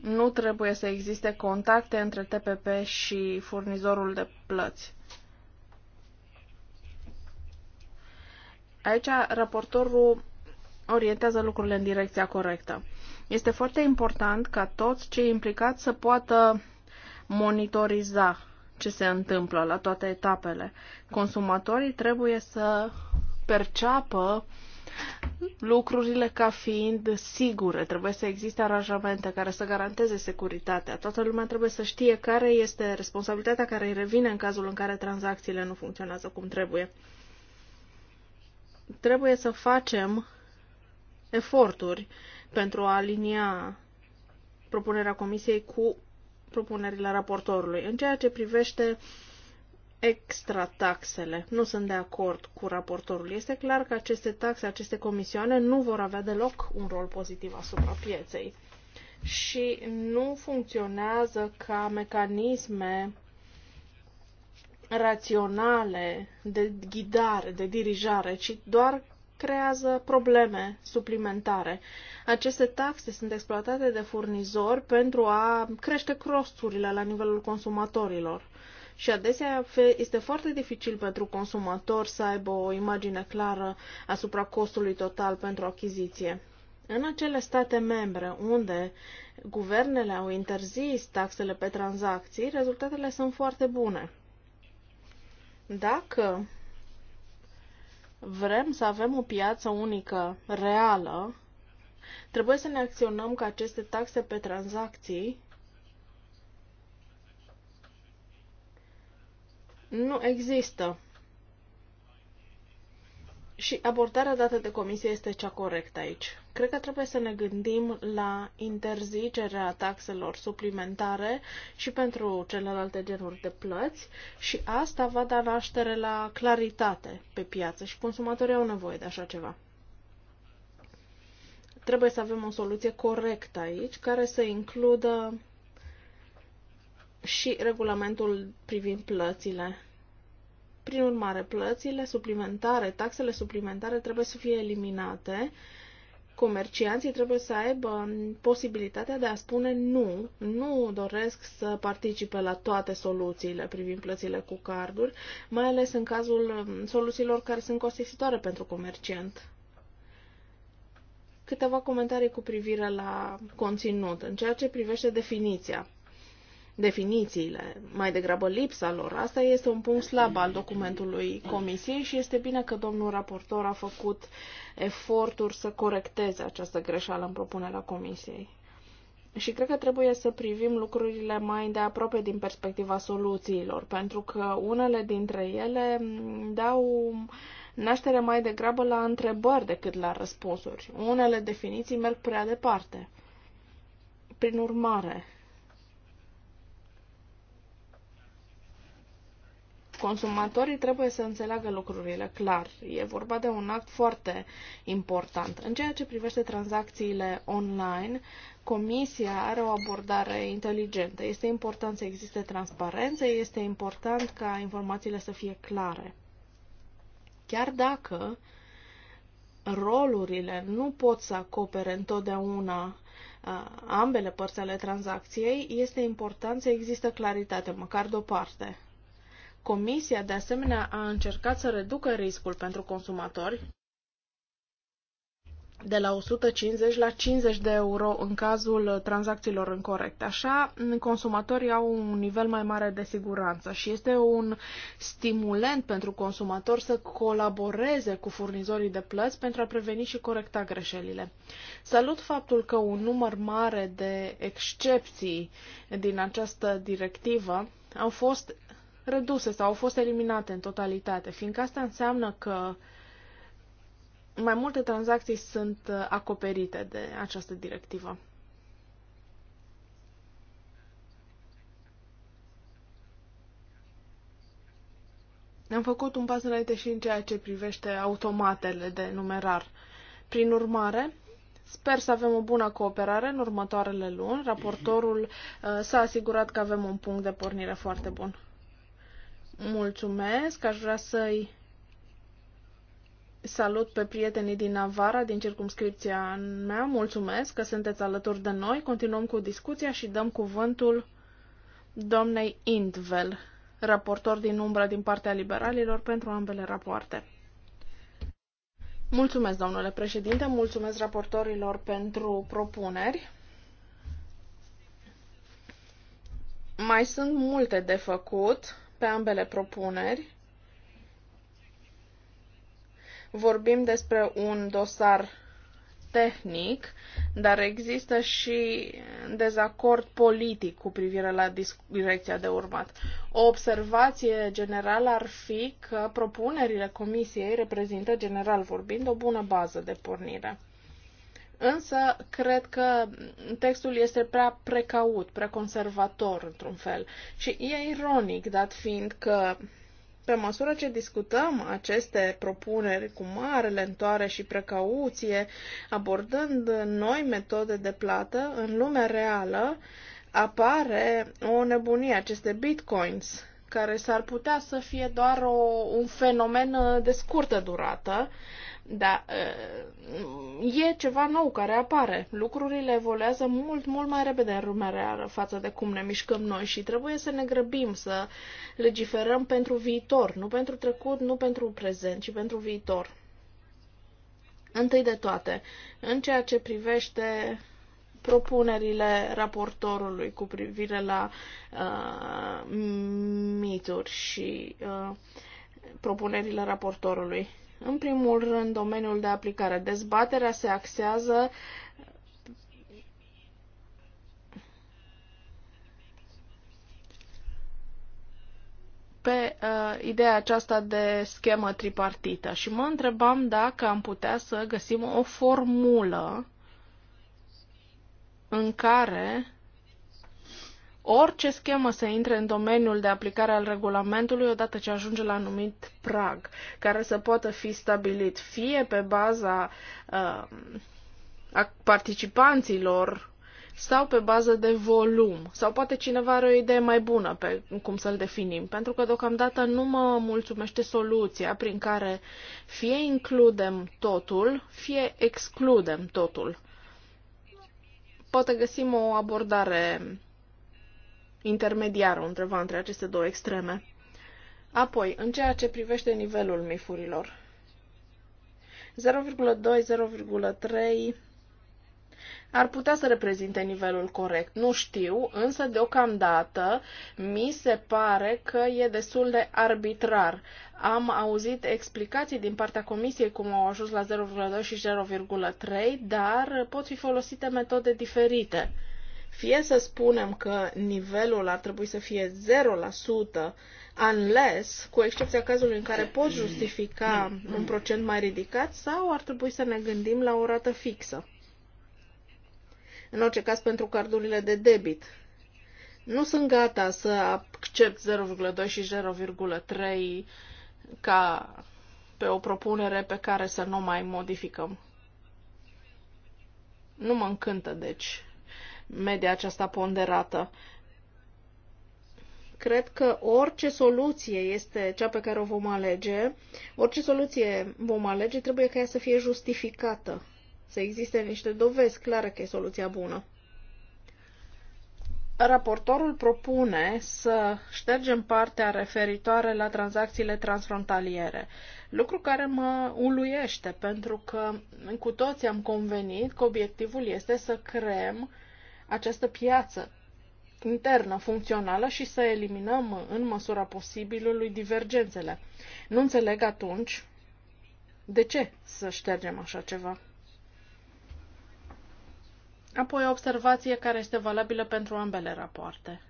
nu trebuie să existe contacte între TPP și furnizorul de plăți. Aici raportorul orientează lucrurile în direcția corectă. Este foarte important ca toți cei implicați să poată monitoriza ce se întâmplă la toate etapele. Consumatorii trebuie să perceapă lucrurile ca fiind sigure. Trebuie să existe aranjamente care să garanteze securitatea. Toată lumea trebuie să știe care este responsabilitatea care îi revine în cazul în care tranzacțiile nu funcționează cum trebuie. Trebuie să facem eforturi pentru a alinia propunerea Comisiei cu propunerile raportorului. În ceea ce privește extra taxele, nu sunt de acord cu raportorul. Este clar că aceste taxe, aceste comisioane nu vor avea deloc un rol pozitiv asupra pieței și nu funcționează ca mecanisme raționale de ghidare, de dirijare, ci doar creează probleme suplimentare. Aceste taxe sunt exploatate de furnizori pentru a crește costurile la nivelul consumatorilor. Și adesea este foarte dificil pentru consumator să aibă o imagine clară asupra costului total pentru achiziție. În acele state membre unde guvernele au interzis taxele pe tranzacții, rezultatele sunt foarte bune. Dacă vrem să avem o piață unică reală Trebuie să ne acționăm că aceste taxe pe tranzacții nu există. Și abordarea dată de comisie este cea corectă aici. Cred că trebuie să ne gândim la interzicerea taxelor suplimentare și pentru celelalte genuri de plăți și asta va da naștere la claritate pe piață și consumatorii au nevoie de așa ceva. Trebuie să avem o soluție corectă aici, care să includă și regulamentul privind plățile. Prin urmare, plățile suplimentare, taxele suplimentare trebuie să fie eliminate. Comercianții trebuie să aibă posibilitatea de a spune nu, nu doresc să participe la toate soluțiile privind plățile cu carduri, mai ales în cazul soluțiilor care sunt costisitoare pentru comerciant. Câteva comentarii cu privire la conținut. În ceea ce privește definiția, definițiile, mai degrabă lipsa lor, asta este un punct slab al documentului Comisiei și este bine că domnul raportor a făcut eforturi să corecteze această greșeală în propunerea Comisiei. Și cred că trebuie să privim lucrurile mai de aproape din perspectiva soluțiilor, pentru că unele dintre ele dau naștere mai degrabă la întrebări decât la răspunsuri. Unele definiții merg prea departe. Prin urmare, consumatorii trebuie să înțeleagă lucrurile clar. E vorba de un act foarte important. În ceea ce privește tranzacțiile online, Comisia are o abordare inteligentă. Este important să existe transparență, este important ca informațiile să fie clare. Chiar dacă rolurile nu pot să acopere întotdeauna ambele părți ale tranzacției, este important să există claritate, măcar de o parte. Comisia, de asemenea, a încercat să reducă riscul pentru consumatori de la 150 la 50 de euro în cazul uh, tranzacțiilor incorrecte. Așa, mm, consumatorii au un nivel mai mare de siguranță și este un stimulent pentru consumator să colaboreze cu furnizorii de plăți pentru a preveni și corecta greșelile. Salut faptul că un număr mare de excepții din această directivă au fost reduse sau au fost eliminate în totalitate, fiindcă asta înseamnă că mai multe tranzacții sunt uh, acoperite de această directivă. Am făcut un pas înainte și în ceea ce privește automatele de numerar. Prin urmare, sper să avem o bună cooperare în următoarele luni. Raportorul uh, s-a asigurat că avem un punct de pornire foarte bun. Mulțumesc, aș vrea să-i Salut pe prietenii din Navara, din circumscripția mea. Mulțumesc că sunteți alături de noi. Continuăm cu discuția și dăm cuvântul doamnei Indvel, raportor din umbra din partea liberalilor pentru ambele rapoarte. Mulțumesc, domnule președinte, mulțumesc raportorilor pentru propuneri. Mai sunt multe de făcut pe ambele propuneri vorbim despre un dosar tehnic, dar există și dezacord politic cu privire la direcția de urmat. O observație generală ar fi că propunerile comisiei reprezintă, general vorbind, o bună bază de pornire. Însă, cred că textul este prea precaut, prea conservator, într-un fel. Și e ironic, dat fiind că pe măsură ce discutăm aceste propuneri cu mare lentoare și precauție, abordând noi metode de plată, în lumea reală apare o nebunie, aceste bitcoins, care s-ar putea să fie doar o, un fenomen uh, de scurtă durată, da e ceva nou care apare. Lucrurile evoluează mult, mult mai repede în lumea reală față de cum ne mișcăm noi și trebuie să ne grăbim, să legiferăm pentru viitor, nu pentru trecut, nu pentru prezent, ci pentru viitor. Întâi de toate, în ceea ce privește propunerile raportorului cu privire la uh, mituri și uh, propunerile raportorului. În primul rând, domeniul de aplicare. Dezbaterea se axează pe uh, ideea aceasta de schemă tripartită și mă întrebam dacă am putea să găsim o formulă în care orice schemă să intre în domeniul de aplicare al regulamentului odată ce ajunge la anumit prag, care să poată fi stabilit fie pe baza uh, a participanților sau pe bază de volum. Sau poate cineva are o idee mai bună pe cum să-l definim, pentru că deocamdată nu mă mulțumește soluția prin care fie includem totul, fie excludem totul. Poate găsim o abordare intermediară, undeva între aceste două extreme. Apoi, în ceea ce privește nivelul mifurilor, 0,2-0,3 ar putea să reprezinte nivelul corect. Nu știu, însă deocamdată mi se pare că e destul de arbitrar. Am auzit explicații din partea comisiei cum au ajuns la 0,2 și 0,3, dar pot fi folosite metode diferite. Fie să spunem că nivelul ar trebui să fie 0%, unless, cu excepția cazului în care poți justifica un procent mai ridicat, sau ar trebui să ne gândim la o rată fixă. În orice caz, pentru cardurile de debit. Nu sunt gata să accept 0,2 și 0,3 ca pe o propunere pe care să nu mai modificăm. Nu mă încântă, deci, media aceasta ponderată. Cred că orice soluție este cea pe care o vom alege, orice soluție vom alege trebuie ca ea să fie justificată, să existe niște dovezi clare că e soluția bună. Raportorul propune să ștergem partea referitoare la tranzacțiile transfrontaliere, lucru care mă uluiește, pentru că cu toți am convenit că obiectivul este să creăm această piață internă funcțională și să eliminăm în măsura posibilului divergențele. Nu înțeleg atunci de ce să ștergem așa ceva. Apoi o observație care este valabilă pentru ambele rapoarte.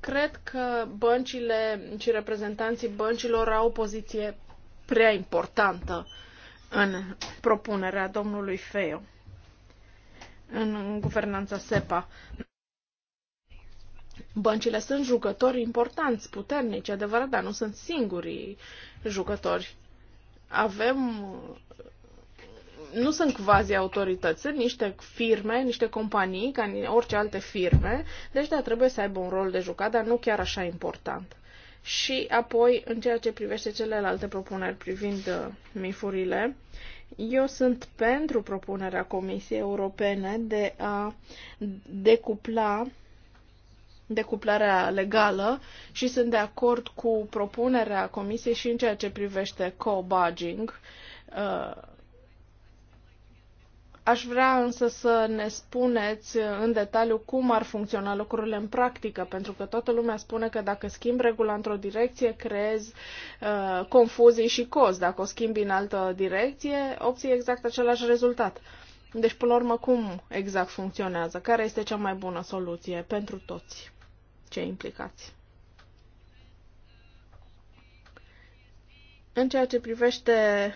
Cred că băncile și reprezentanții băncilor au o poziție prea importantă uh, în propunerea domnului Feo în guvernanța SEPA. Băncile sunt jucători importanți, puternici, adevărat, dar nu sunt singurii jucători. Avem nu sunt quasi autorități, sunt niște firme, niște companii, ca orice alte firme, deci da, trebuie să aibă un rol de jucat, dar nu chiar așa important și apoi, în ceea ce privește celelalte propuneri privind uh, mifurile, eu sunt pentru propunerea Comisiei Europene de a decupla decuplarea legală și sunt de acord cu propunerea Comisiei și în ceea ce privește co budging uh, Aș vrea însă să ne spuneți în detaliu cum ar funcționa lucrurile în practică, pentru că toată lumea spune că dacă schimbi regula într-o direcție, creezi uh, confuzii și cozi. Dacă o schimbi în altă direcție, obții exact același rezultat. Deci, până la urmă, cum exact funcționează? Care este cea mai bună soluție pentru toți cei implicați? În ceea ce privește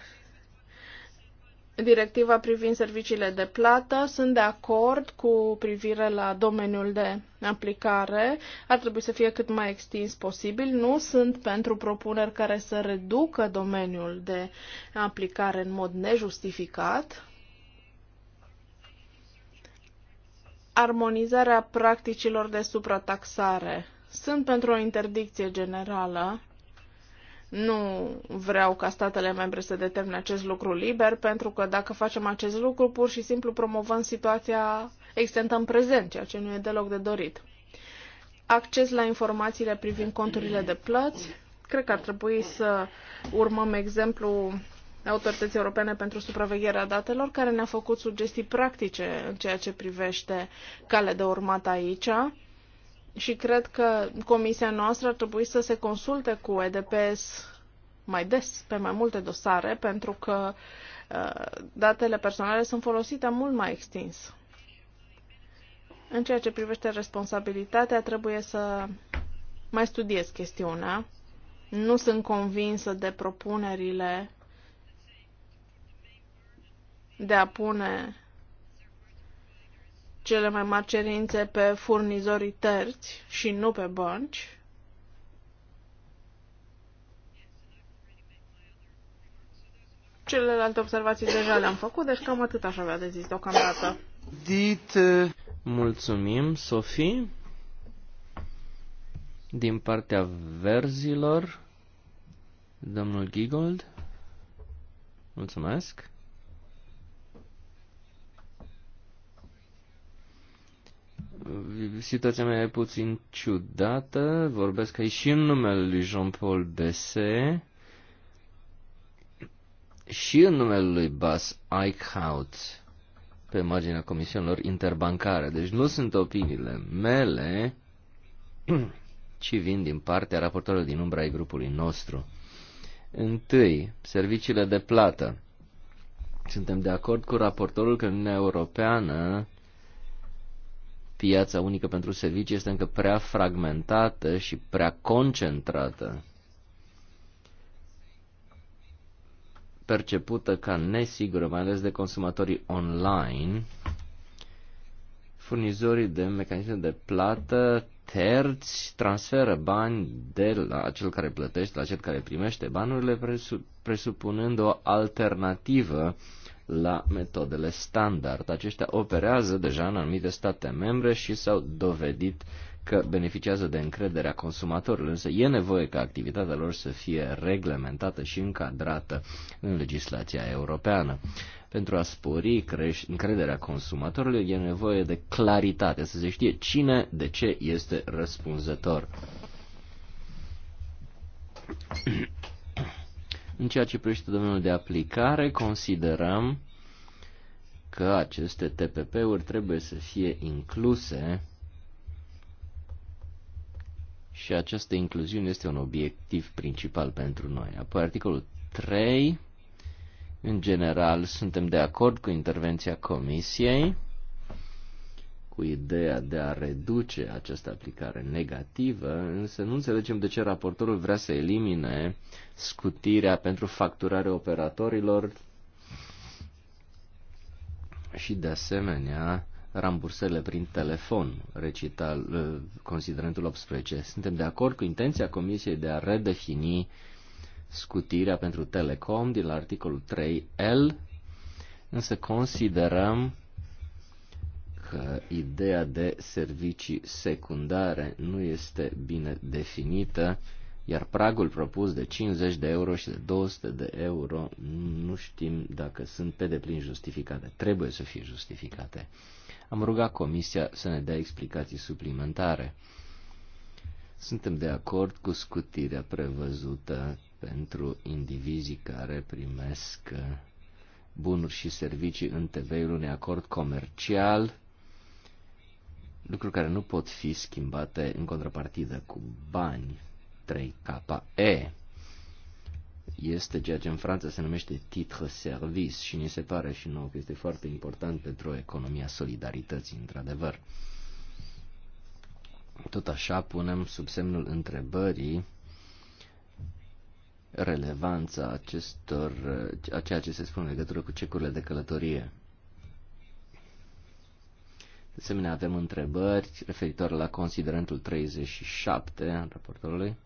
directiva privind serviciile de plată. Sunt de acord cu privire la domeniul de aplicare. Ar trebui să fie cât mai extins posibil. Nu sunt pentru propuneri care să reducă domeniul de aplicare în mod nejustificat. Armonizarea practicilor de suprataxare. Sunt pentru o interdicție generală nu vreau ca statele membre să determine acest lucru liber, pentru că dacă facem acest lucru, pur și simplu promovăm situația existentă în prezent, ceea ce nu e deloc de dorit. Acces la informațiile privind conturile de plăți. Cred că ar trebui să urmăm exemplu Autorității Europene pentru Supravegherea Datelor, care ne-a făcut sugestii practice în ceea ce privește calea de urmat aici și cred că comisia noastră ar trebui să se consulte cu EDPS mai des pe mai multe dosare, pentru că uh, datele personale sunt folosite mult mai extins. În ceea ce privește responsabilitatea, trebuie să mai studiez chestiunea. Nu sunt convinsă de propunerile de a pune cele mai mari cerințe pe furnizorii terți și nu pe bănci. Celelalte observații deja le-am făcut, deci cam atât aș avea de zis deocamdată. Dit. Mulțumim, Sofie. Din partea verzilor, domnul Gigold. Mulțumesc. situația mea e puțin ciudată. Vorbesc aici și în numele lui Jean-Paul Dessé și în numele lui Bas Eichhout pe marginea comisiunilor interbancare. Deci nu sunt opiniile mele, ci vin din partea raportorului din umbra ai grupului nostru. Întâi, serviciile de plată. Suntem de acord cu raportorul că Uniunea Europeană piața unică pentru servicii este încă prea fragmentată și prea concentrată, percepută ca nesigură, mai ales de consumatorii online, furnizorii de mecanisme de plată terți transferă bani de la cel care plătește la cel care primește banurile, presupunând o alternativă la metodele standard. Aceștia operează deja în anumite state membre și s-au dovedit că beneficiază de încrederea consumatorilor, însă e nevoie ca activitatea lor să fie reglementată și încadrată în legislația europeană. Pentru a spori încrederea consumatorilor e nevoie de claritate, să se știe cine de ce este răspunzător. În ceea ce privește domeniul de aplicare, considerăm că aceste TPP-uri trebuie să fie incluse și această incluziune este un obiectiv principal pentru noi. Apoi articolul 3, în general, suntem de acord cu intervenția Comisiei cu ideea de a reduce această aplicare negativă, însă nu înțelegem de ce raportorul vrea să elimine scutirea pentru facturare operatorilor și, de asemenea, rambursările prin telefon, recital, ă, considerentul 18. Suntem de acord cu intenția Comisiei de a redefini scutirea pentru telecom din articolul 3L, însă considerăm că ideea de servicii secundare nu este bine definită, iar pragul propus de 50 de euro și de 200 de euro nu știm dacă sunt pe deplin justificate. Trebuie să fie justificate. Am rugat Comisia să ne dea explicații suplimentare. Suntem de acord cu scutirea prevăzută pentru indivizii care primesc bunuri și servicii în TV-ul unui acord comercial lucruri care nu pot fi schimbate în contrapartidă cu bani. 3KE este ceea ce în Franța se numește titre service și ne se pare și nouă că este foarte important pentru o economia solidarității, într-adevăr. Tot așa punem sub semnul întrebării relevanța acestor, a ceea ce se spune în legătură cu cecurile de călătorie. De asemenea, avem întrebări referitoare la considerentul 37 al raportorului.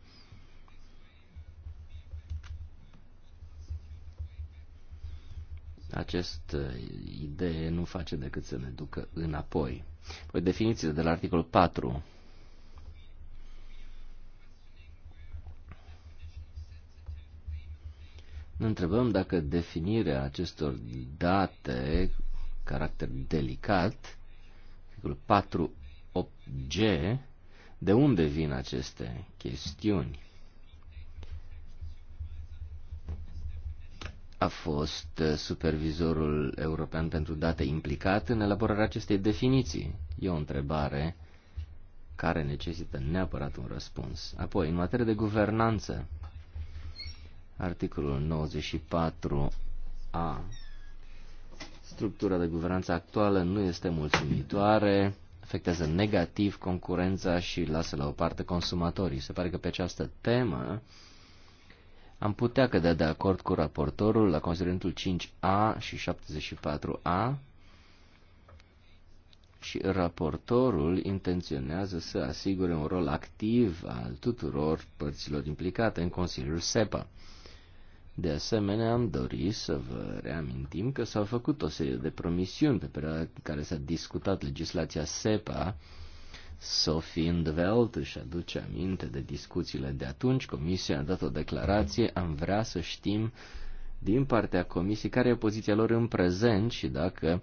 Această uh, idee nu face decât să ne ducă înapoi. Păi definiție de la articolul 4 Ne întrebăm dacă definirea acestor date, caracter delicat, articolul 8 g de unde vin aceste chestiuni? A fost uh, supervizorul european pentru date implicat în elaborarea acestei definiții? E o întrebare care necesită neapărat un răspuns. Apoi, în materie de guvernanță, articolul 94a Structura de guvernanță actuală nu este mulțumitoare, afectează negativ concurența și lasă la o parte consumatorii. Se pare că pe această temă am putea cădea de acord cu raportorul la considerentul 5A și 74A și raportorul intenționează să asigure un rol activ al tuturor părților implicate în Consiliul SEPA. De asemenea, am dorit să vă reamintim că s-au făcut o serie de promisiuni pe perioada în care s-a discutat legislația SEPA. Sophie Indveld își aduce aminte de discuțiile de atunci. Comisia a dat o declarație. Am vrea să știm din partea comisiei care e poziția lor în prezent și dacă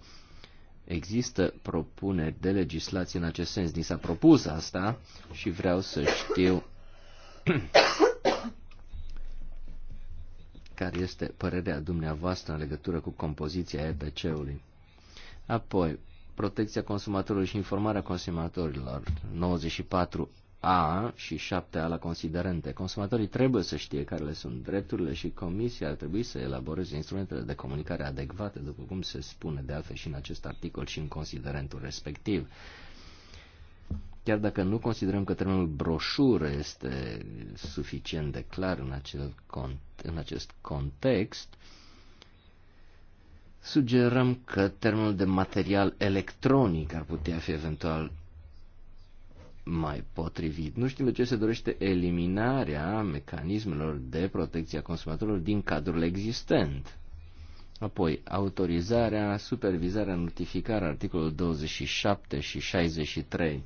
există propuneri de legislație în acest sens. Ni s-a propus asta și vreau să știu care este părerea dumneavoastră în legătură cu compoziția EPC-ului. Apoi, protecția consumatorilor și informarea consumatorilor, 94 a și 7 A la considerente. Consumatorii trebuie să știe care le sunt drepturile și comisia ar trebui să elaboreze instrumentele de comunicare adecvate, după cum se spune de altfel și în acest articol și în considerentul respectiv. Chiar dacă nu considerăm că termenul broșură este suficient de clar în, acel, în acest context, sugerăm că termenul de material electronic ar putea fi eventual mai potrivit. Nu știm de ce se dorește eliminarea mecanismelor de protecție a consumatorilor din cadrul existent. Apoi, autorizarea, supervizarea, notificarea, articolul 27 și 63.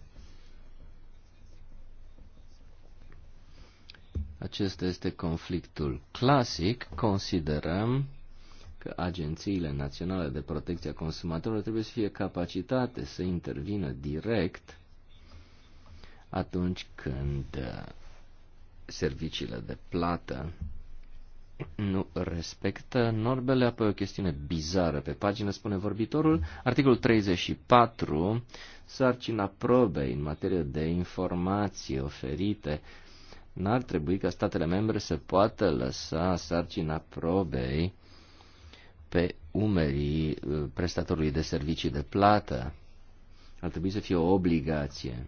Acesta este conflictul clasic. Considerăm că agențiile naționale de protecție a consumatorilor trebuie să fie capacitate să intervină direct atunci când uh, serviciile de plată nu respectă normele, apoi o chestiune bizară pe pagină, spune vorbitorul. Articolul 34, sarcina probei în materie de informații oferite N-ar trebui ca statele membre să poată lăsa sarcina probei pe umerii uh, prestatorului de servicii de plată. Ar trebui să fie o obligație.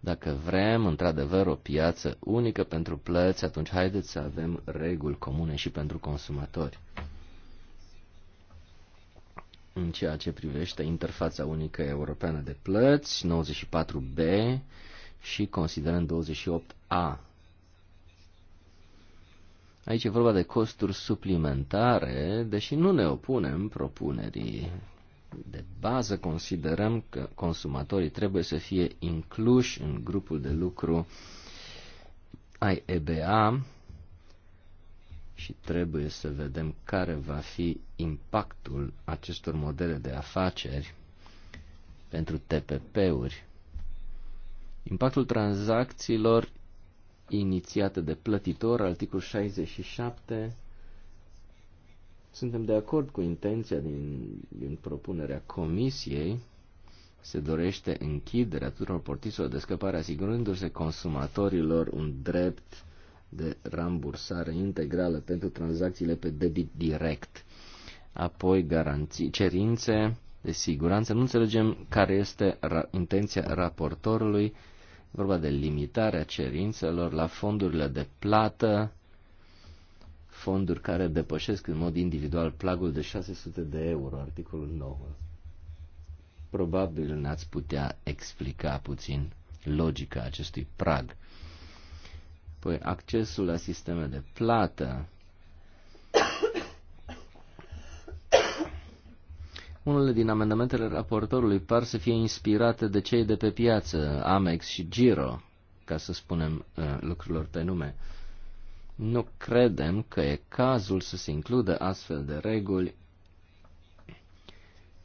Dacă vrem, într-adevăr, o piață unică pentru plăți, atunci haideți să avem reguli comune și pentru consumatori. În ceea ce privește interfața unică europeană de plăți, 94B, și considerând 28A. Aici e vorba de costuri suplimentare, deși nu ne opunem propunerii de bază, considerăm că consumatorii trebuie să fie incluși în grupul de lucru ai EBA și trebuie să vedem care va fi impactul acestor modele de afaceri pentru TPP-uri. Impactul tranzacțiilor inițiate de plătitor, articol 67. Suntem de acord cu intenția din, din propunerea comisiei. Se dorește închiderea tuturor portiților de scăpare, asigurându-se consumatorilor un drept de rambursare integrală pentru tranzacțiile pe debit direct. Apoi garanții, cerințe de siguranță. Nu înțelegem care este ra- intenția raportorului vorba de limitarea cerințelor la fondurile de plată, fonduri care depășesc în mod individual plagul de 600 de euro, articolul 9. Probabil ne-ați putea explica puțin logica acestui prag. Păi accesul la sisteme de plată, Unele din amendamentele raportorului par să fie inspirate de cei de pe piață, Amex și Giro, ca să spunem uh, lucrurilor pe nume. Nu credem că e cazul să se includă astfel de reguli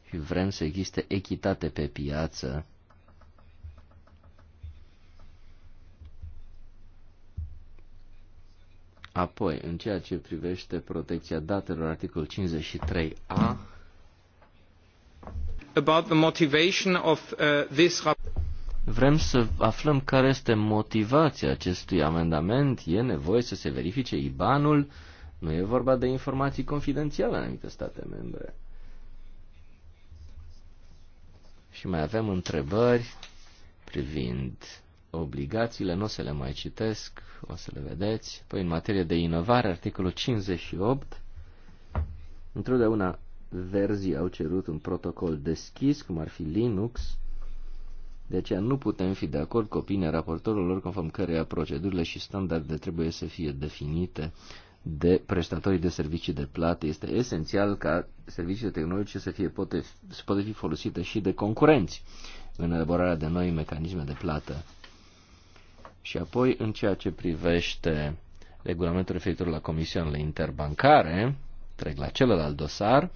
și vrem să existe echitate pe piață. Apoi, în ceea ce privește protecția datelor, articol 53a, Uh, Vrem să aflăm care este motivația acestui amendament. E nevoie să se verifice IBAN-ul. Nu e vorba de informații confidențiale în anumite state membre. Și mai avem întrebări privind obligațiile, nu o să le mai citesc, o să le vedeți. Păi în materie de inovare, articolul 58, întotdeauna Verzii au cerut un protocol deschis, cum ar fi Linux, de aceea nu putem fi de acord cu opinia raportorilor conform căreia procedurile și standarde trebuie să fie definite de prestatorii de servicii de plată. Este esențial ca serviciile tehnologice să, fie poate, să poate fi folosite și de concurenți în elaborarea de noi mecanisme de plată. Și apoi, în ceea ce privește regulamentul referitor la comisioanele interbancare, trec la celălalt dosar, uh,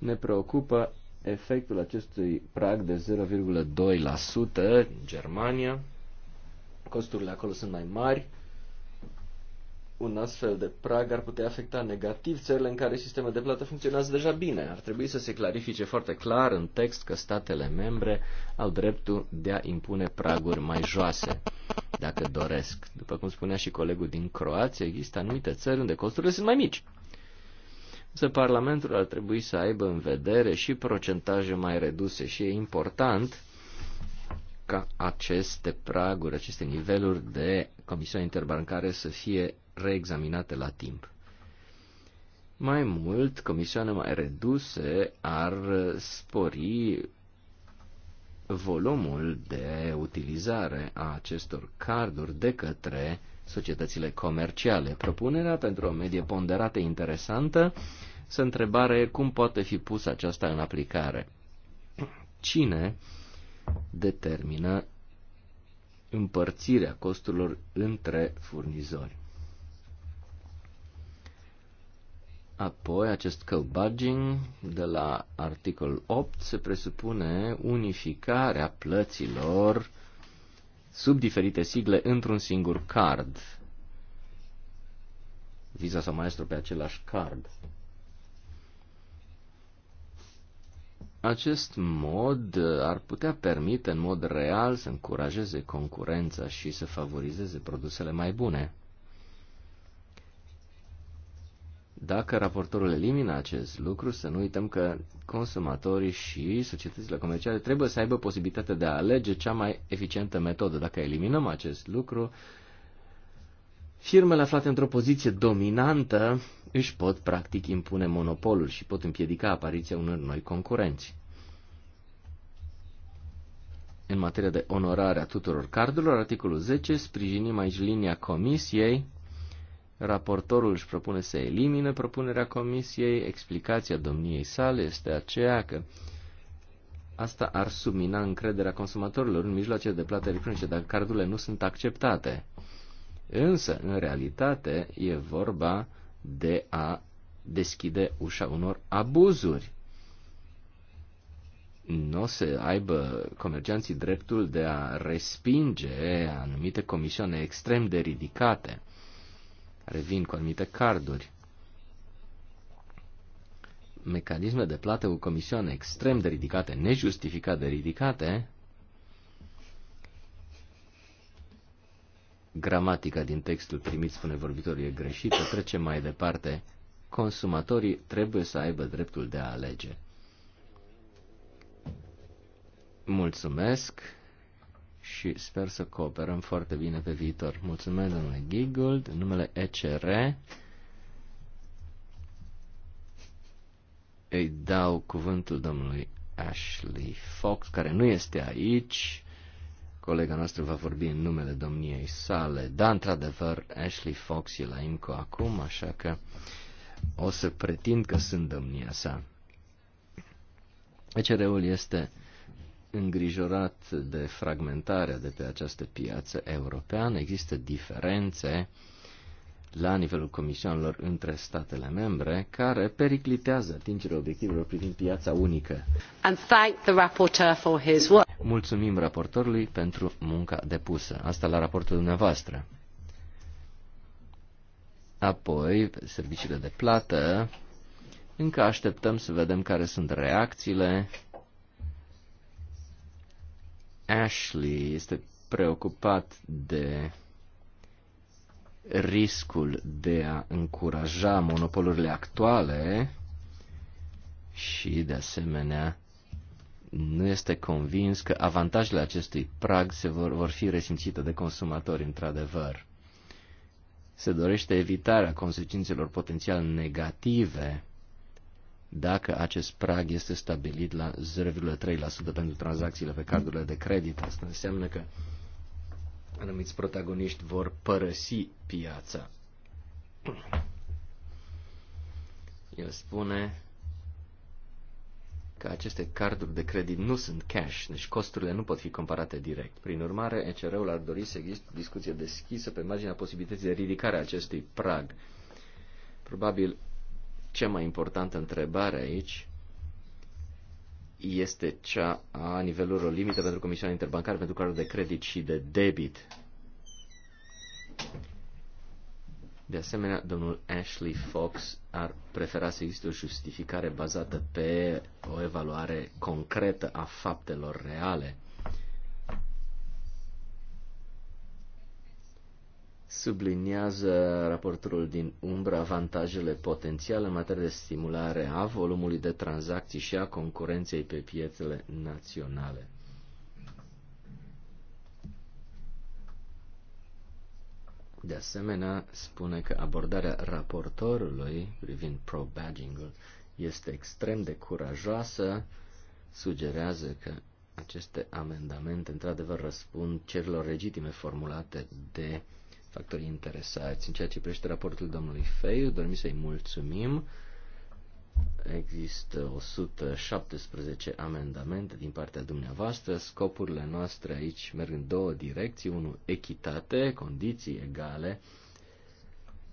ne preocupă efectul acestui prag de 0,2% în Germania. Costurile acolo sunt mai mari. Un astfel de prag ar putea afecta negativ țările în care sistemul de plată funcționează deja bine. Ar trebui să se clarifice foarte clar în text că statele membre au dreptul de a impune praguri mai joase, dacă doresc. După cum spunea și colegul din Croația, există anumite țări unde costurile sunt mai mici. Însă Parlamentul ar trebui să aibă în vedere și procentaje mai reduse și e important ca aceste praguri, aceste niveluri de comisiuni interbancare să fie reexaminate la timp. Mai mult, comisioane mai reduse ar spori volumul de utilizare a acestor carduri de către societățile comerciale. Propunerea pentru o medie ponderată interesantă se întrebare cum poate fi pusă aceasta în aplicare. Cine determină împărțirea costurilor între furnizori? Apoi, acest co-budging de la articol 8 se presupune unificarea plăților sub diferite sigle într-un singur card. Visa sau maestru pe același card. Acest mod uh, ar putea permite în mod real să încurajeze concurența și să favorizeze produsele mai bune. Dacă raportorul elimină acest lucru, să nu uităm că consumatorii și societățile comerciale trebuie să aibă posibilitatea de a alege cea mai eficientă metodă. Dacă eliminăm acest lucru, uh, Firmele aflate într-o poziție dominantă își pot practic impune monopolul și pot împiedica apariția unor noi concurenți. În materie de onorare a tuturor cardurilor, articolul 10, sprijinim aici linia comisiei. Raportorul își propune să elimine propunerea comisiei. Explicația domniei sale este aceea că asta ar submina încrederea consumatorilor în mijloace de plată electronice dacă cardurile nu sunt acceptate. Însă, în realitate, e vorba de a deschide ușa unor abuzuri. Nu o să aibă comercianții dreptul de a respinge anumite comisioane extrem de ridicate, care vin cu anumite carduri. Mecanisme de plată cu comisioane extrem de ridicate, nejustificat de ridicate, gramatica din textul primit, spune vorbitorul, e greșită, trecem mai departe. Consumatorii trebuie să aibă dreptul de a alege. Mulțumesc și sper să cooperăm foarte bine pe viitor. Mulțumesc, domnule Giggold, numele ECR. Îi dau cuvântul domnului Ashley Fox, care nu este aici Colega noastră va vorbi în numele domniei sale. Da, într-adevăr, Ashley Fox e la IMCO acum, așa că o să pretind că sunt domnia sa. ECR-ul este îngrijorat de fragmentarea de pe această piață europeană. Există diferențe la nivelul comisionelor între statele membre care periclitează atingerea obiectivelor privind piața unică. And thank the rapporteur for his work. Mulțumim raportorului pentru munca depusă. Asta la raportul dumneavoastră. Apoi, serviciile de plată. Încă așteptăm să vedem care sunt reacțiile. Ashley este preocupat de riscul de a încuraja monopolurile actuale și, de asemenea, nu este convins că avantajele acestui prag se vor, vor fi resimțite de consumatori, într-adevăr. Se dorește evitarea consecințelor potențial negative dacă acest prag este stabilit la 0,3% pentru tranzacțiile pe cardurile de credit. Asta înseamnă că anumiți protagoniști vor părăsi piața. El spune că aceste carduri de credit nu sunt cash, deci costurile nu pot fi comparate direct. Prin urmare, ECR-ul ar dori să existe o discuție deschisă pe marginea posibilității de ridicare a acestui prag. Probabil cea mai importantă întrebare aici este cea a nivelurilor limite pentru Comisia Interbancară pentru cardul de credit și de debit. De asemenea, domnul Ashley Fox ar prefera să existe o justificare bazată pe o evaluare concretă a faptelor reale. subliniază raportorul din umbră avantajele potențiale în materie de stimulare a volumului de tranzacții și a concurenței pe piețele naționale. De asemenea, spune că abordarea raportorului privind pro badging este extrem de curajoasă, sugerează că aceste amendamente într-adevăr răspund cerilor legitime formulate de factorii interesați. În ceea ce privește raportul domnului Feiu, dormi să-i mulțumim. Există 117 amendamente din partea dumneavoastră. Scopurile noastre aici merg în două direcții. Unul, echitate, condiții egale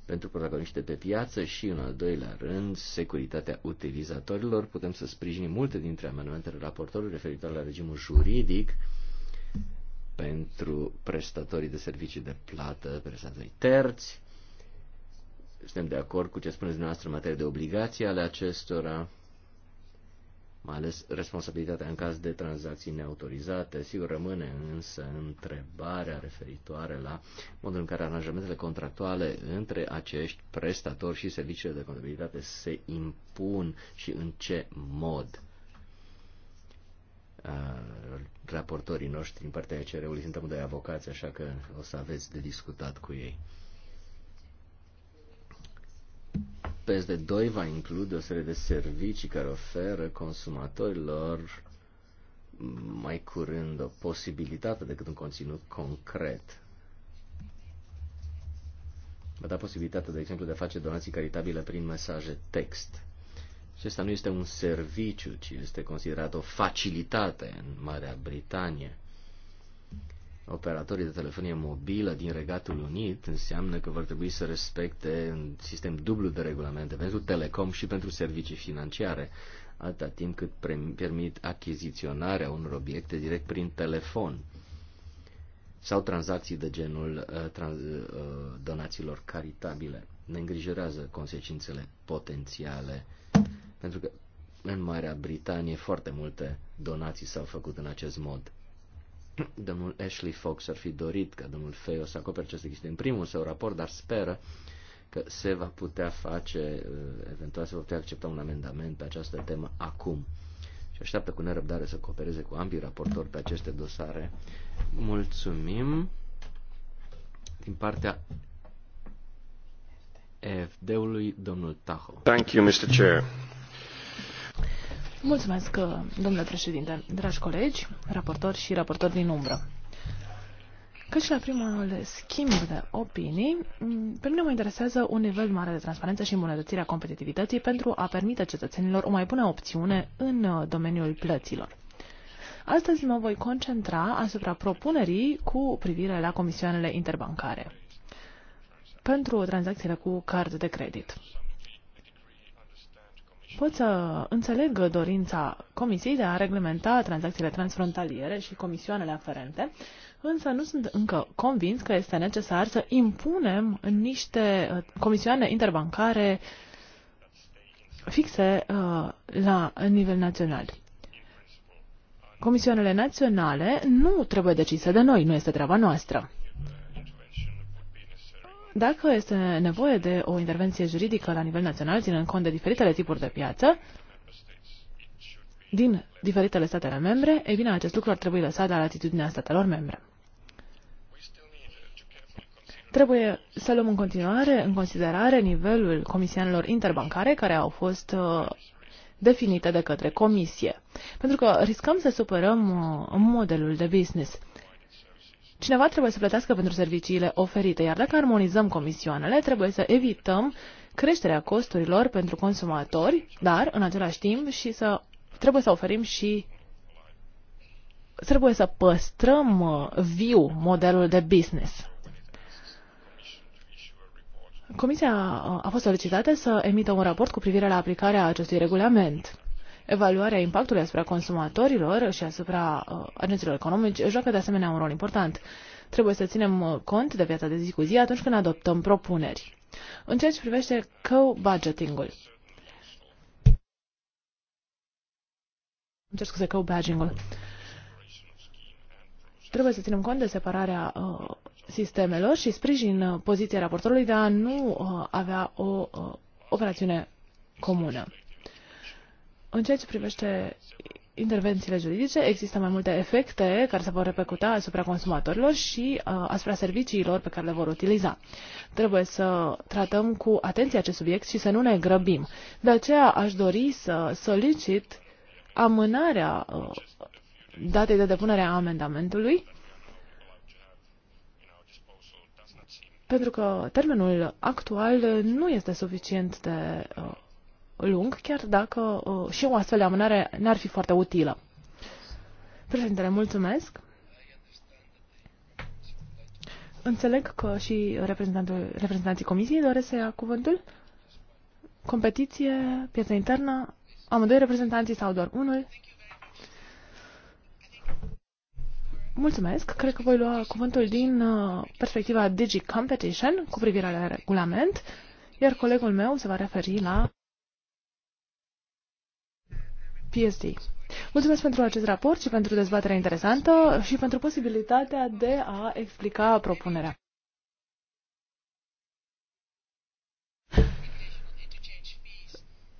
pentru protagoniște pe piață și, în al doilea rând, securitatea utilizatorilor. Putem să sprijinim multe dintre amendamentele raportorului referitor la regimul juridic pentru prestatorii de servicii de plată, prestatorii terți. Suntem de acord cu ce spuneți dumneavoastră în materie de obligații ale acestora, mai ales responsabilitatea în caz de tranzacții neautorizate. Sigur, rămâne însă întrebarea referitoare la modul în care aranjamentele contractuale între acești prestatori și serviciile de contabilitate se impun și în ce mod raportorii noștri din partea ECR-ului suntem doi avocați, așa că o să aveți de discutat cu ei. PSD2 va include o serie de servicii care oferă consumatorilor mai curând o posibilitate decât un conținut concret. Va da posibilitatea, de exemplu, de a face donații caritabile prin mesaje text. Acesta nu este un serviciu, ci este considerat o facilitate în Marea Britanie. Operatorii de telefonie mobilă din Regatul Unit înseamnă că vor trebui să respecte un sistem dublu de regulamente pentru telecom și pentru servicii financiare, atâta timp cât permit achiziționarea unor obiecte direct prin telefon sau tranzacții de genul uh, trans, uh, donațiilor caritabile. Ne îngrijorează consecințele potențiale pentru că în Marea Britanie foarte multe donații s-au făcut în acest mod. Domnul Ashley Fox ar fi dorit ca domnul Feo să acopere aceste chestii în primul său raport, dar speră că se va putea face, uh, eventual se va putea accepta un amendament pe această temă acum. Și așteaptă cu nerăbdare să coopereze cu ambii raportori pe aceste dosare. Mulțumim din partea EFD-ului, domnul Taho. Thank you, Mr. Chair. Mulțumesc, domnule președinte, dragi colegi, raportori și raportori din umbră. Cât și la primul schimb de opinii, pe mine mă interesează un nivel mare de transparență și îmbunătățirea competitivității pentru a permite cetățenilor o mai bună opțiune în uh, domeniul plăților. Astăzi mă voi concentra asupra propunerii cu privire la comisioanele interbancare pentru tranzacțiile cu card de credit. Pot să înțeleg dorința Comisiei de a reglementa tranzacțiile transfrontaliere și comisioanele aferente, însă nu sunt încă convins că este necesar să impunem niște uh, comisioane interbancare fixe uh, la nivel național. Comisioanele naționale nu trebuie decise de noi, nu este treaba noastră. Dacă este nevoie de o intervenție juridică la nivel național, ținând cont de diferitele tipuri de piață, din diferitele statele membre, e bine, acest lucru ar trebui lăsat la latitudinea statelor membre. Trebuie să luăm în continuare în considerare nivelul comisianelor interbancare care au fost uh, definite de către comisie, pentru că riscăm să supărăm uh, modelul de business. Cineva trebuie să plătească pentru serviciile oferite, iar dacă armonizăm comisioanele, trebuie să evităm creșterea costurilor pentru consumatori, dar în același timp și să trebuie să oferim și trebuie să păstrăm uh, viu modelul de business. Comisia uh, a fost solicitată să emită un raport cu privire la aplicarea acestui regulament. Evaluarea impactului asupra consumatorilor și asupra uh, agenților economici joacă de asemenea un rol important. Trebuie să ținem uh, cont de viața de zi cu zi atunci când adoptăm propuneri. În ceea ce privește co-budgeting-ul. Îmi scuze, co budgeting ul Trebuie să ținem cont de separarea uh, sistemelor și sprijin uh, poziția raportorului de a nu uh, avea o uh, operațiune comună. În ceea ce privește intervențiile juridice, există mai multe efecte care se vor repercuta asupra consumatorilor și uh, asupra serviciilor pe care le vor utiliza. Trebuie să tratăm cu atenție acest subiect și să nu ne grăbim. De aceea aș dori să solicit amânarea uh, datei de depunere a amendamentului pentru că termenul actual nu este suficient de uh, lung, chiar dacă uh, și o astfel de amânare n-ar fi foarte utilă. Președintele, mulțumesc. Înțeleg că și reprezentanții comisiei doresc să ia cuvântul. Competiție, piața internă, amândoi reprezentanții sau doar unul. Mulțumesc. Cred că voi lua cuvântul din uh, perspectiva Digi Competition cu privire la regulament, iar colegul meu se va referi la PSD. Mulțumesc pentru acest raport și pentru dezbaterea interesantă și pentru posibilitatea de a explica propunerea.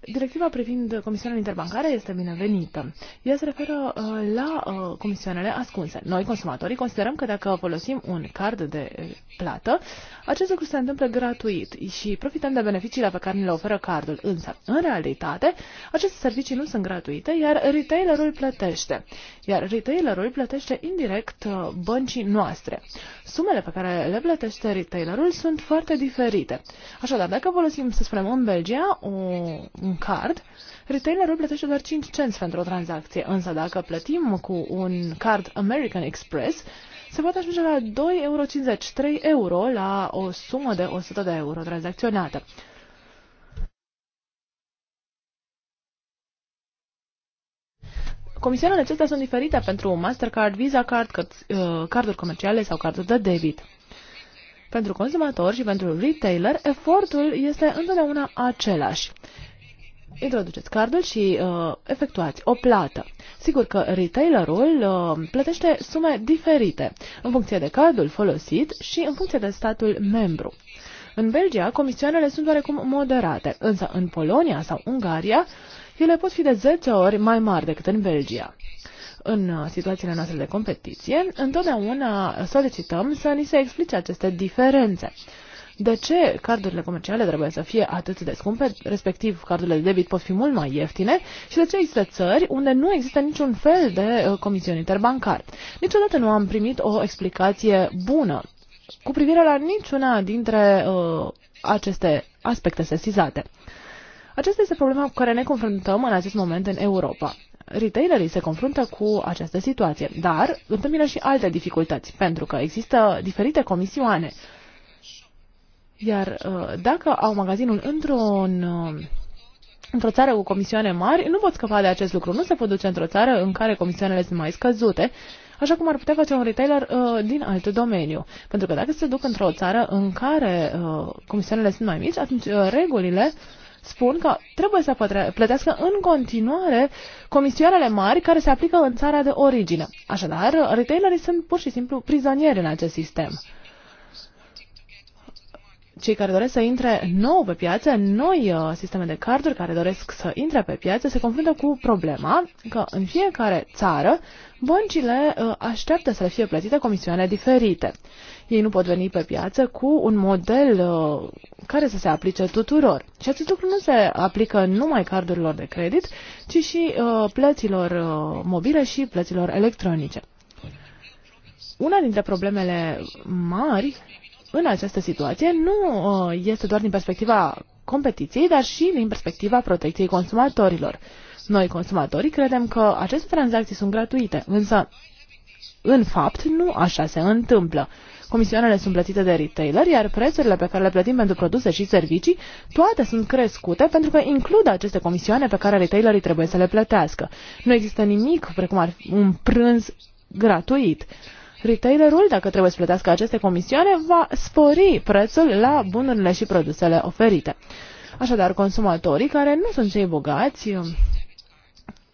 Directiva privind comisioanele interbancare este binevenită. Ea se referă uh, la uh, comisioanele ascunse. Noi, consumatorii, considerăm că dacă folosim un card de uh, plată, acest lucru se întâmplă gratuit și profităm de beneficiile pe care ne le oferă cardul. Însă, în realitate, aceste servicii nu sunt gratuite, iar retailerul plătește. Iar retailerul plătește indirect uh, băncii noastre. Sumele pe care le plătește retailerul sunt foarte diferite. Așadar, dacă folosim, să spunem, în Belgia, o, un un card, retailerul plătește doar 5 cenți pentru o tranzacție, însă dacă plătim cu un card American Express, se poate ajunge la 2,50 euro, 3 euro la o sumă de 100 de euro tranzacționată. Comisioanele acestea sunt diferite pentru Mastercard, Visa Card, card uh, carduri comerciale sau carduri de debit. Pentru consumator și pentru retailer, efortul este întotdeauna același introduceți cardul și uh, efectuați o plată. Sigur că retailerul uh, plătește sume diferite în funcție de cardul folosit și în funcție de statul membru. În Belgia, comisioanele sunt oarecum moderate, însă în Polonia sau Ungaria, ele pot fi de 10 ori mai mari decât în Belgia. În uh, situațiile noastre de competiție, întotdeauna solicităm să ni se explice aceste diferențe de ce cardurile comerciale trebuie să fie atât de scumpe, respectiv cardurile de debit pot fi mult mai ieftine și de ce există țări unde nu există niciun fel de uh, comisiuni interbancar? Niciodată nu am primit o explicație bună cu privire la niciuna dintre uh, aceste aspecte sesizate. Aceasta este problema cu care ne confruntăm în acest moment în Europa. Retailerii se confruntă cu această situație, dar întâmpină și alte dificultăți, pentru că există diferite comisioane. Iar uh, dacă au magazinul într-un uh, într-o țară cu comisioane mari, nu pot scăpa de acest lucru. Nu se pot duce într-o țară în care comisioanele sunt mai scăzute, așa cum ar putea face un retailer uh, din alt domeniu. Pentru că dacă se duc într-o țară în care uh, comisioanele sunt mai mici, atunci uh, regulile spun că trebuie să plătească în continuare comisioanele mari care se aplică în țara de origine. Așadar, retailerii sunt pur și simplu prizonieri în acest sistem cei care doresc să intre nou pe piață, noi uh, sisteme de carduri care doresc să intre pe piață, se confruntă cu problema că în fiecare țară băncile uh, așteaptă să le fie plătite comisioane diferite. Ei nu pot veni pe piață cu un model uh, care să se aplice tuturor. Și acest lucru nu se aplică numai cardurilor de credit, ci și plăților mobile și plăților electronice. Una dintre problemele mari în această situație nu uh, este doar din perspectiva competiției, dar și din perspectiva protecției consumatorilor. Noi, consumatorii, credem că aceste tranzacții sunt gratuite, însă, în fapt, nu așa se întâmplă. Comisioanele sunt plătite de retailer, iar prețurile pe care le plătim pentru produse și servicii, toate sunt crescute pentru că includ aceste comisioane pe care retailerii trebuie să le plătească. Nu există nimic, precum ar fi un prânz gratuit retailerul, dacă trebuie să plătească aceste comisioane, va spori prețul la bunurile și produsele oferite. Așadar, consumatorii care nu sunt cei bogați,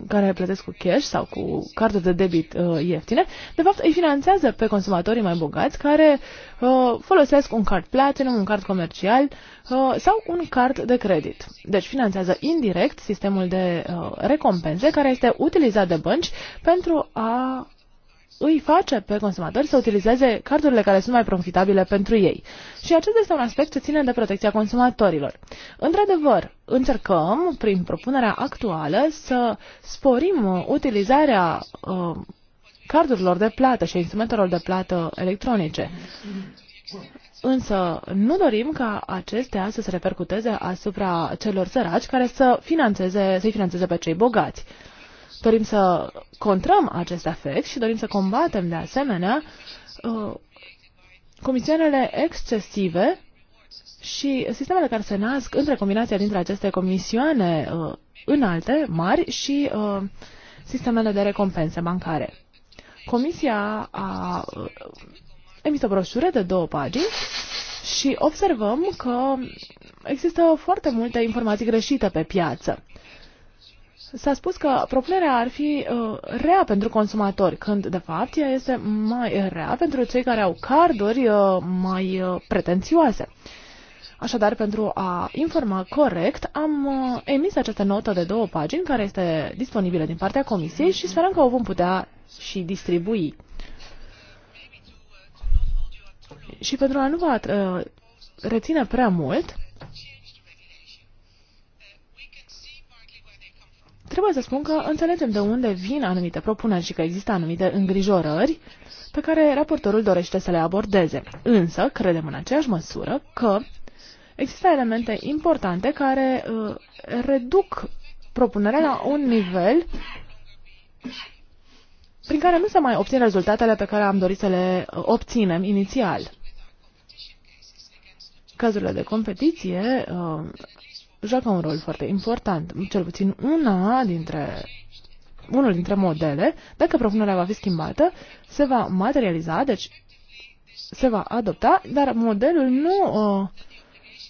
care plătesc cu cash sau cu carte de debit uh, ieftine, de fapt îi finanțează pe consumatorii mai bogați care uh, folosesc un card platinum, un card comercial uh, sau un card de credit. Deci finanțează indirect sistemul de uh, recompense care este utilizat de bănci pentru a îi face pe consumatori să utilizeze cardurile care sunt mai profitabile pentru ei. Și acesta este un aspect ce ține de protecția consumatorilor. Într-adevăr, încercăm, prin propunerea actuală, să sporim utilizarea uh, cardurilor de plată și instrumentelor de plată electronice. Însă nu dorim ca acestea să se repercuteze asupra celor săraci care să financeze, să-i financeze pe cei bogați. Dorim să contrăm acest afect și dorim să combatem de asemenea uh, comisioanele excesive și sistemele care se nasc între combinația dintre aceste comisioane uh, înalte, mari și uh, sistemele de recompense bancare. Comisia a uh, emis o broșură de două pagini și observăm că există foarte multe informații greșite pe piață. S-a spus că propunerea ar fi uh, rea pentru consumatori, când de fapt ea este mai rea pentru cei care au carduri uh, mai uh, pretențioase. Așadar, pentru a informa corect, am uh, emis această notă de două pagini care este disponibilă din partea comisiei și sperăm că o vom putea și distribui. Și pentru a nu vă uh, reține prea mult, trebuie să spun că înțelegem de unde vin anumite propuneri și că există anumite îngrijorări pe care raportorul dorește să le abordeze. Însă, credem în aceeași măsură că există elemente importante care uh, reduc propunerea la un nivel prin care nu se mai obțin rezultatele pe care am dorit să le uh, obținem inițial. Cazurile de competiție uh, joacă un rol foarte important. Cel puțin una dintre unul dintre modele, dacă propunerea va fi schimbată, se va materializa, deci se va adopta, dar modelul nu uh,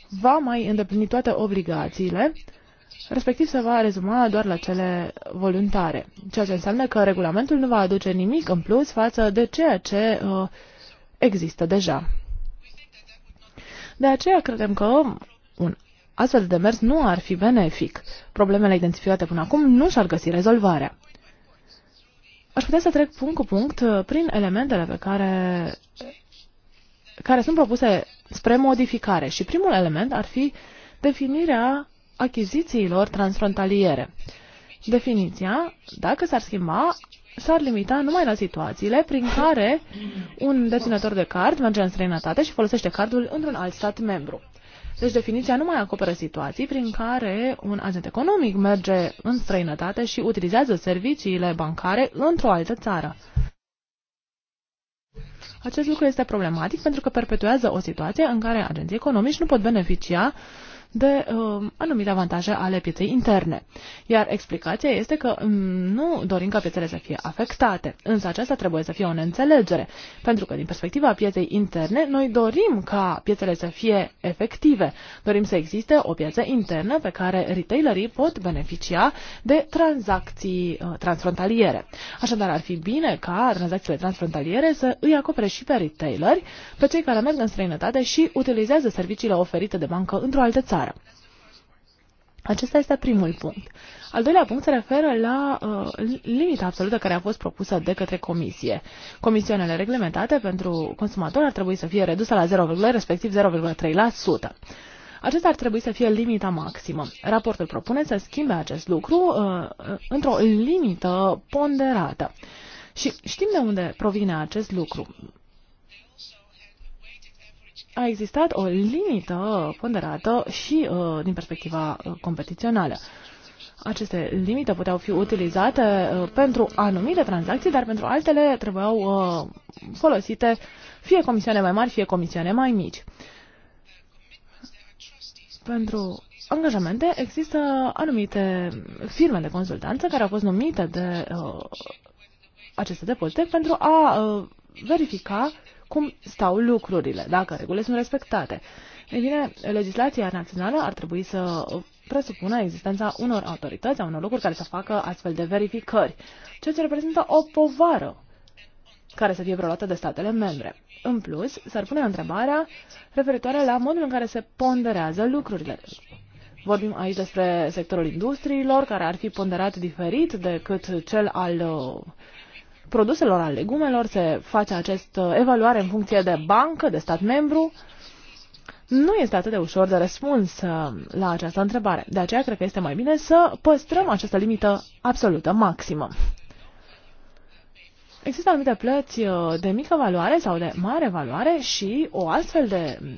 va mai îndeplini toate obligațiile, respectiv se va rezuma doar la cele voluntare, ceea ce înseamnă că regulamentul nu va aduce nimic în plus față de ceea ce uh, există deja. De aceea credem că un Astfel de demers nu ar fi benefic. Problemele identificate până acum nu și-ar găsi rezolvarea. Aș putea să trec punct cu punct uh, prin elementele pe care, care sunt propuse spre modificare și primul element ar fi definirea achizițiilor transfrontaliere. Definiția, dacă s-ar schimba, s-ar limita numai la situațiile prin care un deținător de card merge în străinătate și folosește cardul într-un alt stat membru. Deci definiția nu mai acoperă situații prin care un agent economic merge în străinătate și utilizează serviciile bancare într-o altă țară. Acest lucru este problematic pentru că perpetuează o situație în care agenții economici nu pot beneficia uh, de uh, anumite avantaje ale pieței interne. Iar explicația este că um, nu dorim ca piețele să fie afectate, însă aceasta trebuie să fie o neînțelegere, pentru că din perspectiva pieței interne, noi dorim ca piețele să fie efective, dorim să existe o piață internă pe care retailerii pot beneficia de tranzacții uh, transfrontaliere. Așadar, ar fi bine ca tranzacțiile transfrontaliere să îi acopere și pe retaileri, pe cei care merg în străinătate și utilizează serviciile oferite de bancă într-o altă țară țară. Acesta este primul punct. Al doilea punct se referă la uh, limita absolută care a fost propusă de către comisie. Comisioanele reglementate pentru consumatori ar trebui să fie reduse la 0, respectiv 0,3%. Acesta ar trebui să fie limita maximă. Raportul propune să schimbe acest lucru uh, într-o limită ponderată. Și știm de unde provine acest lucru a existat o limită ponderată și uh, din perspectiva uh, competițională. Aceste limite puteau fi utilizate uh, pentru anumite tranzacții, dar pentru altele trebuiau uh, folosite fie comisioane mai mari, fie comisioane mai mici. Pentru angajamente există anumite firme de consultanță care au fost numite de uh, aceste depozite pentru a uh, verifica uh, cum stau lucrurile, dacă regulile sunt respectate. Ei bine, legislația națională ar trebui să presupună existența unor autorități, a unor lucruri care să facă astfel de verificări, ceea ce reprezintă o povară care să fie preluată de statele membre. În plus, s-ar pune întrebarea referitoare la modul în care se ponderează lucrurile. Vorbim aici despre sectorul industriilor, care ar fi ponderat diferit decât cel al uh, produselor, al legumelor, se face această uh, evaluare în funcție de bancă, de stat membru. Nu este atât de ușor de răspuns uh, la această întrebare. De aceea cred că este mai bine să păstrăm această limită absolută, maximă. Există anumite plăți uh, de mică valoare sau de mare valoare și o astfel de mm,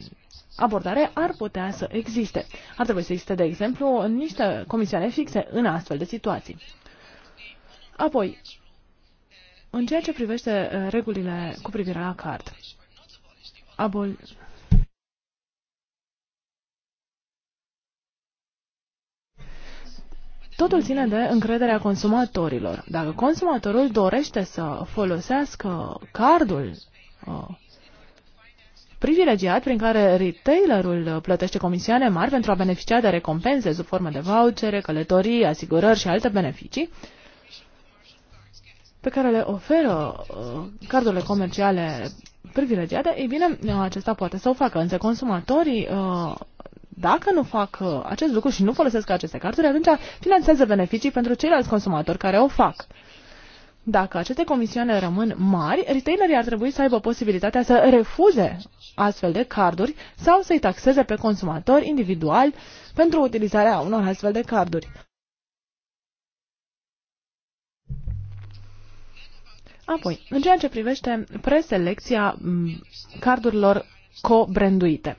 abordare ar putea să existe. Ar trebui să existe, de exemplu, niște comisioane fixe în astfel de situații. Apoi, în ceea ce privește uh, regulile cu privire la card, abol... Totul ține de încrederea consumatorilor. Dacă consumatorul dorește să folosească cardul uh, privilegiat prin care retailerul plătește comisioane mari pentru a beneficia de recompense sub formă de vouchere, călătorii, asigurări și alte beneficii, pe care le oferă uh, cardurile comerciale privilegiate, ei bine, uh, acesta poate să o facă. Însă consumatorii, uh, dacă nu fac acest lucru și nu folosesc aceste carduri, atunci finanțează beneficii pentru ceilalți consumatori care o fac. Dacă aceste comisioane rămân mari, retailerii ar trebui să aibă posibilitatea să refuze astfel de carduri sau să-i taxeze pe consumatori individual pentru utilizarea unor astfel de carduri. Apoi, în ceea ce privește preselecția cardurilor co-branduite.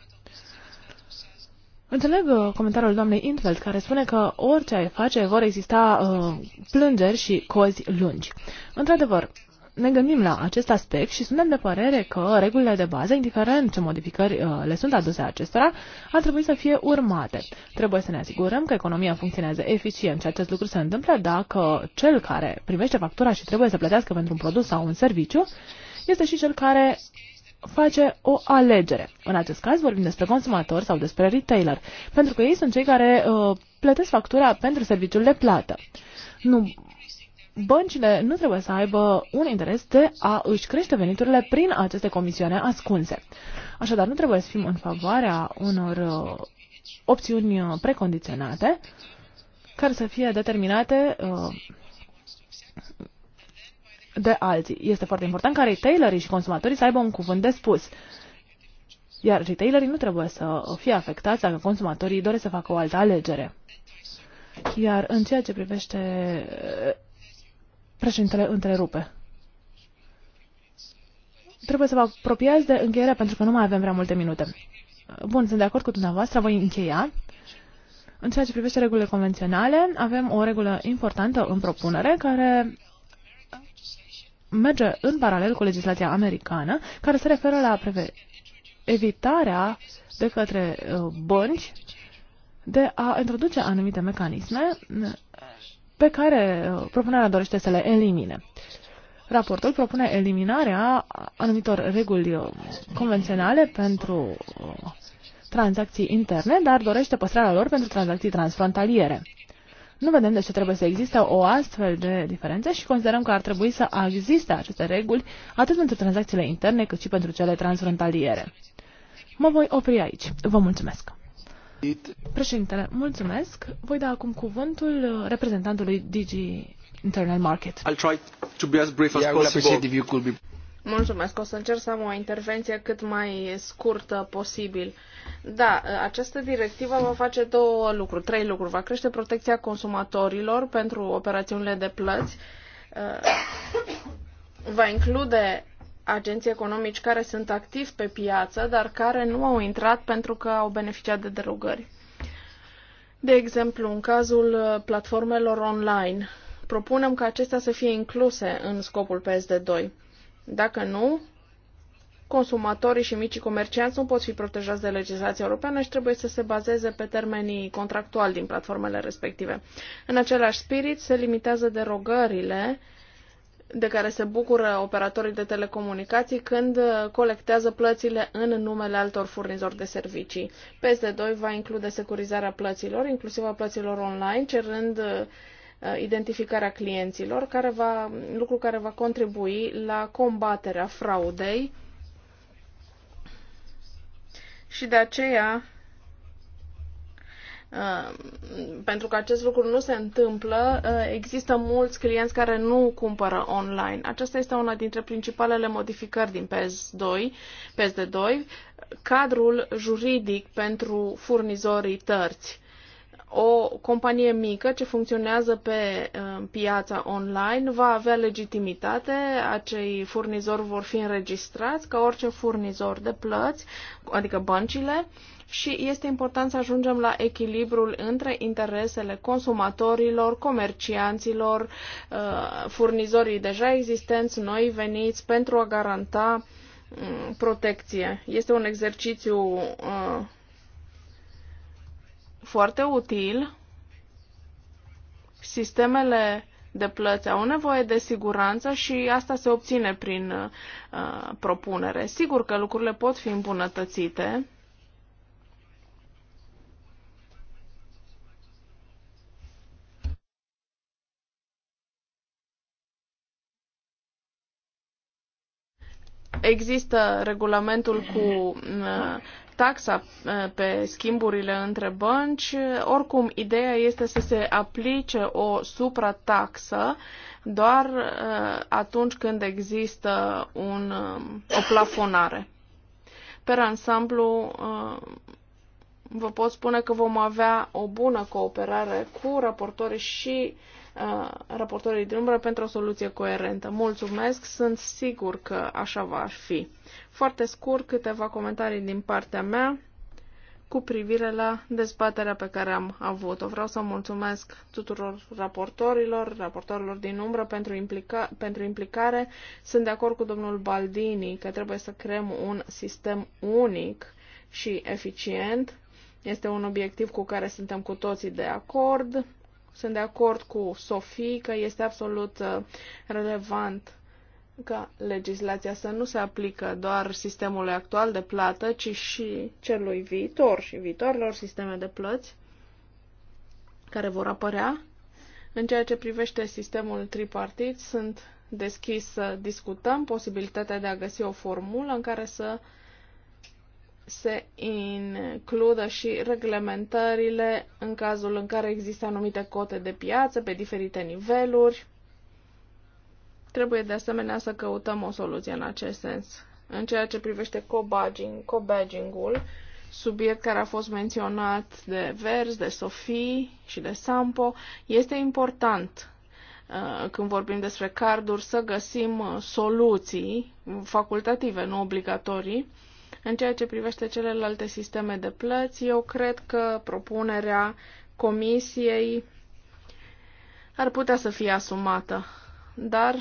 Înțeleg uh, comentariul doamnei Infeld, care spune că orice ai face vor exista uh, plângeri și cozi lungi. Într-adevăr, ne gândim la acest aspect și suntem de părere că regulile de bază, indiferent ce modificări uh, le sunt aduse acestora, ar trebui să fie urmate. Trebuie să ne asigurăm că economia funcționează eficient și acest lucru se întâmplă dacă cel care primește factura și trebuie să plătească pentru un produs sau un serviciu este și cel care face o alegere. În acest caz vorbim despre consumator sau despre retailer, pentru că ei sunt cei care uh, plătesc factura pentru serviciul de plată. Nu băncile nu trebuie să aibă un interes de a își crește veniturile prin aceste comisioane ascunse. Așadar, nu trebuie să fim în favoarea unor uh, opțiuni uh, precondiționate care să fie determinate uh, de alții. Este foarte important ca retailerii și consumatorii să aibă un cuvânt de spus. Iar retailerii nu trebuie să fie afectați dacă consumatorii doresc să facă o altă alegere. Iar în ceea ce privește Președintele întrerupe. Trebuie să vă apropiați de încheierea pentru că nu mai avem prea multe minute. Bun, sunt de acord cu dumneavoastră, voi încheia. În ceea ce privește regulile convenționale, avem o regulă importantă în propunere care merge în paralel cu legislația americană, care se referă la evitarea de către uh, bănci de a introduce anumite mecanisme pe care uh, propunerea dorește să le elimine. Raportul propune eliminarea anumitor reguli uh, convenționale pentru uh, tranzacții interne, dar dorește păstrarea lor pentru tranzacții transfrontaliere. Nu vedem de ce trebuie să existe o astfel de diferență și considerăm că ar trebui să existe aceste reguli atât pentru tranzacțiile interne cât și pentru cele transfrontaliere. Mă voi opri aici. Vă mulțumesc! Președintele, mulțumesc. Voi da acum cuvântul uh, reprezentantului DG Internal Market. I'll try to be as brief as possible. Mulțumesc. O să încerc să am o intervenție cât mai scurtă posibil. Da, uh, această directivă va face două lucruri, trei lucruri. Va crește protecția consumatorilor pentru operațiunile de plăți. Uh, va include agenții economici care sunt activi pe piață, dar care nu au intrat pentru că au beneficiat de derogări. De exemplu, în cazul uh, platformelor online, propunem ca acestea să fie incluse în scopul PSD2. Dacă nu, consumatorii și micii comercianți nu pot fi protejați de legislația europeană și trebuie să se bazeze pe termenii contractuali din platformele respective. În același spirit, se limitează derogările de care se bucură operatorii de telecomunicații când uh, colectează plățile în numele altor furnizori de servicii. PSD2 va include securizarea plăților, inclusiv a plăților online, cerând uh, identificarea clienților, care va, lucru care va contribui la combaterea fraudei și de aceea Ehm, pentru că acest lucru nu se întâmplă, eh, există mulți clienți care nu cumpără online. Aceasta este una dintre principalele modificări din PSD2, PSD2 cadrul juridic pentru furnizorii tărți. O companie mică ce funcționează pe eh, piața online va avea legitimitate, acei furnizori vor fi înregistrați ca orice furnizor de plăți, adică băncile, și este important să ajungem la echilibrul între interesele consumatorilor, comercianților, uh, furnizorii deja existenți, noi veniți, pentru a garanta mm, protecție. Este un exercițiu uh, foarte util. Sistemele de plăți au nevoie de siguranță și asta se obține prin uh, propunere. Sigur că lucrurile pot fi îmbunătățite, Există regulamentul cu uh, taxa uh, pe schimburile între bănci. Oricum, ideea este să se aplice o suprataxă doar uh, atunci când există un, o plafonare. Per ansamblu, vă pot spune că vom avea o bună cooperare cu raportorii și uh, raportorii din umbră pentru o soluție coerentă. Mulțumesc, sunt sigur că așa va fi. Foarte scurt, câteva comentarii din partea mea cu privire la dezbaterea pe care am avut-o. Vreau să mulțumesc tuturor raportorilor, raportorilor din umbră pentru, implica- pentru implicare. Sunt de acord cu domnul Baldini că trebuie să creăm un sistem unic și eficient. Este un obiectiv cu care suntem cu toții de acord. Sunt de acord cu Sofie că este absolut uh, relevant ca legislația să nu se aplică doar sistemului actual de plată, ci și celui viitor și viitorilor sisteme de plăți care vor apărea. În ceea ce privește sistemul tripartit, sunt deschis să discutăm posibilitatea de a găsi o formulă în care să se includă și reglementările în cazul în care există anumite cote de piață pe diferite niveluri. Trebuie de asemenea să căutăm o soluție în acest sens. În ceea ce privește co-badging, ul subiect care a fost menționat de Vers, de Sofie și de Sampo, este important uh, când vorbim despre carduri să găsim uh, soluții facultative, nu obligatorii, în ceea ce privește celelalte sisteme de plăți, eu cred că propunerea Comisiei ar putea să fie asumată, dar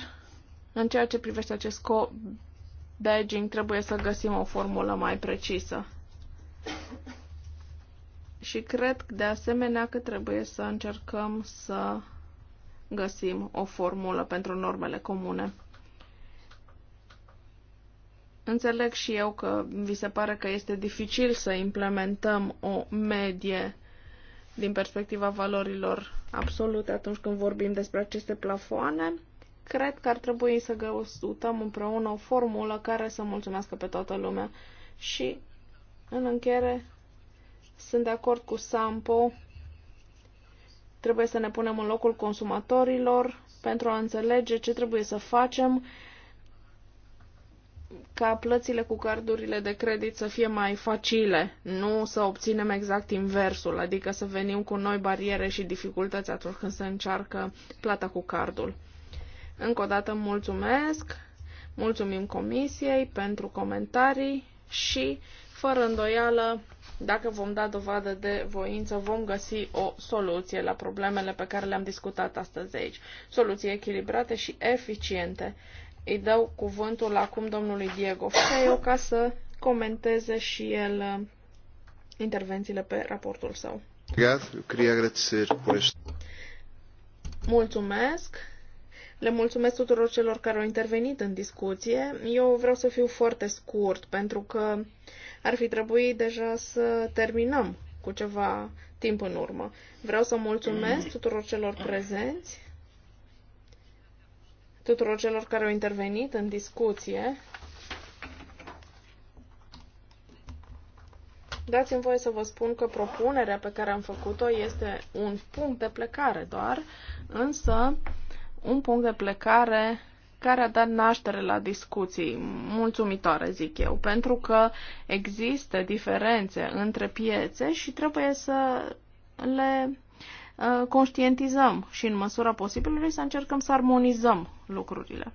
în ceea ce privește acest co-badging trebuie să găsim o formulă mai precisă. Și cred de asemenea că trebuie să încercăm să găsim o formulă pentru normele comune. Înțeleg și eu că vi se pare că este dificil să implementăm o medie din perspectiva valorilor absolute atunci când vorbim despre aceste plafoane. Cred că ar trebui să găsutăm împreună o formulă care să mulțumească pe toată lumea. Și, în încheiere, sunt de acord cu Sampo. Trebuie să ne punem în locul consumatorilor pentru a înțelege ce trebuie să facem ca plățile cu cardurile de credit să fie mai facile, nu să obținem exact inversul, adică să venim cu noi bariere și dificultăți atunci când se încearcă plata cu cardul. Încă o dată mulțumesc, mulțumim comisiei pentru comentarii și, fără îndoială, dacă vom da dovadă de voință, vom găsi o soluție la problemele pe care le-am discutat astăzi aici. Soluții echilibrate și eficiente. Îi dau cuvântul acum domnului Diego Feio ca să comenteze și el uh, intervențiile pe raportul său. Mulțumesc! Le mulțumesc tuturor celor care au intervenit în discuție. Eu vreau să fiu foarte scurt, pentru că ar fi trebuit deja să terminăm cu ceva timp în urmă. Vreau să mulțumesc tuturor celor prezenți tuturor celor care au intervenit în discuție. Dați-mi voie să vă spun că propunerea pe care am făcut-o este un punct de plecare doar, însă un punct de plecare care a dat naștere la discuții mulțumitoare, zic eu, pentru că există diferențe între piețe și trebuie să le Uh, conștientizăm și în măsura posibilului să încercăm să armonizăm lucrurile.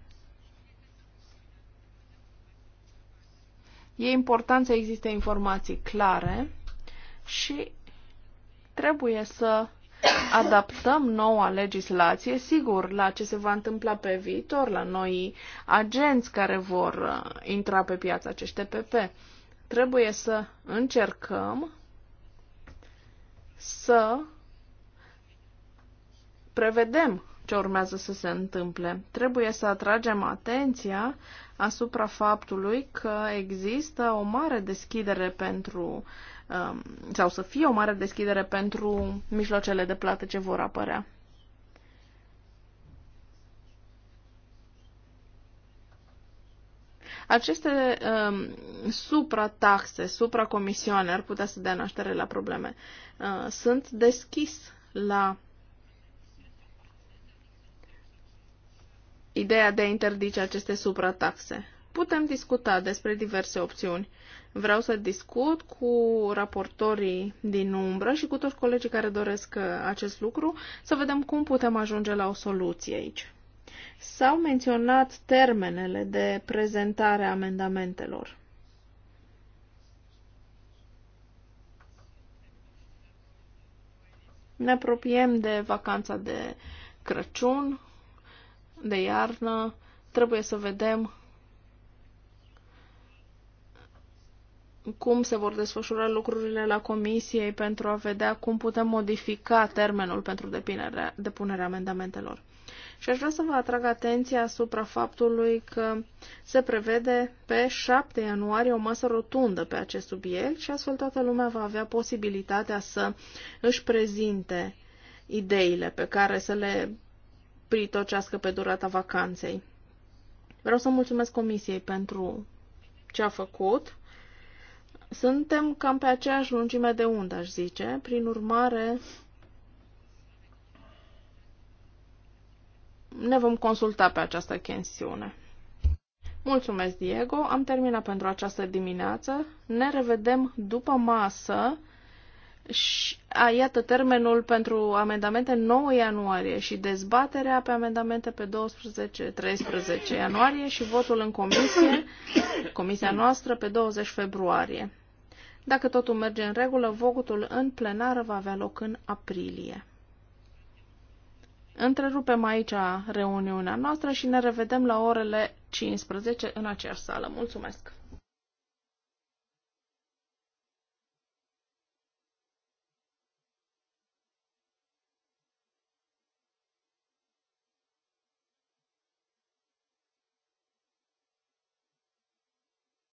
E important să existe informații clare și trebuie să adaptăm noua legislație, sigur, la ce se va întâmpla pe viitor, la noi agenți care vor uh, intra pe piața acești TPP. Trebuie să încercăm să prevedem ce urmează să se întâmple. Trebuie să atragem atenția asupra faptului că există o mare deschidere pentru um, sau să fie o mare deschidere pentru mijloacele de plată ce vor apărea. Aceste um, supra-comisioane ar putea să dea naștere la probleme. Uh, sunt deschis la ideea de a interdice aceste suprataxe. Putem discuta despre diverse opțiuni. Vreau să discut cu raportorii din umbră și cu toți colegii care doresc uh, acest lucru, să vedem cum putem ajunge la o soluție aici. S-au menționat termenele de prezentare a amendamentelor. Ne apropiem de vacanța de Crăciun, de iarnă, trebuie să vedem cum se vor desfășura lucrurile la comisiei pentru a vedea cum putem modifica termenul pentru depunerea amendamentelor. Și aș vrea să vă atrag atenția asupra faptului că se prevede pe 7 ianuarie o masă rotundă pe acest subiect și astfel toată lumea va avea posibilitatea să își prezinte ideile pe care să le pritocească pe durata vacanței. Vreau să mulțumesc Comisiei pentru ce a făcut. Suntem cam pe aceeași lungime de undă, aș zice. Prin urmare, ne vom consulta pe această chestiune. Mulțumesc, Diego. Am terminat pentru această dimineață. Ne revedem după masă și, a, iată, termenul pentru amendamente 9 ianuarie și dezbaterea pe amendamente pe 12-13 ianuarie și votul în comisie, comisia noastră, pe 20 februarie. Dacă totul merge în regulă, votul în plenară va avea loc în aprilie. Întrerupem aici reuniunea noastră și ne revedem la orele 15 în aceeași sală. Mulțumesc!